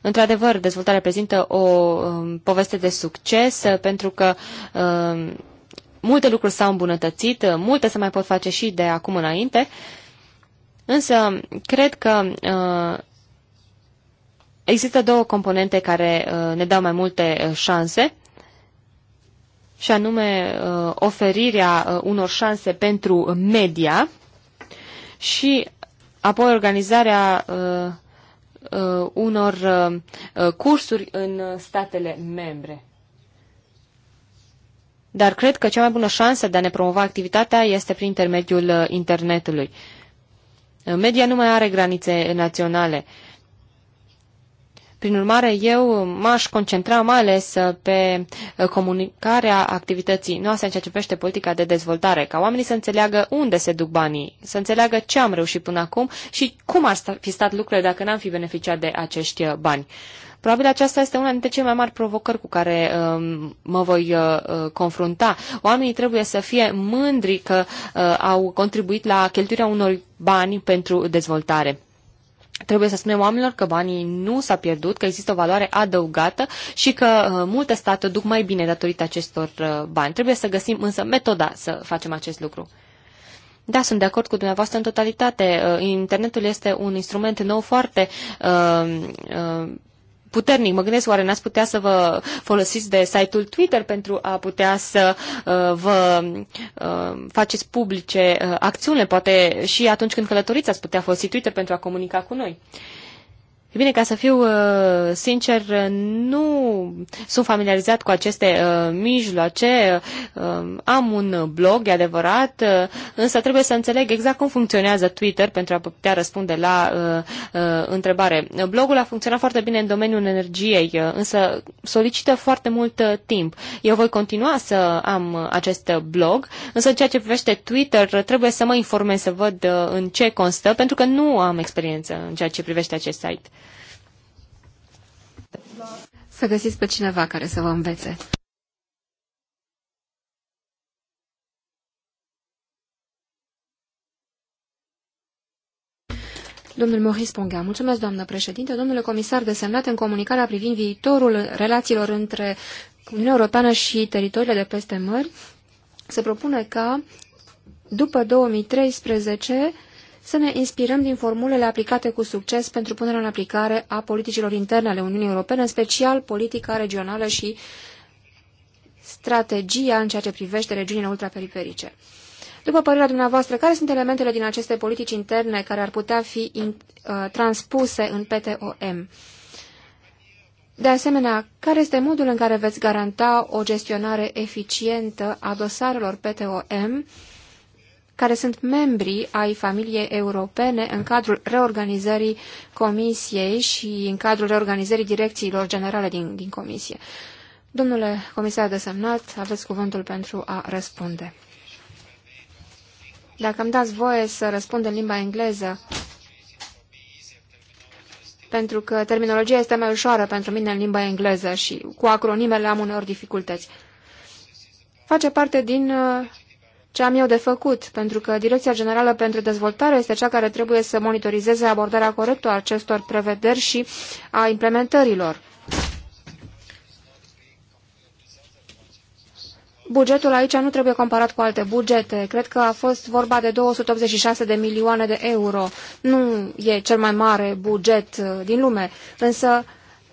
Într-adevăr, dezvoltarea prezintă o um, poveste de succes pentru că um, multe lucruri s-au îmbunătățit, multe se mai pot face și de acum înainte, însă cred că uh, Există două componente care uh, ne dau mai multe uh, șanse și anume uh, oferirea unor șanse pentru media și apoi organizarea unor cursuri în statele membre. Dar cred că cea mai bună șansă de a ne promova activitatea este prin intermediul internetului. Media nu mai are granițe naționale. Uh, prin urmare, eu m-aș concentra mai ales uh, pe uh, comunicarea activității noastre în ceea ce privește politica de dezvoltare, ca oamenii să înțeleagă unde se duc banii, să înțeleagă ce am reușit până acum și cum ar fi stat lucrurile dacă n-am fi beneficiat de acești uh, bani. Probabil aceasta este una dintre cele mai mari provocări cu care uh, mă voi uh, confrunta. Oamenii trebuie să fie mândri că uh, au contribuit la cheltuirea unor bani pentru dezvoltare. Trebuie să spunem oamenilor că banii nu s au pierdut, că există o valoare adăugată și că uh, multe state duc mai bine datorită acestor uh, bani. Trebuie să găsim însă metoda să facem acest lucru. Da, sunt de acord cu dumneavoastră în totalitate. Uh, internetul este un instrument nou foarte uh, uh, puternic. Mă gândesc, oare n-ați putea să vă folosiți de site-ul Twitter pentru a putea să uh, vă uh, faceți publice uh, acțiunile? Poate și atunci când călătoriți ați putea folosi Twitter pentru a comunica cu noi. E bine, ca să fiu uh, sincer, nu sunt familiarizat cu aceste uh, mijloace. Uh, am un blog, e adevărat, însă trebuie să înțeleg exact cum funcționează Twitter pentru a putea răspunde la întrebare. Blogul a funcționat foarte bine în domeniul energiei, însă solicită foarte mult timp. Eu voi continua să am acest blog, însă în ceea ce privește Twitter trebuie să mă informez, să văd în ce constă, pentru că nu am experiență în ceea ce privește acest site să găsiți pe cineva care să vă învețe. Domnul Maurice Ponga, mulțumesc, doamnă președinte. Domnule comisar, desemnat în comunicarea privind viitorul relațiilor între Uniunea Europeană și teritoriile de peste mări, se propune ca, după 2013, să ne inspirăm din formulele aplicate cu succes pentru punerea în aplicare a politicilor interne ale Uniunii Europene, în special politica regională și strategia în ceea ce privește regiunile ultraperiferice. După părerea dumneavoastră, care sunt elementele din aceste politici interne care ar putea fi in, uh, transpuse în PTOM? De asemenea, care este modul în care veți garanta o gestionare eficientă a dosarelor PTOM care sunt membri ai familiei europene în cadrul reorganizării Comisiei și în cadrul reorganizării direcțiilor generale din, din Comisie. Domnule comisar desemnat, aveți cuvântul pentru a răspunde. Dacă îmi dați voie să răspund în limba engleză, pentru că terminologia este mai ușoară pentru mine în limba engleză și cu acronimele am uneori dificultăți. Face parte din uh, ce am eu de făcut, pentru că Direcția Generală pentru Dezvoltare este cea care trebuie să monitorizeze abordarea corectă a acestor prevederi și a implementărilor. Bugetul aici nu trebuie comparat cu alte bugete. Cred că a fost vorba de 286 de milioane de euro. Nu e cel mai mare buget uh, din lume, însă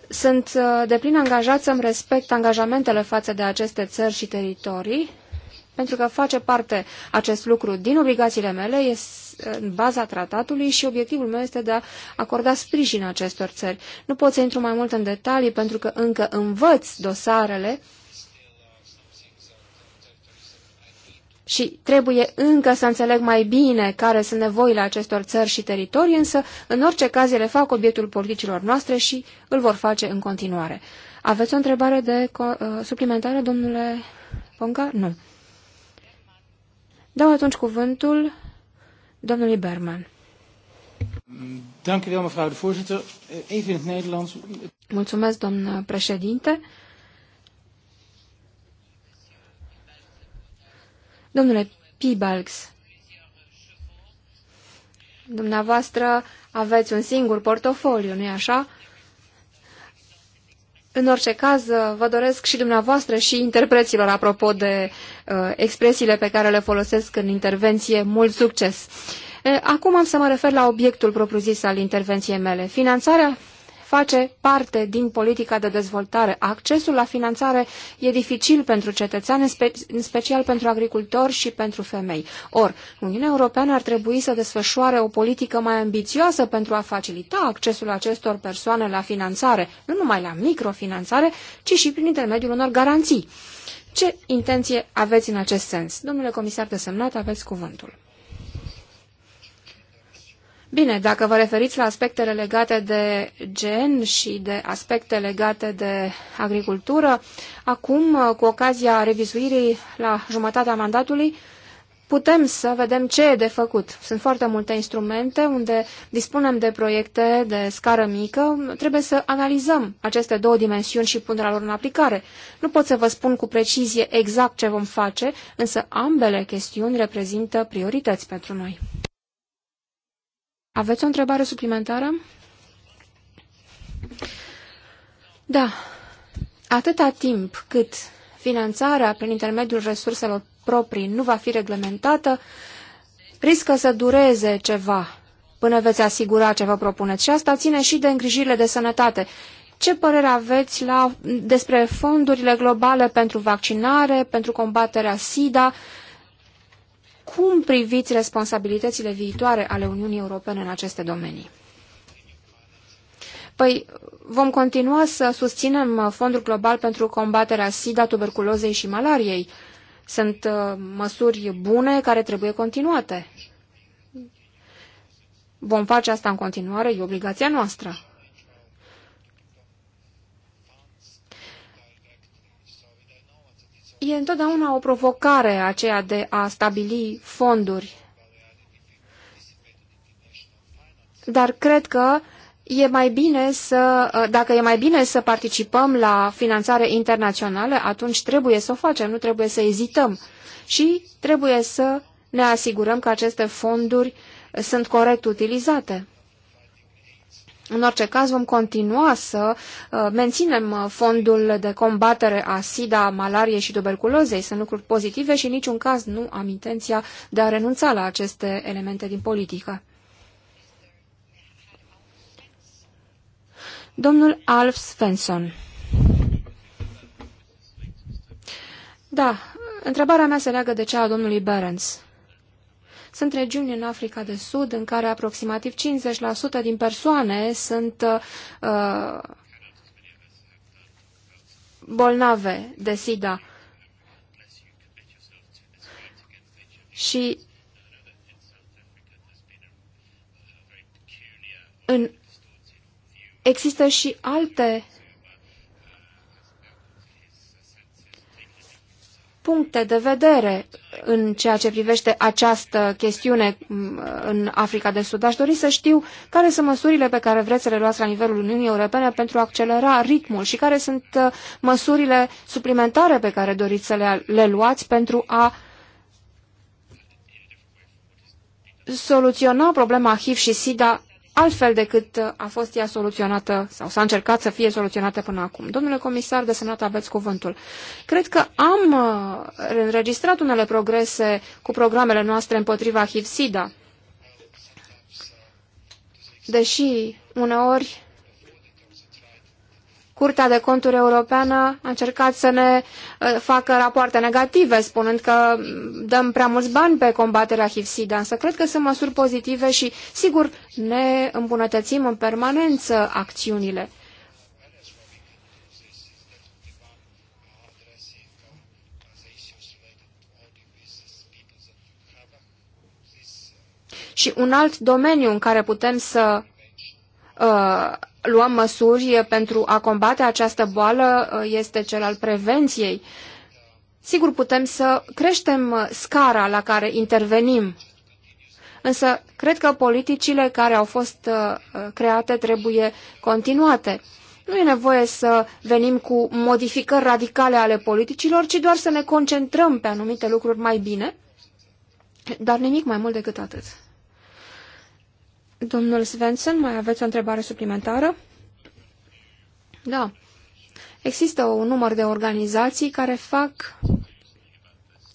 sunt uh, deplin angajat să-mi respect angajamentele față de aceste țări și teritorii pentru că face parte acest lucru din obligațiile mele, este în baza tratatului și obiectivul meu este de a acorda sprijin acestor țări. Nu pot să intru mai mult în detalii pentru că încă învăț dosarele și trebuie încă să înțeleg mai bine care sunt nevoile acestor țări și teritorii, însă în orice caz ele fac obiectul politicilor noastre și îl vor face în continuare. Aveți o întrebare de uh, suplimentare, domnule Ponca? Nu. Dau atunci cuvântul domnului Berman. Mulțumesc, domnul președinte. Domnule Pibalgs, dumneavoastră aveți un singur portofoliu, nu-i așa? În orice caz, uh, vă doresc și dumneavoastră și interpreților, apropo de uh, expresiile pe care le folosesc în intervenție, mult succes! Acum am să mă refer la obiectul propriu-zis al intervenției mele. Finanțarea face parte din politica de dezvoltare. Accesul la finanțare e dificil pentru cetățeni, în special pentru agricultori și pentru femei. Or, Uniunea Europeană ar trebui să desfășoare o politică mai ambițioasă pentru a facilita accesul acestor persoane la finanțare, nu numai la microfinanțare, ci și prin intermediul unor garanții. Ce intenție aveți în acest sens? Domnule comisar desemnat, aveți cuvântul. Bine, dacă vă referiți la aspectele legate de gen și de aspecte legate de agricultură, acum, uh, cu ocazia revizuirii la jumătatea mandatului, putem să vedem ce e de făcut. Sunt foarte multe instrumente unde dispunem de proiecte de scară mică. Trebuie să analizăm aceste două dimensiuni și punerea lor în aplicare. Nu pot să vă spun cu precizie exact ce vom face, însă ambele chestiuni reprezintă priorități pentru noi. Aveți o întrebare suplimentară? Da. Atâta timp cât finanțarea prin intermediul resurselor proprii nu va fi reglementată, riscă să dureze ceva până veți asigura ce vă propuneți. Și asta ține și de îngrijirile de sănătate. Ce părere aveți la, despre fondurile globale pentru vaccinare, pentru combaterea SIDA, cum priviți responsabilitățile viitoare ale Uniunii Europene în aceste domenii? Păi vom continua să susținem Fondul Global pentru combaterea SIDA, tuberculozei și malariei. Sunt uh, măsuri bune care trebuie continuate. Vom face asta în continuare, e obligația noastră. e întotdeauna o provocare aceea de a stabili fonduri. Dar cred că e mai bine să, dacă e mai bine să participăm la finanțare internațională, atunci trebuie să o facem, nu trebuie să ezităm. Și trebuie să ne asigurăm că aceste fonduri sunt corect utilizate. În orice caz, vom continua să uh, menținem uh, fondul de combatere a SIDA, malariei și tuberculozei. Sunt lucruri pozitive și în niciun caz nu am intenția de a renunța la aceste elemente din politică. Domnul Alf Svensson. Da, întrebarea mea se leagă de cea a domnului Berens. Sunt regiuni în Africa de Sud în care aproximativ 50% din persoane sunt uh, bolnave de SIDA. Și în, există și alte puncte de vedere în ceea ce privește această chestiune mm, în Africa de Sud. Aș dori să știu care sunt măsurile pe care vreți să le luați la nivelul Uniunii Europene pentru a accelera ritmul și care sunt uh, măsurile suplimentare pe care doriți să le, le luați pentru a soluționa problema HIV și SIDA altfel decât uh, a fost ea soluționată sau s-a încercat să fie soluționată până acum. Domnule comisar, de semnat aveți cuvântul. Cred că am uh, înregistrat unele progrese cu programele noastre împotriva HIV-SIDA. Deși uneori Curtea de Conturi Europeană a încercat să ne uh, facă rapoarte negative, spunând că dăm prea mulți bani pe combaterea HIV-SIDA, însă cred că sunt măsuri pozitive și, sigur, ne îmbunătățim în permanență acțiunile. Și un alt domeniu în care putem să uh, luăm măsuri pentru a combate această boală uh, este cel al prevenției. Sigur, putem să creștem uh, scara la care intervenim, însă cred că politicile care au fost uh, create trebuie continuate. Nu e nevoie să venim cu modificări radicale ale politicilor, ci doar să ne concentrăm pe anumite lucruri mai bine, dar nimic mai mult decât atât. Domnul Svensson, mai aveți o întrebare suplimentară? Da. Există un număr de organizații care fac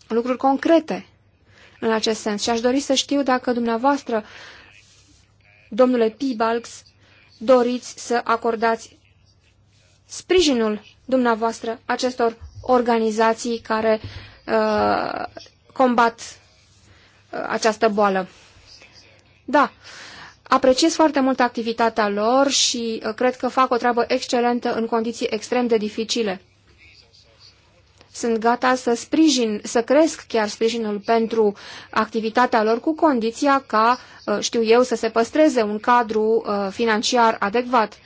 lucruri concrete în acest sens și aș dori să știu dacă dumneavoastră, domnule Pibalx, doriți să acordați sprijinul dumneavoastră acestor organizații care uh, combat uh, această boală. Da, Apreciez foarte mult activitatea lor și uh, cred că fac o treabă excelentă în condiții extrem de dificile. Sunt gata să sprijin, să cresc chiar sprijinul pentru activitatea lor cu condiția ca, uh, știu eu, să se păstreze un cadru uh, financiar adecvat.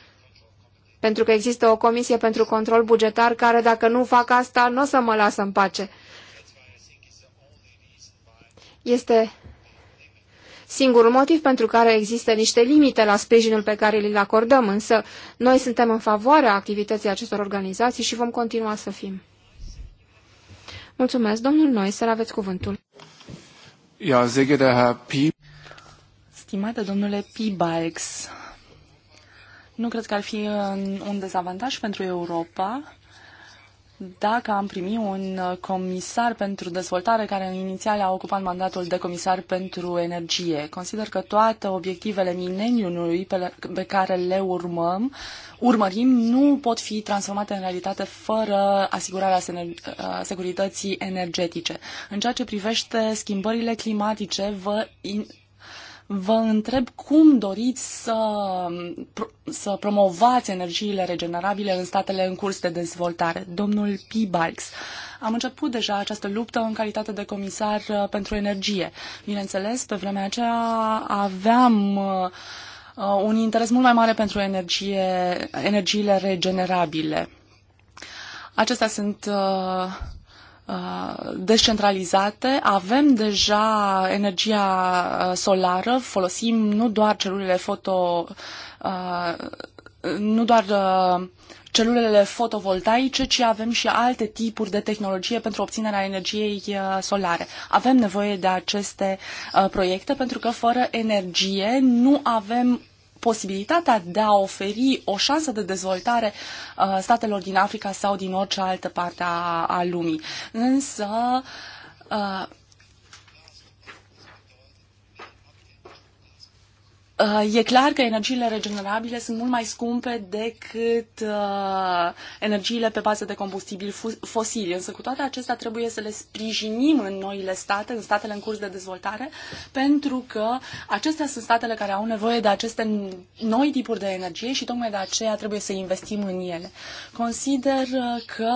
Pentru că există o comisie pentru control bugetar care, dacă nu fac asta, nu o să mă lasă în pace. Este singurul motiv pentru care există niște limite la sprijinul pe care îl acordăm, însă noi suntem în favoarea activității acestor organizații și vom continua să fim. Mulțumesc, domnul Noi, să aveți cuvântul. Ja, sehr Stimate domnule Bikes. nu cred că ar fi un dezavantaj pentru Europa dacă am primit un uh, comisar pentru dezvoltare care în inițial a ocupat mandatul de comisar pentru energie. Consider că toate obiectivele mineniului pe care le urmăm, urmărim nu pot fi transformate în realitate fără asigurarea uh, securității energetice. În ceea ce privește schimbările climatice, vă vă întreb cum doriți să, să promovați energiile regenerabile în statele în curs de dezvoltare. Domnul Pibalks, am început deja această luptă în calitate de comisar uh, pentru energie. Bineînțeles, pe vremea aceea aveam uh, un interes mult mai mare pentru energie, energiile regenerabile. Acestea sunt uh, Uh, descentralizate, avem deja energia uh, solară, folosim nu doar celulele foto, uh, nu doar celulele fotovoltaice, ci avem și alte tipuri de tehnologie pentru obținerea energiei solare. Avem nevoie de aceste proiecte pentru că fără energie nu avem posibilitatea de a oferi o șansă de dezvoltare uh, statelor din Africa sau din orice altă parte a, a lumii. Însă, uh, Uh, e clar că energiile regenerabile sunt mult mai scumpe decât uh, energiile pe bază de combustibil fosili, însă cu toate acestea trebuie să le sprijinim în noile state, în statele în curs de dezvoltare, pentru că acestea sunt statele care au nevoie de aceste noi tipuri de energie și tocmai de aceea trebuie să investim în ele. Consider uh, că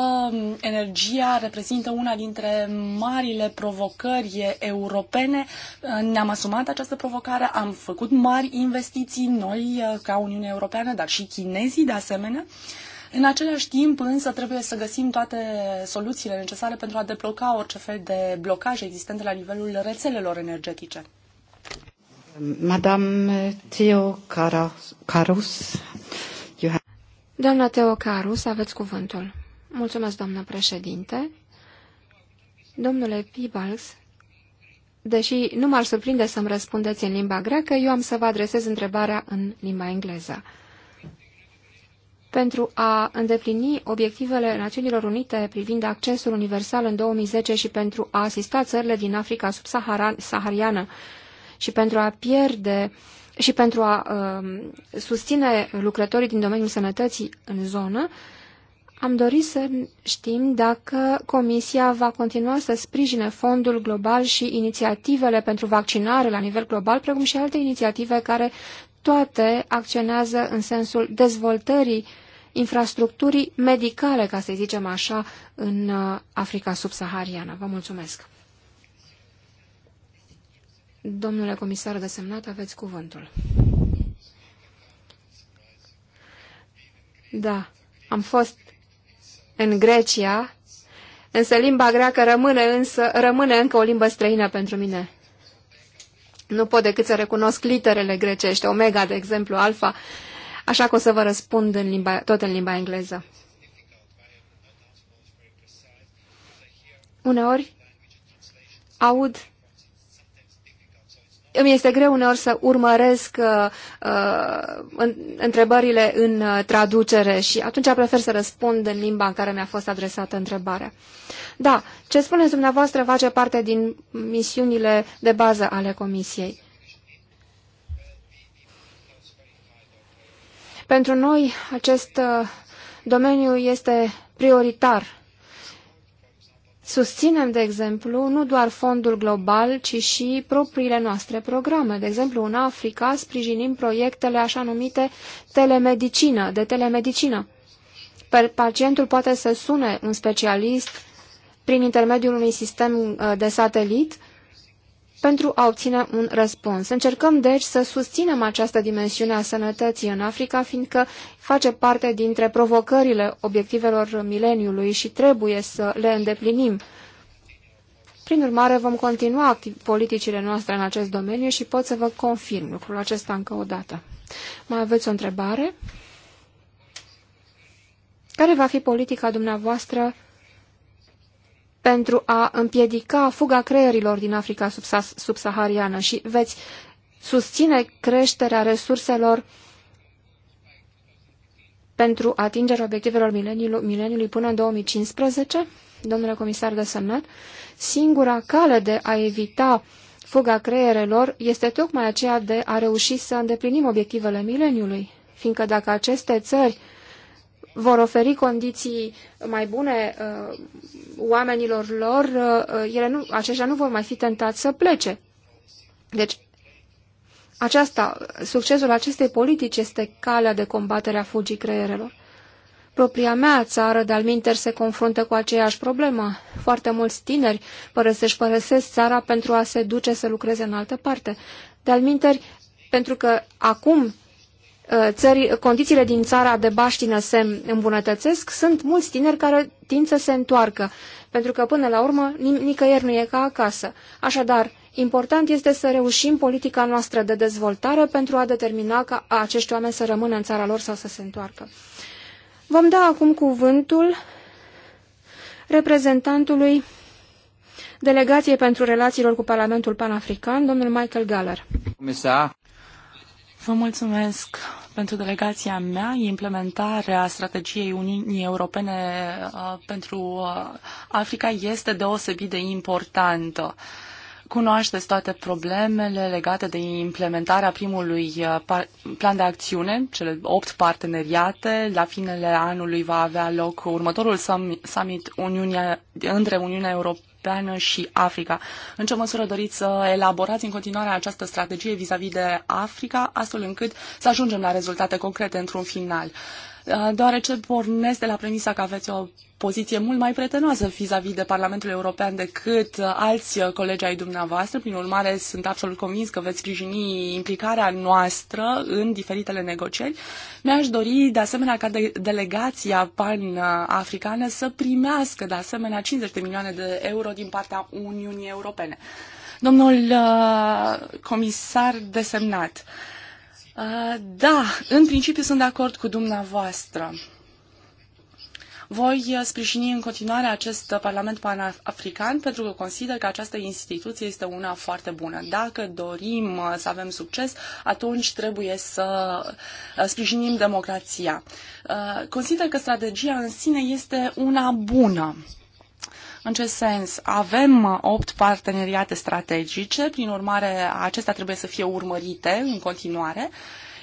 energia reprezintă una dintre marile provocări europene. Uh, ne-am asumat această provocare, am făcut mari investiții, noi uh, ca Uniunea Europeană, dar și chinezii de asemenea. În același timp, însă, trebuie să găsim toate soluțiile necesare pentru a debloca orice fel de blocaje existente la nivelul rețelelor energetice. Madame Theo Carus, you have... Doamna Teo Carus, aveți cuvântul. Mulțumesc, doamnă președinte. Domnule Pibals, deși nu m-ar surprinde să-mi răspundeți în limba greacă, eu am să vă adresez întrebarea în limba engleză. Pentru a îndeplini obiectivele Națiunilor Unite privind accesul universal în 2010 și pentru a asista țările din Africa subsahariană și pentru a pierde și pentru a uh, susține lucrătorii din domeniul sănătății în zonă, am dorit să știm dacă Comisia va continua să sprijine fondul global și inițiativele pentru vaccinare la nivel global, precum și alte inițiative care toate acționează în sensul dezvoltării infrastructurii medicale, ca să zicem așa, în uh, Africa subsahariană. Vă mulțumesc! Domnule comisar desemnat, aveți cuvântul. Da, am fost în Grecia, însă limba greacă rămâne, însă, rămâne încă o limbă străină pentru mine. Nu pot decât să recunosc literele grecești, omega, de exemplu, alfa, așa că o să vă răspund în limba, tot în limba engleză. Uneori aud îmi este greu uneori să urmăresc uh, uh întrebările în uh, traducere și atunci prefer să răspund în limba în care mi-a fost adresată întrebarea. Da, ce spuneți dumneavoastră face parte din misiunile de bază ale Comisiei. Pentru noi acest uh, domeniu este prioritar Susținem, de exemplu, nu doar fondul global, ci și propriile noastre programe. De exemplu, în Africa sprijinim proiectele așa numite telemedicină, de telemedicină. Pacientul poate să sune un specialist prin intermediul unui sistem uh, de satelit pentru a obține un răspuns. Încercăm, deci, să susținem această dimensiune a sănătății în Africa, fiindcă face parte dintre provocările obiectivelor mileniului și trebuie să le îndeplinim. Prin urmare, vom continua politicile noastre în acest domeniu și pot să vă confirm lucrul acesta încă o dată. Mai aveți o întrebare? Care va fi politica dumneavoastră pentru a împiedica fuga creierilor din Africa subsahariană și veți susține creșterea resurselor pentru atingerea obiectivelor mileniului până în 2015, domnule comisar de semnat, singura cale de a evita fuga creierelor este tocmai aceea de a reuși să îndeplinim obiectivele mileniului, fiindcă dacă aceste țări vor oferi condiții mai bune uh, oamenilor lor, uh, uh, ele nu, aceștia nu vor mai fi tentați să plece. Deci, aceasta, succesul acestei politici este calea de combatere a fugii creierelor. Propria mea țară, de-al se confruntă cu aceeași problemă. Foarte mulți tineri părăsești părăsesc țara pentru a se duce să lucreze în altă parte. De-al pentru că acum Uh, țări, condițiile din țara de baștină se îmbunătățesc, sunt mulți tineri care tind să se întoarcă, pentru că până la urmă nicăieri nu e ca acasă. Așadar, important este să reușim politica noastră de dezvoltare pentru a determina ca acești oameni să rămână în țara lor sau să se întoarcă. Vom da acum cuvântul reprezentantului Delegației pentru Relațiilor cu Parlamentul Panafrican, domnul Michael Galler. Comisar. Vă mulțumesc pentru delegația mea. Implementarea strategiei Uniunii Europene uh, pentru uh, Africa este deosebit de importantă. Cunoașteți toate problemele legate de implementarea primului uh, plan de acțiune, cele opt parteneriate. La finele anului va avea loc următorul summit Uniunea, între Uniunea Europeană Europeană și Africa. În ce măsură doriți să elaborați în continuare această strategie vis-a-vis -vis de Africa, astfel încât să ajungem la rezultate concrete într-un final? Uh, Uh, deoarece pornesc de la premisa că aveți o poziție mult mai prietenoasă vis-a-vis -vis de Parlamentul European decât uh, alți uh, colegi ai dumneavoastră. Prin urmare, sunt absolut convins că veți sprijini implicarea noastră în diferitele negocieri. Mi-aș dori, de asemenea, ca de- delegația pan-africană să primească, de asemenea, 50 de milioane de euro din partea Uniunii Europene. Domnul comisar desemnat, uh, da, în principiu sunt de acord cu dumneavoastră. Voi uh, sprijini în continuare acest Parlament panafrican pentru că consider că această instituție este una foarte bună. Dacă dorim uh, să avem succes, atunci trebuie să uh, sprijinim democrația. Consider că strategia în sine este una bună. În ce sens? Avem uh, opt parteneriate strategice, prin urmare acestea trebuie să fie urmărite în continuare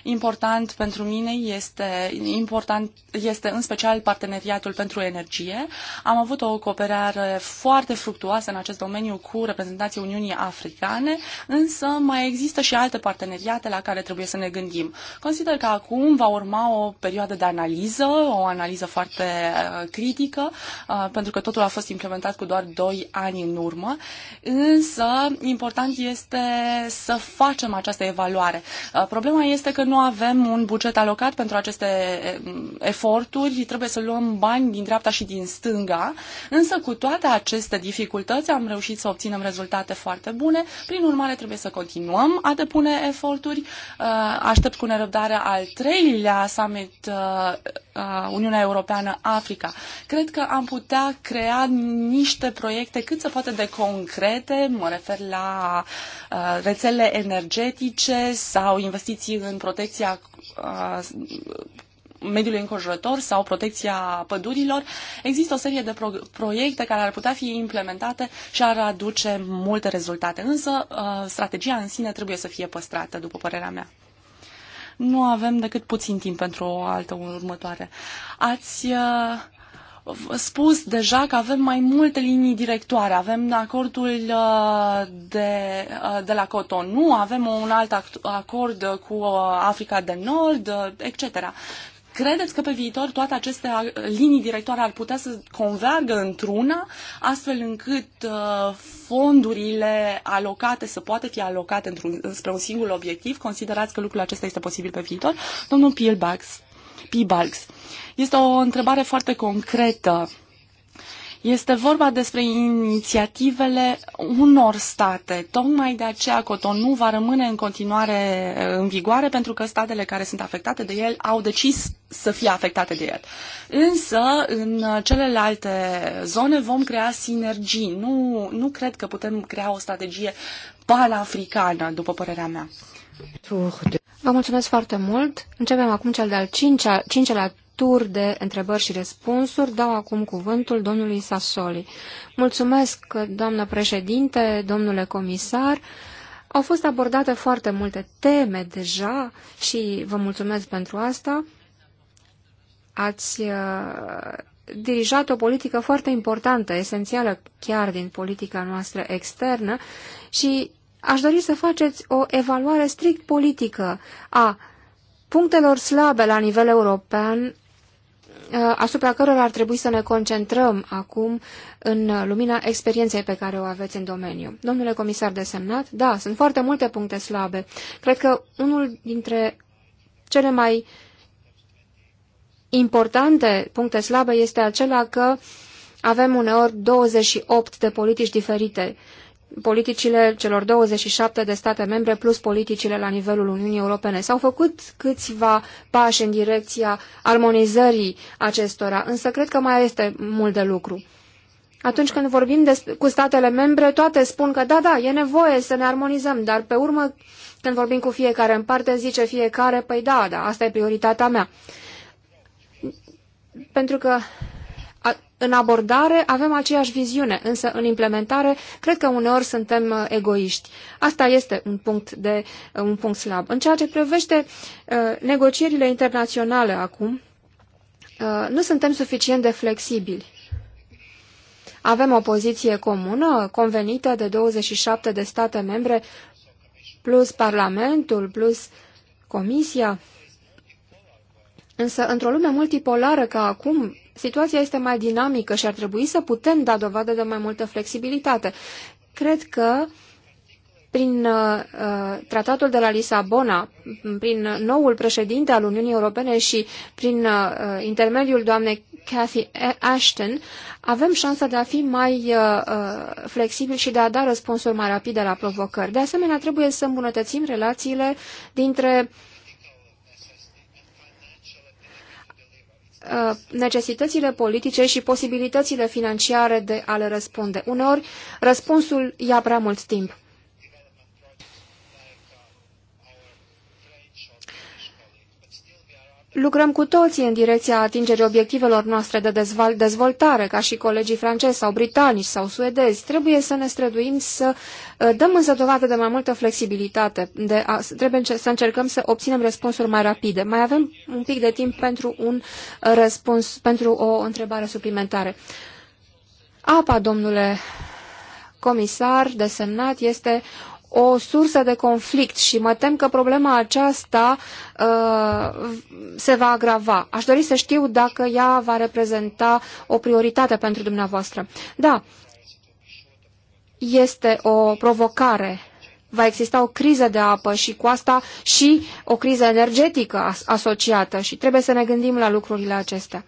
Important pentru mine este, important este în special parteneriatul pentru energie. Am avut o cooperare foarte fructuoasă în acest domeniu cu reprezentanții Uniunii Africane, însă mai există și alte parteneriate la care trebuie să ne gândim. Consider că acum va urma o perioadă de analiză, o analiză foarte uh, critică, uh, pentru că totul a fost implementat cu doar 2 ani în urmă, însă important este să facem această evaluare. Uh, problema este că nu avem un buget alocat pentru aceste eh, eforturi, trebuie să luăm bani din dreapta și din stânga, însă cu toate aceste dificultăți am reușit să obținem rezultate foarte bune, prin urmare trebuie să continuăm a depune eforturi. Eh, aștept cu nerăbdare al treilea summit eh, Uh, Uniunea Europeană-Africa. Cred că am putea crea niște proiecte cât se poate de concrete, mă refer la uh, rețele energetice sau investiții în protecția uh, mediului înconjurător sau protecția pădurilor. Există o serie de pro- proiecte care ar putea fi implementate și ar aduce multe rezultate, însă strategia în sine trebuie să fie păstrată, după părerea mea nu avem decât puțin timp pentru o altă următoare. Ați uh, spus deja că avem mai multe linii directoare. Avem acordul uh, de, uh, de la Cotonou, avem un alt acord cu Africa de Nord, etc. Credeți că pe viitor toate aceste uh, linii directoare ar putea să convergă într-una, astfel încât uh, fondurile alocate să poată fi alocate într-un, spre un singur obiectiv? Considerați că lucrul acesta este posibil pe viitor? Domnul Pilbax, bugs. este o întrebare foarte concretă este vorba despre inițiativele unor state. Tocmai de aceea Cotonou va rămâne în continuare uh, în vigoare pentru că statele care sunt afectate de el au decis să fie afectate de el. Însă, în celelalte zone vom crea sinergii. Nu, nu cred că putem crea o strategie panafricană, după părerea mea. Vă mulțumesc foarte mult. Începem acum cel de-al cincea, cincelea tur de întrebări și răspunsuri. Dau acum cuvântul domnului Sassoli. Mulțumesc, doamnă președinte, domnule comisar. Au fost abordate foarte multe teme deja și vă mulțumesc pentru asta. Ați uh, dirijat o politică foarte importantă, esențială chiar din politica noastră externă și aș dori să faceți o evaluare strict politică a punctelor slabe la nivel european Uh, asupra cărora ar trebui să ne concentrăm acum în lumina experienței pe care o aveți în domeniu. Domnule comisar desemnat, da, sunt foarte multe puncte slabe. Cred că unul dintre cele mai importante puncte slabe este acela că avem uneori 28 de politici diferite politicile celor 27 de state membre plus politicile la nivelul Uniunii Europene. S-au făcut câțiva pași în direcția armonizării acestora, însă cred că mai este mult de lucru. Atunci când vorbim de cu statele membre, toate spun că da, da, e nevoie să ne armonizăm, dar pe urmă, când vorbim cu fiecare în parte, zice fiecare, păi da, da, asta e prioritatea mea. Pentru că în abordare avem aceeași viziune, însă în implementare cred că uneori suntem uh, egoiști. Asta este un punct, de, uh, un punct slab. În ceea ce privește uh, negocierile internaționale acum, nu suntem suficient de flexibili. Avem o poziție comună, convenită de 27 de state membre, plus Parlamentul, plus Comisia. Însă, într-o lume multipolară ca acum, situația este mai dinamică și ar trebui să putem da dovadă de mai multă flexibilitate. Cred că prin uh, tratatul de la Lisabona, prin noul președinte al Uniunii Europene și prin uh, intermediul doamnei Cathy Ashton, avem șansa de a fi mai uh, uh, flexibili și de a da răspunsuri mai rapide la provocări. De asemenea, trebuie să îmbunătățim relațiile dintre uh, Uh, necesitățile politice și posibilitățile financiare de a le răspunde. Uneori, răspunsul ia prea mult timp. Lucrăm cu toții în direcția atingerii obiectivelor noastre de dezvoltare, ca și colegii francezi sau britanici sau suedezi. Trebuie să ne străduim să uh, dăm însă dovadă de mai multă flexibilitate. De a, trebuie să încercăm să obținem răspunsuri mai rapide. Mai avem un pic de timp pentru un uh, răspuns, pentru o întrebare suplimentare. Apa, domnule comisar desemnat, este o sursă de conflict și mă tem că problema aceasta uh, se va agrava. Aș dori să știu dacă ea va reprezenta o prioritate pentru dumneavoastră. Da, este o provocare. Va exista o criză de apă și cu asta și o criză energetică as asociată și trebuie să ne gândim la lucrurile acestea.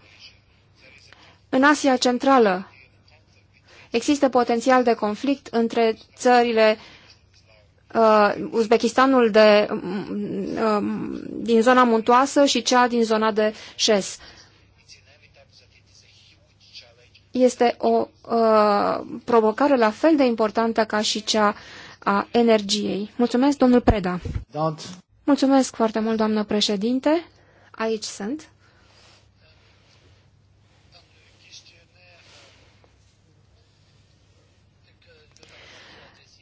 În Asia Centrală există potențial de conflict între țările uh, uh, Uzbekistanul de, um, din zona muntoasă și cea din zona de șes. Este o uh, provocare la fel de importantă ca și cea a energiei. Mulțumesc, domnul Preda. Don't. Mulțumesc foarte mult, doamnă președinte. Aici sunt.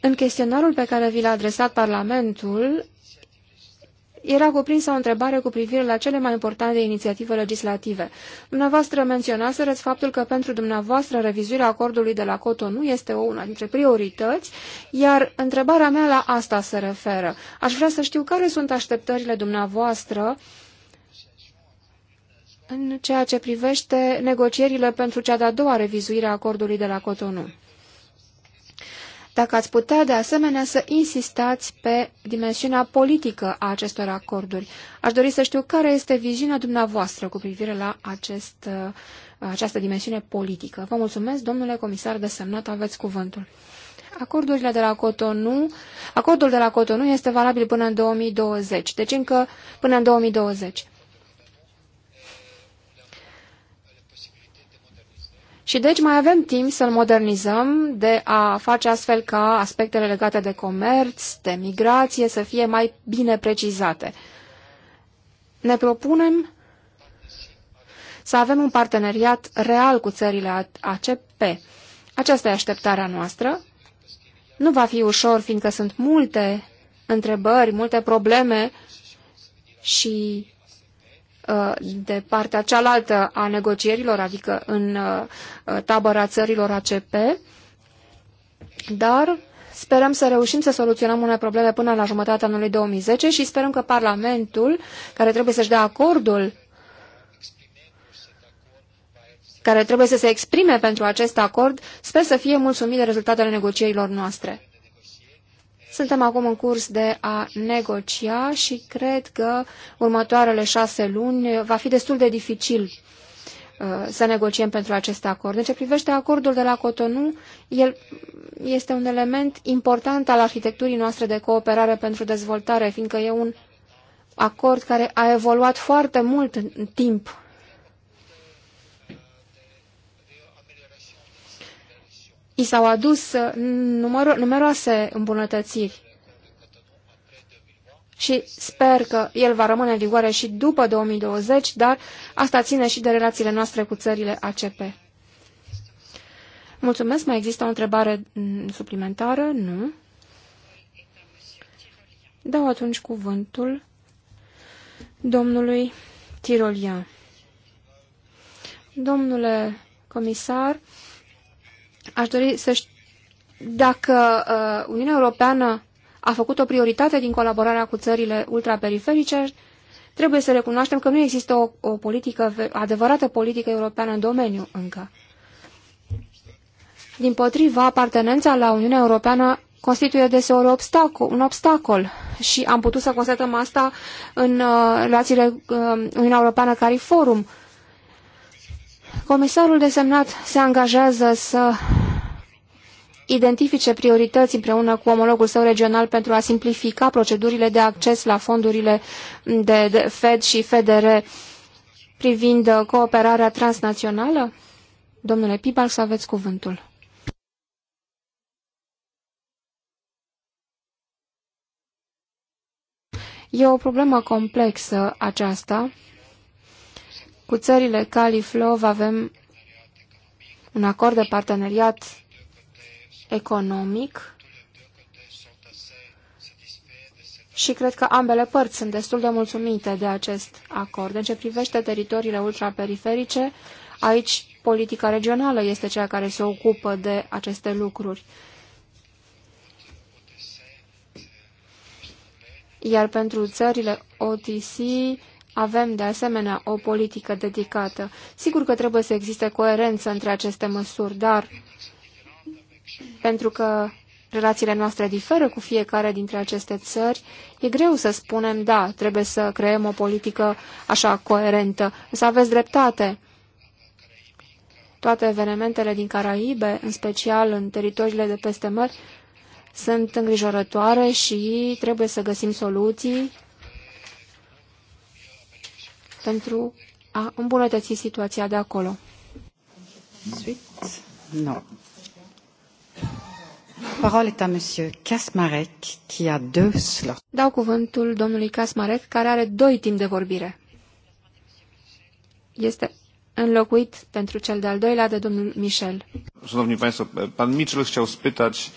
În chestionarul pe care vi l-a adresat Parlamentul, era cuprinsă o întrebare cu privire la cele mai importante inițiative legislative. Dumneavoastră menționaseți faptul că pentru dumneavoastră revizuirea acordului de la Cotonou este o una dintre priorități, iar întrebarea mea la asta se referă. Aș vrea să știu care sunt așteptările dumneavoastră în ceea ce privește negocierile pentru cea de-a doua revizuire a acordului de la Cotonou dacă ați putea de asemenea să insistați pe dimensiunea politică a acestor acorduri. Aș dori să știu care este viziunea dumneavoastră cu privire la acest, uh, această dimensiune politică. Vă mulțumesc, domnule comisar de semnat, aveți cuvântul. Acordurile de la Cotonou, acordul de la Cotonou este valabil până în 2020, deci încă până în 2020. Și deci mai avem timp să-l modernizăm, de a face astfel ca aspectele legate de comerț, de migrație, să fie mai bine precizate. Ne propunem să avem un parteneriat real cu țările ACP. Aceasta e așteptarea noastră. Nu va fi ușor, fiindcă sunt multe întrebări, multe probleme și Uh, de partea cealaltă a negocierilor, adică în uh, tabăra țărilor ACP, dar sperăm să reușim să soluționăm unele probleme până la jumătatea anului 2010 și sperăm că Parlamentul, care trebuie să-și dea acordul care trebuie să se exprime pentru acest acord, sper să fie mulțumit de rezultatele negocierilor noastre. Suntem acum în curs de a negocia și cred că următoarele șase luni va fi destul de dificil uh, să negociem pentru acest acord. În ce privește acordul de la Cotonou, el este un element important al arhitecturii noastre de cooperare pentru dezvoltare, fiindcă e un acord care a evoluat foarte mult în timp i s-au adus uh, numeroase îmbunătățiri. Și sper că el va rămâne în vigoare și după 2020, dar asta ține și de relațiile noastre cu țările ACP. Mulțumesc. Mai există o întrebare mm, suplimentară? Nu. Dau atunci cuvântul domnului Tirolia. Domnule comisar, Aș dori să știu dacă uh, Uniunea Europeană a făcut o prioritate din colaborarea cu țările ultraperiferice, trebuie să recunoaștem că nu există o, o politică, adevărată politică europeană în domeniu încă. Din potriva, apartenența la Uniunea Europeană constituie deseori obstacol, un obstacol și am putut să constatăm asta în uh, relațiile uh, Uniunea Europeană-Cariforum. Uh, Comisarul desemnat se angajează să identifice priorități împreună cu omologul său regional pentru a simplifica procedurile de acces la fondurile de FED și FDR privind cooperarea transnațională? Domnule Pibal, să aveți cuvântul. E o problemă complexă aceasta cu țările Califlov avem un acord de parteneriat economic și cred că ambele părți sunt destul de mulțumite de acest acord. În ce privește teritoriile ultraperiferice, aici politica regională este cea care se ocupă de aceste lucruri. Iar pentru țările OTC, avem, de asemenea, o politică dedicată. Sigur că trebuie să existe coerență între aceste măsuri, dar pentru că relațiile noastre diferă cu fiecare dintre aceste țări, e greu să spunem, da, trebuie să creăm o politică așa coerentă. Să aveți dreptate. Toate evenimentele din Caraibe, în special în teritoriile de peste mări, sunt îngrijorătoare și trebuie să găsim soluții pentru a îmbunătăți situația de acolo. No. Parola monsieur Kasmarek, qui a deux slots. Dau cuvântul domnului Kasmarek, care are doi timp de vorbire. Este înlocuit pentru cel de-al doilea de domnul Michel. Szanowni Państwo, pan chciał spytać...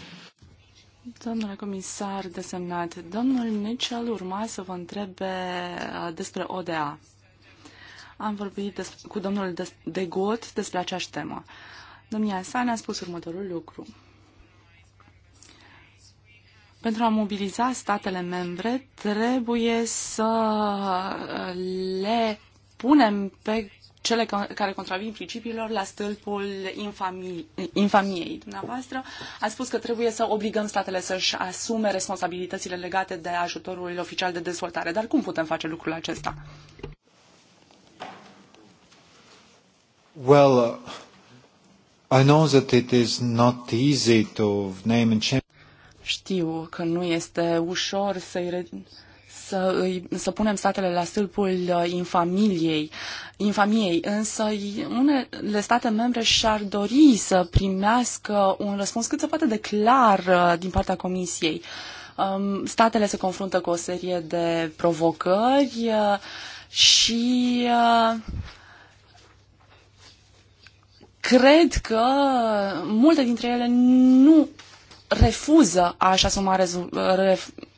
Domnule comisar desemnat, domnul Michel, urma să vă întrebe uh, despre ODA. Am vorbit des, cu domnul de, de Got despre aceeași temă. Domnia sa ne-a spus următorul lucru. Pentru a mobiliza statele membre, trebuie să le punem pe cele care contravin principiilor la stâlpul infamie, infamiei. Dumneavoastră a spus că trebuie să obligăm statele să-și asume responsabilitățile legate de ajutorul oficial de dezvoltare. Dar cum putem face lucrul acesta? Well, uh, I know that it is not easy to name and change. Știu că nu este ușor să-i să, îi, să punem statele la stâlpul uh, infamiliei, infamiei, însă unele state membre și-ar dori să primească un răspuns cât se poate de clar uh, din partea Comisiei. Um, statele se confruntă cu o serie de provocări uh, și cred că multe dintre ele nu refuză a-și asuma rezu-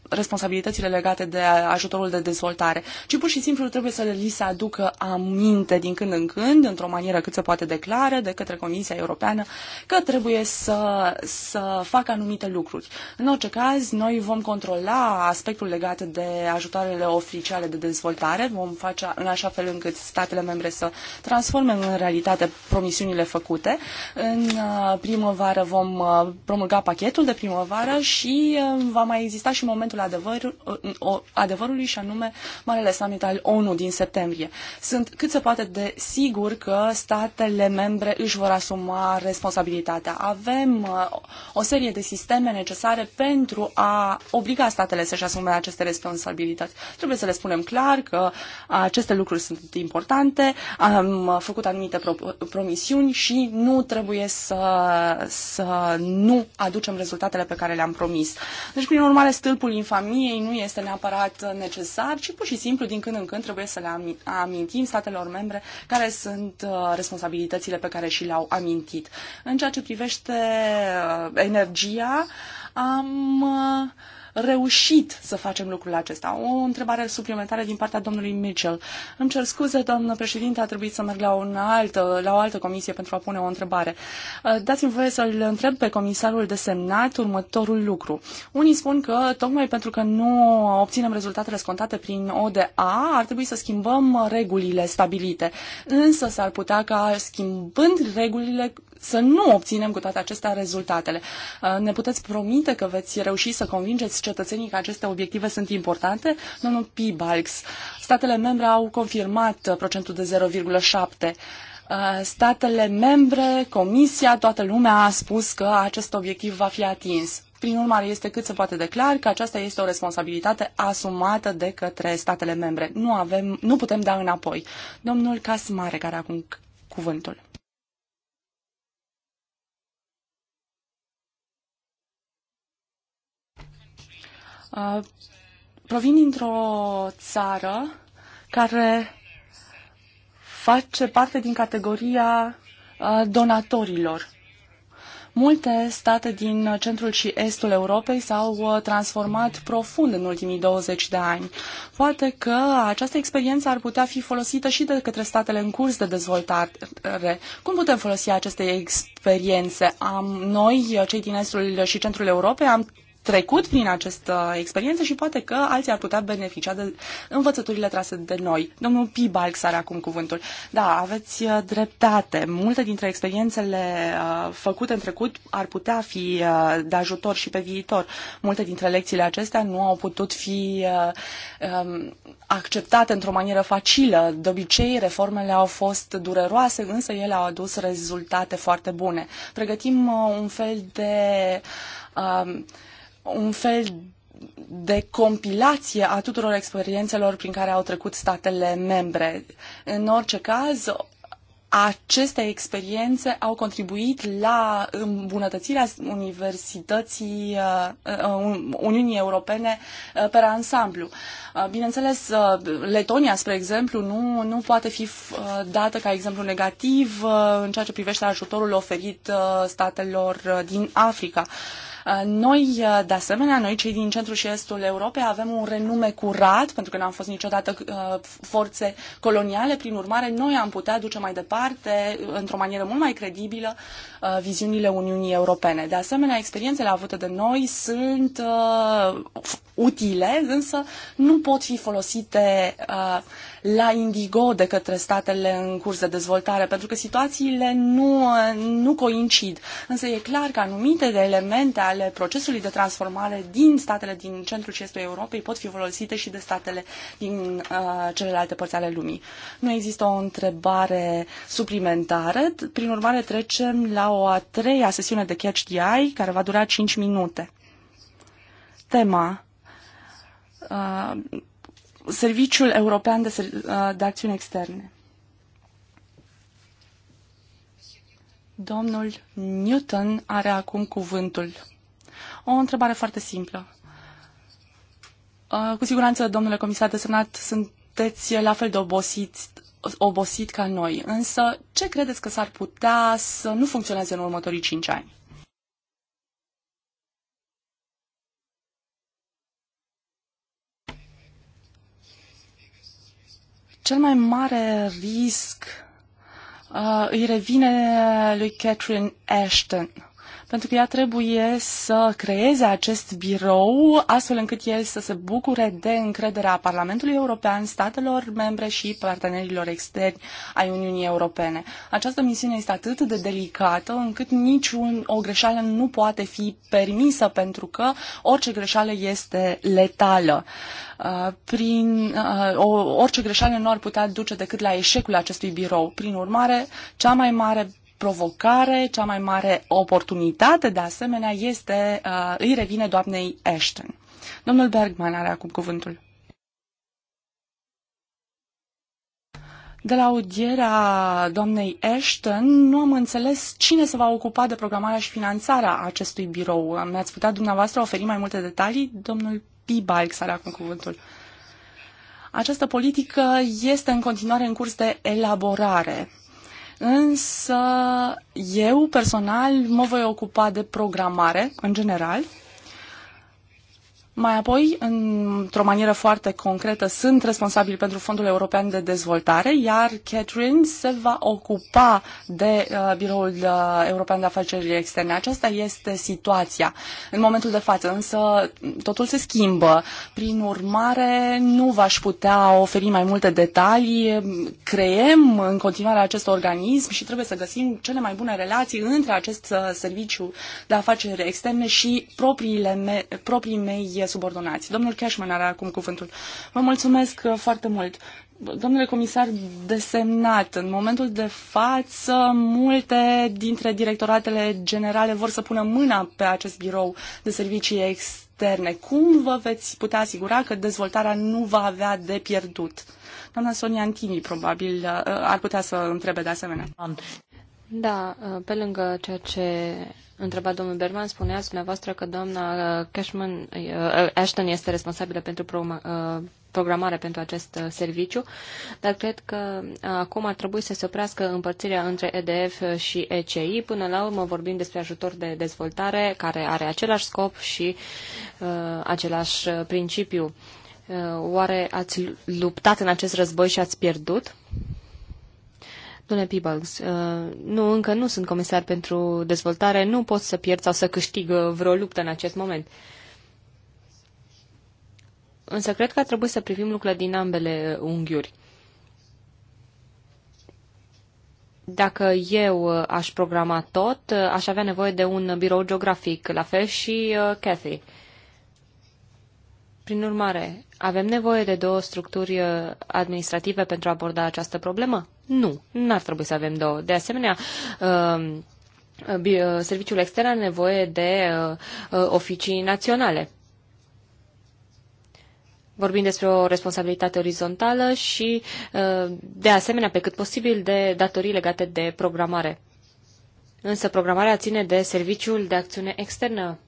responsabilitățile legate de ajutorul de dezvoltare, ci pur și simplu trebuie să li se aducă aminte din când în când, într-o manieră cât se poate declară de către Comisia Europeană, că trebuie să, să facă anumite lucruri. În orice caz, noi vom controla aspectul legat de ajutoarele oficiale de dezvoltare, vom face în așa fel încât statele membre să transforme în realitate promisiunile făcute. În uh, primăvară vom uh, promulga pachetul de primăvară și uh, va mai exista și momentul momentul adevărul, adevărului și anume Marele Summit al ONU din septembrie. Sunt cât se poate de sigur că statele membre își vor asuma responsabilitatea. Avem uh, o serie de sisteme necesare pentru a obliga statele să-și asume aceste responsabilități. Trebuie să le spunem clar că aceste lucruri sunt importante, am făcut anumite pro- promisiuni și nu trebuie să, să nu aducem rezultatele pe care le-am promis. Deci, prin urmare, stâlpul familiei nu este neapărat necesar, ci pur și simplu din când în când trebuie să le amintim statelor membre care sunt uh, responsabilitățile pe care și le-au amintit. În ceea ce privește uh, energia, am uh, reușit să facem lucrul acesta. O întrebare suplimentară din partea domnului Mitchell. Îmi cer scuze, doamnă președinte, a trebuit să merg la, un altă, la o altă comisie pentru a pune o întrebare. Uh, dați-mi voie să-l întreb pe comisarul de semnat următorul lucru. Unii spun că, tocmai pentru că nu obținem rezultatele scontate prin ODA, ar trebui să schimbăm regulile stabilite. Însă s-ar putea ca, schimbând regulile, să nu obținem cu toate acestea rezultatele. Uh, ne puteți promite că veți reuși să convingeți cetățenii că aceste obiective sunt importante? Domnul Balks, statele membre au confirmat procentul de 0,7 uh, statele membre, comisia, toată lumea a spus că acest obiectiv va fi atins. Prin urmare, este cât se poate de clar că aceasta este o responsabilitate asumată de către statele membre. Nu, avem, nu putem da înapoi. Domnul Casmare, care acum cuvântul. Uh, provin dintr-o țară care face parte din categoria uh, donatorilor. Multe state din centrul și estul Europei s-au uh, transformat profund în ultimii 20 de ani. Poate că această experiență ar putea fi folosită și de către statele în curs de dezvoltare. Cum putem folosi aceste experiențe? Am noi, cei din estul și centrul Europei, am trecut prin această experiență și poate că alții ar putea beneficia de învățăturile trase de noi. Domnul Pibalx are acum cuvântul. Da, aveți uh, dreptate. Multe dintre experiențele uh, făcute în trecut ar putea fi uh, de ajutor și pe viitor. Multe dintre lecțiile acestea nu au putut fi um, acceptate într-o manieră facilă. De obicei, reformele au fost dureroase, însă ele au adus rezultate foarte bune. Pregătim un fel de um, un fel de compilație a tuturor experiențelor prin care au trecut statele membre. În orice caz, aceste experiențe au contribuit la îmbunătățirea Universității uh, uh, Uniunii Europene uh, pe ansamblu. Bineînțeles, Letonia, spre exemplu, nu, nu poate fi dată ca exemplu negativ în ceea ce privește ajutorul oferit statelor din Africa. Uh, noi, uh, de asemenea, noi cei din centrul și estul Europei avem un renume curat, pentru că n-am fost niciodată uh, forțe coloniale, prin urmare noi am putea duce mai departe, într-o manieră mult mai credibilă, viziunile Uniunii Europene. De asemenea, experiențele avute de noi sunt utile, însă nu pot fi folosite la Indigo de către statele în curs de dezvoltare, pentru că situațiile nu, nu coincid. Însă e clar că anumite de elemente ale procesului de transformare din statele din centrul și estul Europei pot fi folosite și de statele din uh, celelalte părți ale lumii. Nu există o întrebare suplimentară, prin urmare trecem la o a treia sesiune de Catch the Eye, care va dura 5 minute. Tema uh, Serviciul European de, uh, de Acțiuni Externe. Domnul Newton are acum cuvântul. O întrebare foarte simplă. Uh, cu siguranță, domnule comisar de semnat, sunteți la fel de obosiți obosit ca noi, însă ce credeți că s-ar putea să nu funcționeze în următorii cinci ani? Cel mai mare risc uh, îi revine lui Catherine Ashton pentru că ea trebuie să creeze acest birou astfel încât el să se bucure de încrederea Parlamentului European, statelor membre și partenerilor externi ai Uniunii Europene. Această misiune este atât de delicată încât niciun o greșeală nu poate fi permisă pentru că orice greșeală este letală. Uh, prin, uh, o, orice greșeală nu ar putea duce decât la eșecul acestui birou. Prin urmare, cea mai mare provocare, cea mai mare oportunitate, de asemenea, este, uh, îi revine doamnei Ashton. Domnul Bergman are acum cuvântul. De la audierea doamnei Ashton nu am înțeles cine se va ocupa de programarea și finanțarea acestui birou. Mi-ați putea dumneavoastră oferi mai multe detalii? Domnul Pibalx are acum cuvântul. Această politică este în continuare în curs de elaborare însă eu personal mă voi ocupa de programare în general mai apoi, într-o manieră foarte concretă, sunt responsabil pentru Fondul European de Dezvoltare, iar Catherine se va ocupa de uh, Biroul uh, European de Afaceri Externe. Aceasta este situația. În momentul de față, însă, totul se schimbă. Prin urmare, nu v-aș putea oferi mai multe detalii. Creem în continuare acest organism și trebuie să găsim cele mai bune relații între acest uh, serviciu de afaceri externe și propriile me- proprii mei uh, fie subordonați. Domnul Cashman are acum cuvântul. Vă mulțumesc uh, foarte mult. Domnule comisar desemnat, în momentul de față, multe dintre directoratele generale vor să pună mâna pe acest birou de servicii externe. Cum vă veți putea asigura că dezvoltarea nu va avea de pierdut? Doamna Sonia Antini, probabil, uh, ar putea să întrebe de asemenea. Da, uh, pe lângă ceea ce întreba domnul Berman, spuneați dumneavoastră că doamna uh, Cashman, uh, Ashton este responsabilă pentru programare pentru acest serviciu, dar cred că acum ar trebui să se oprească împărțirea între EDF și ECI. Până la urmă vorbim despre ajutor de dezvoltare care are același scop și același principiu. oare ați luptat în acest război și ați pierdut? Domnule Peebles, uh, nu, încă nu sunt comisar pentru dezvoltare, nu pot să pierd sau să câștig uh, vreo luptă în acest moment. Însă cred că ar trebui să privim lucrurile din ambele uh, unghiuri. Dacă eu aș programa tot, aș avea nevoie de un birou geografic, la fel și Cathy. Prin urmare, avem nevoie de două structuri administrative pentru a aborda această problemă? Nu, n-ar trebui să avem două. De asemenea, um, uh, serviciul extern are nevoie de uh, uh, oficii naționale. Vorbim despre o responsabilitate orizontală și, de asemenea, pe cât posibil, de datorii legate de programare. Însă programarea ține de Serviciul de Acțiune Externă.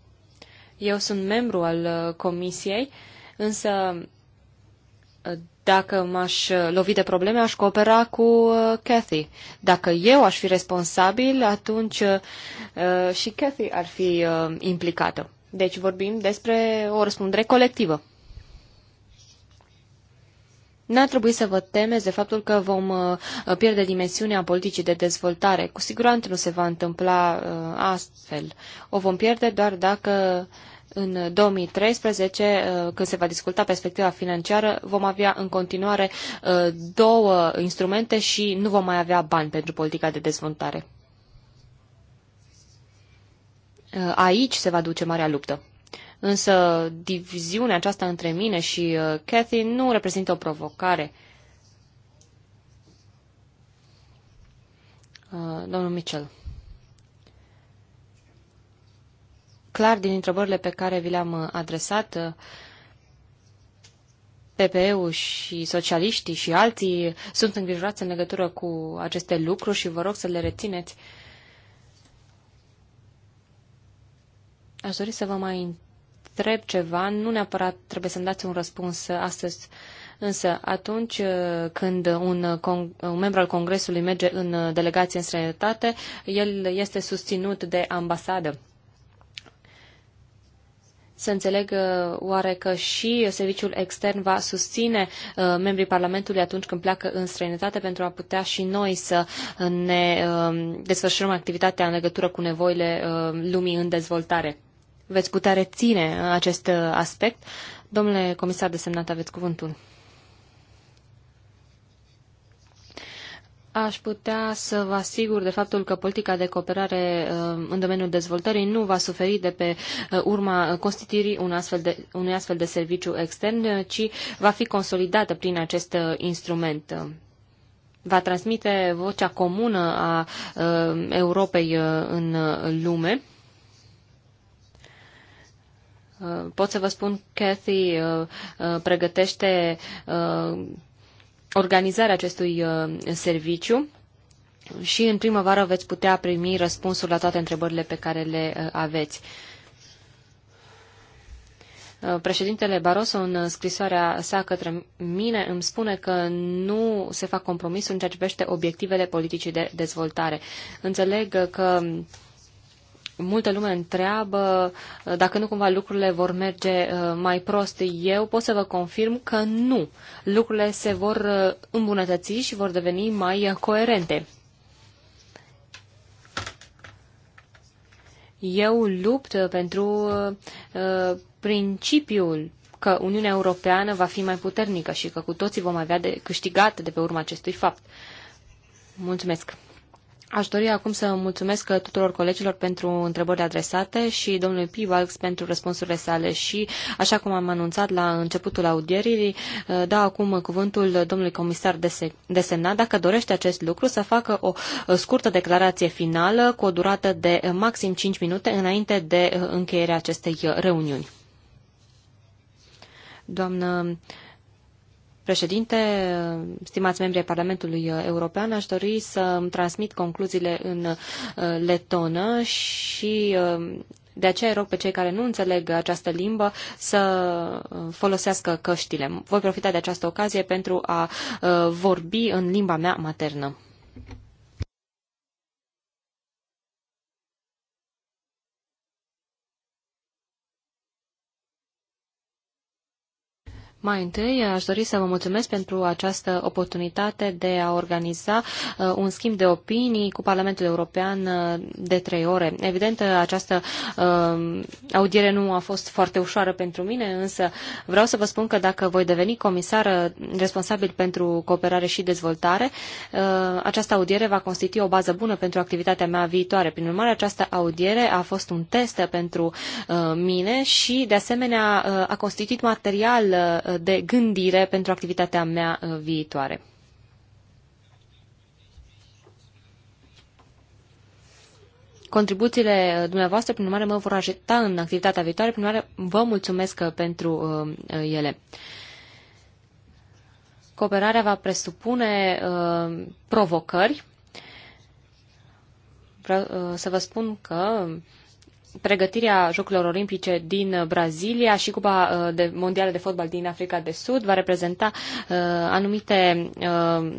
Eu sunt membru al Comisiei, însă dacă m-aș uh, lovi de probleme, aș coopera cu uh, Cathy. Dacă eu aș fi responsabil, atunci uh, și Cathy ar fi implicată. Deci vorbim despre o răspundere colectivă. N-ar trebui să vă temeți de faptul că vom pierde dimensiunea politicii de dezvoltare. Cu siguranță nu se va întâmpla astfel. O vom pierde doar dacă în 2013, uh, când se va discuta perspectiva financiară, vom avea în continuare uh, două instrumente și nu vom mai avea bani pentru politica de dezvoltare. Uh, aici se va duce marea luptă. Însă diviziunea aceasta între mine și Cathy nu reprezintă o provocare. Domnul Mitchell. clar din întrebările pe care vi le-am uh, adresat. Uh, PPE-ul și socialiștii și alții sunt îngrijorați în legătură cu aceste lucruri și vă rog să le rețineți. Aș dori să vă mai întreb ceva, nu neapărat trebuie să-mi dați un răspuns uh, astăzi, însă atunci când un, un membru al Congresului merge în delegație în străinătate, el este susținut de ambasadă. Să înțeleg uh, oare că și serviciul extern va susține uh, membrii Parlamentului atunci când pleacă în străinătate pentru a putea și noi să ne um, desfășurăm activitatea în legătură cu nevoile um, lumii în dezvoltare. Veți putea reține acest uh, aspect? Domnule comisar desemnat, aveți cuvântul. aș putea să vă asigur de faptul că politica de cooperare uh, în domeniul dezvoltării nu va suferi de pe uh, urma constituirii un astfel de, unui astfel de serviciu extern, ci va fi consolidată prin acest uh, instrument. Va transmite vocea comună a Europei în lume. Pot să vă spun, Cathy pregătește organizarea acestui uh, serviciu și în primăvară veți putea primi răspunsul la toate întrebările pe care le uh, aveți. Uh, președintele Barroso, în scrisoarea sa către mine, îmi spune că nu se fac compromisuri în ceea ce privește obiectivele politicii de dezvoltare. Înțeleg că multă lume întreabă uh, dacă nu cumva lucrurile vor merge uh, mai prost. Eu pot să vă confirm că nu. Lucrurile se vor uh, îmbunătăți și vor deveni mai coerente. Eu lupt pentru principiul că Uniunea Europeană va fi mai puternică și că cu toții vom avea de câștigat de pe urma acestui fapt. Mulțumesc! Aș dori acum să mulțumesc tuturor colegilor pentru întrebările adresate și domnului Pivalx pentru răspunsurile sale și, așa cum am anunțat la începutul audierii, dau acum cuvântul domnului comisar desemnat, dacă dorește acest lucru, să facă o scurtă declarație finală cu o durată de maxim 5 minute înainte de încheierea acestei reuniuni. Doamnă președinte, stimați membri ai Parlamentului European, aș dori să transmit concluziile în uh, letonă și uh, de aceea rog pe cei care nu înțeleg această limbă să uh, folosească căștile. Voi profita de această ocazie pentru a vorbi în limba mea maternă. Mai întâi, aș dori să vă mulțumesc pentru această oportunitate de a organiza uh, un schimb de opinii cu Parlamentul European uh, de trei ore. Evident, uh, această audiere nu a fost foarte ușoară pentru mine, însă vreau să vă spun că dacă voi deveni comisar responsabil pentru cooperare și dezvoltare, această audiere va constitui o bază bună pentru activitatea mea viitoare. Prin urmare, această audiere a fost un test pentru mine și, de asemenea, a constituit material de gândire pentru activitatea mea uh, viitoare. Contribuțiile uh, dumneavoastră, prin urmare, mă vor ajuta în activitatea viitoare, prin urmare, vă mulțumesc uh, pentru ele. Cooperarea va presupune provocări. Vreau să vă spun că pregătirea Jocurilor Olimpice din uh, Brazilia și Cupa uh, de Mondială de Fotbal din Africa de Sud va reprezenta uh, anumite uh,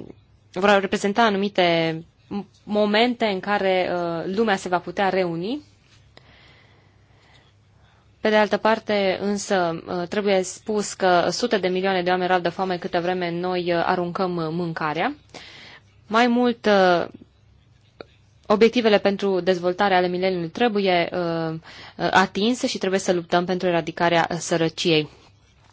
vor reprezenta anumite momente în care uh, lumea se va putea reuni. Pe de altă parte, însă, uh, trebuie spus că sute de milioane de oameni rau de foame câtă vreme noi aruncăm mâncarea. Mai mult, obiectivele pentru dezvoltarea ale mileniului trebuie uh, uh, atinse și trebuie să luptăm pentru eradicarea uh, sărăciei.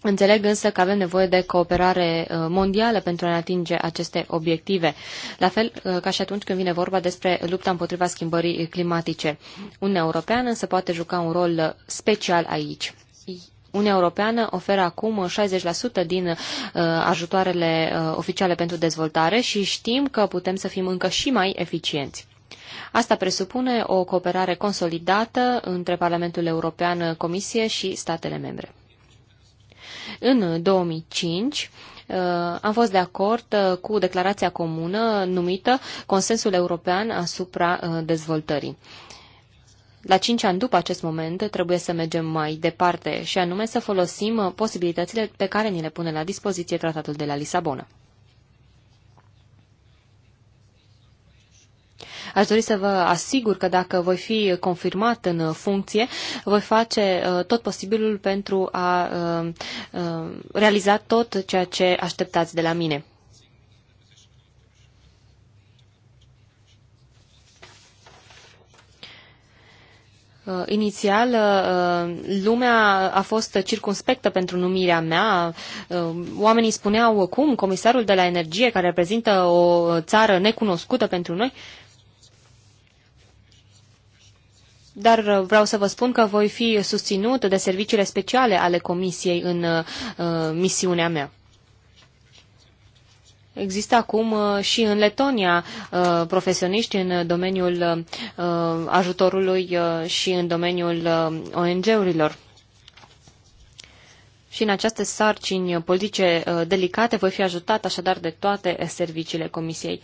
Înțeleg însă că avem nevoie de cooperare uh, mondială pentru a ne atinge aceste obiective, la fel ca și atunci când vine vorba despre lupta împotriva schimbării climatice. Uniunea Europeană însă poate juca un rol special aici. Uniunea Europeană oferă acum 60% din ajutoarele oficiale pentru dezvoltare și știm că putem să fim încă și mai eficienți. Asta presupune o cooperare consolidată între Parlamentul European, Comisie și statele membre. În 2005, uh, am fost de acord uh, cu declarația comună numită Consensul European asupra uh, dezvoltării. La cinci ani după acest moment trebuie să mergem mai departe și anume să folosim posibilitățile pe care ni le pune la dispoziție tratatul de la Lisabona. Aș dori să vă asigur că dacă voi fi confirmat în funcție, voi face uh, tot posibilul pentru a uh, uh, realiza tot ceea ce așteptați de la mine. Inițial, lumea a fost circunspectă pentru numirea mea. Oamenii spuneau, cum, comisarul de la energie, care reprezintă o țară necunoscută pentru noi, dar uh, vreau să vă spun că voi fi susținut de serviciile speciale ale Comisiei în uh, uh misiunea mea. Există acum uh, și în Letonia uh, profesioniști în domeniul uh, ajutorului uh, și în domeniul ONG-urilor. Și în aceste sarcini politice delicate voi fi ajutat așadar de toate serviciile Comisiei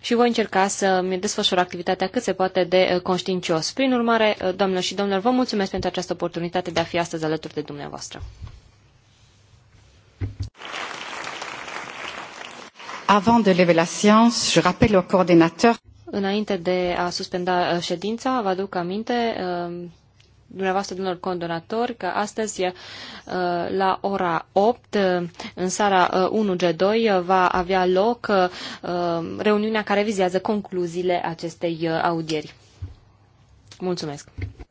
și voi încerca să-mi desfășor activitatea cât se poate de uh, conștiincios. Prin urmare, uh, doamnelor și domnilor, vă mulțumesc pentru această oportunitate de a fi astăzi alături de dumneavoastră. Avant de lever la science, je rappelle au coordinateur. Înainte de a suspenda uh, ședința, vă aduc aminte dumneavoastră, domnilor condonatori, că astăzi uh, la ora 8 uh, în sala 1G2 uh, va avea loc reuniunea care vizează concluziile acestei audieri. Mulțumesc!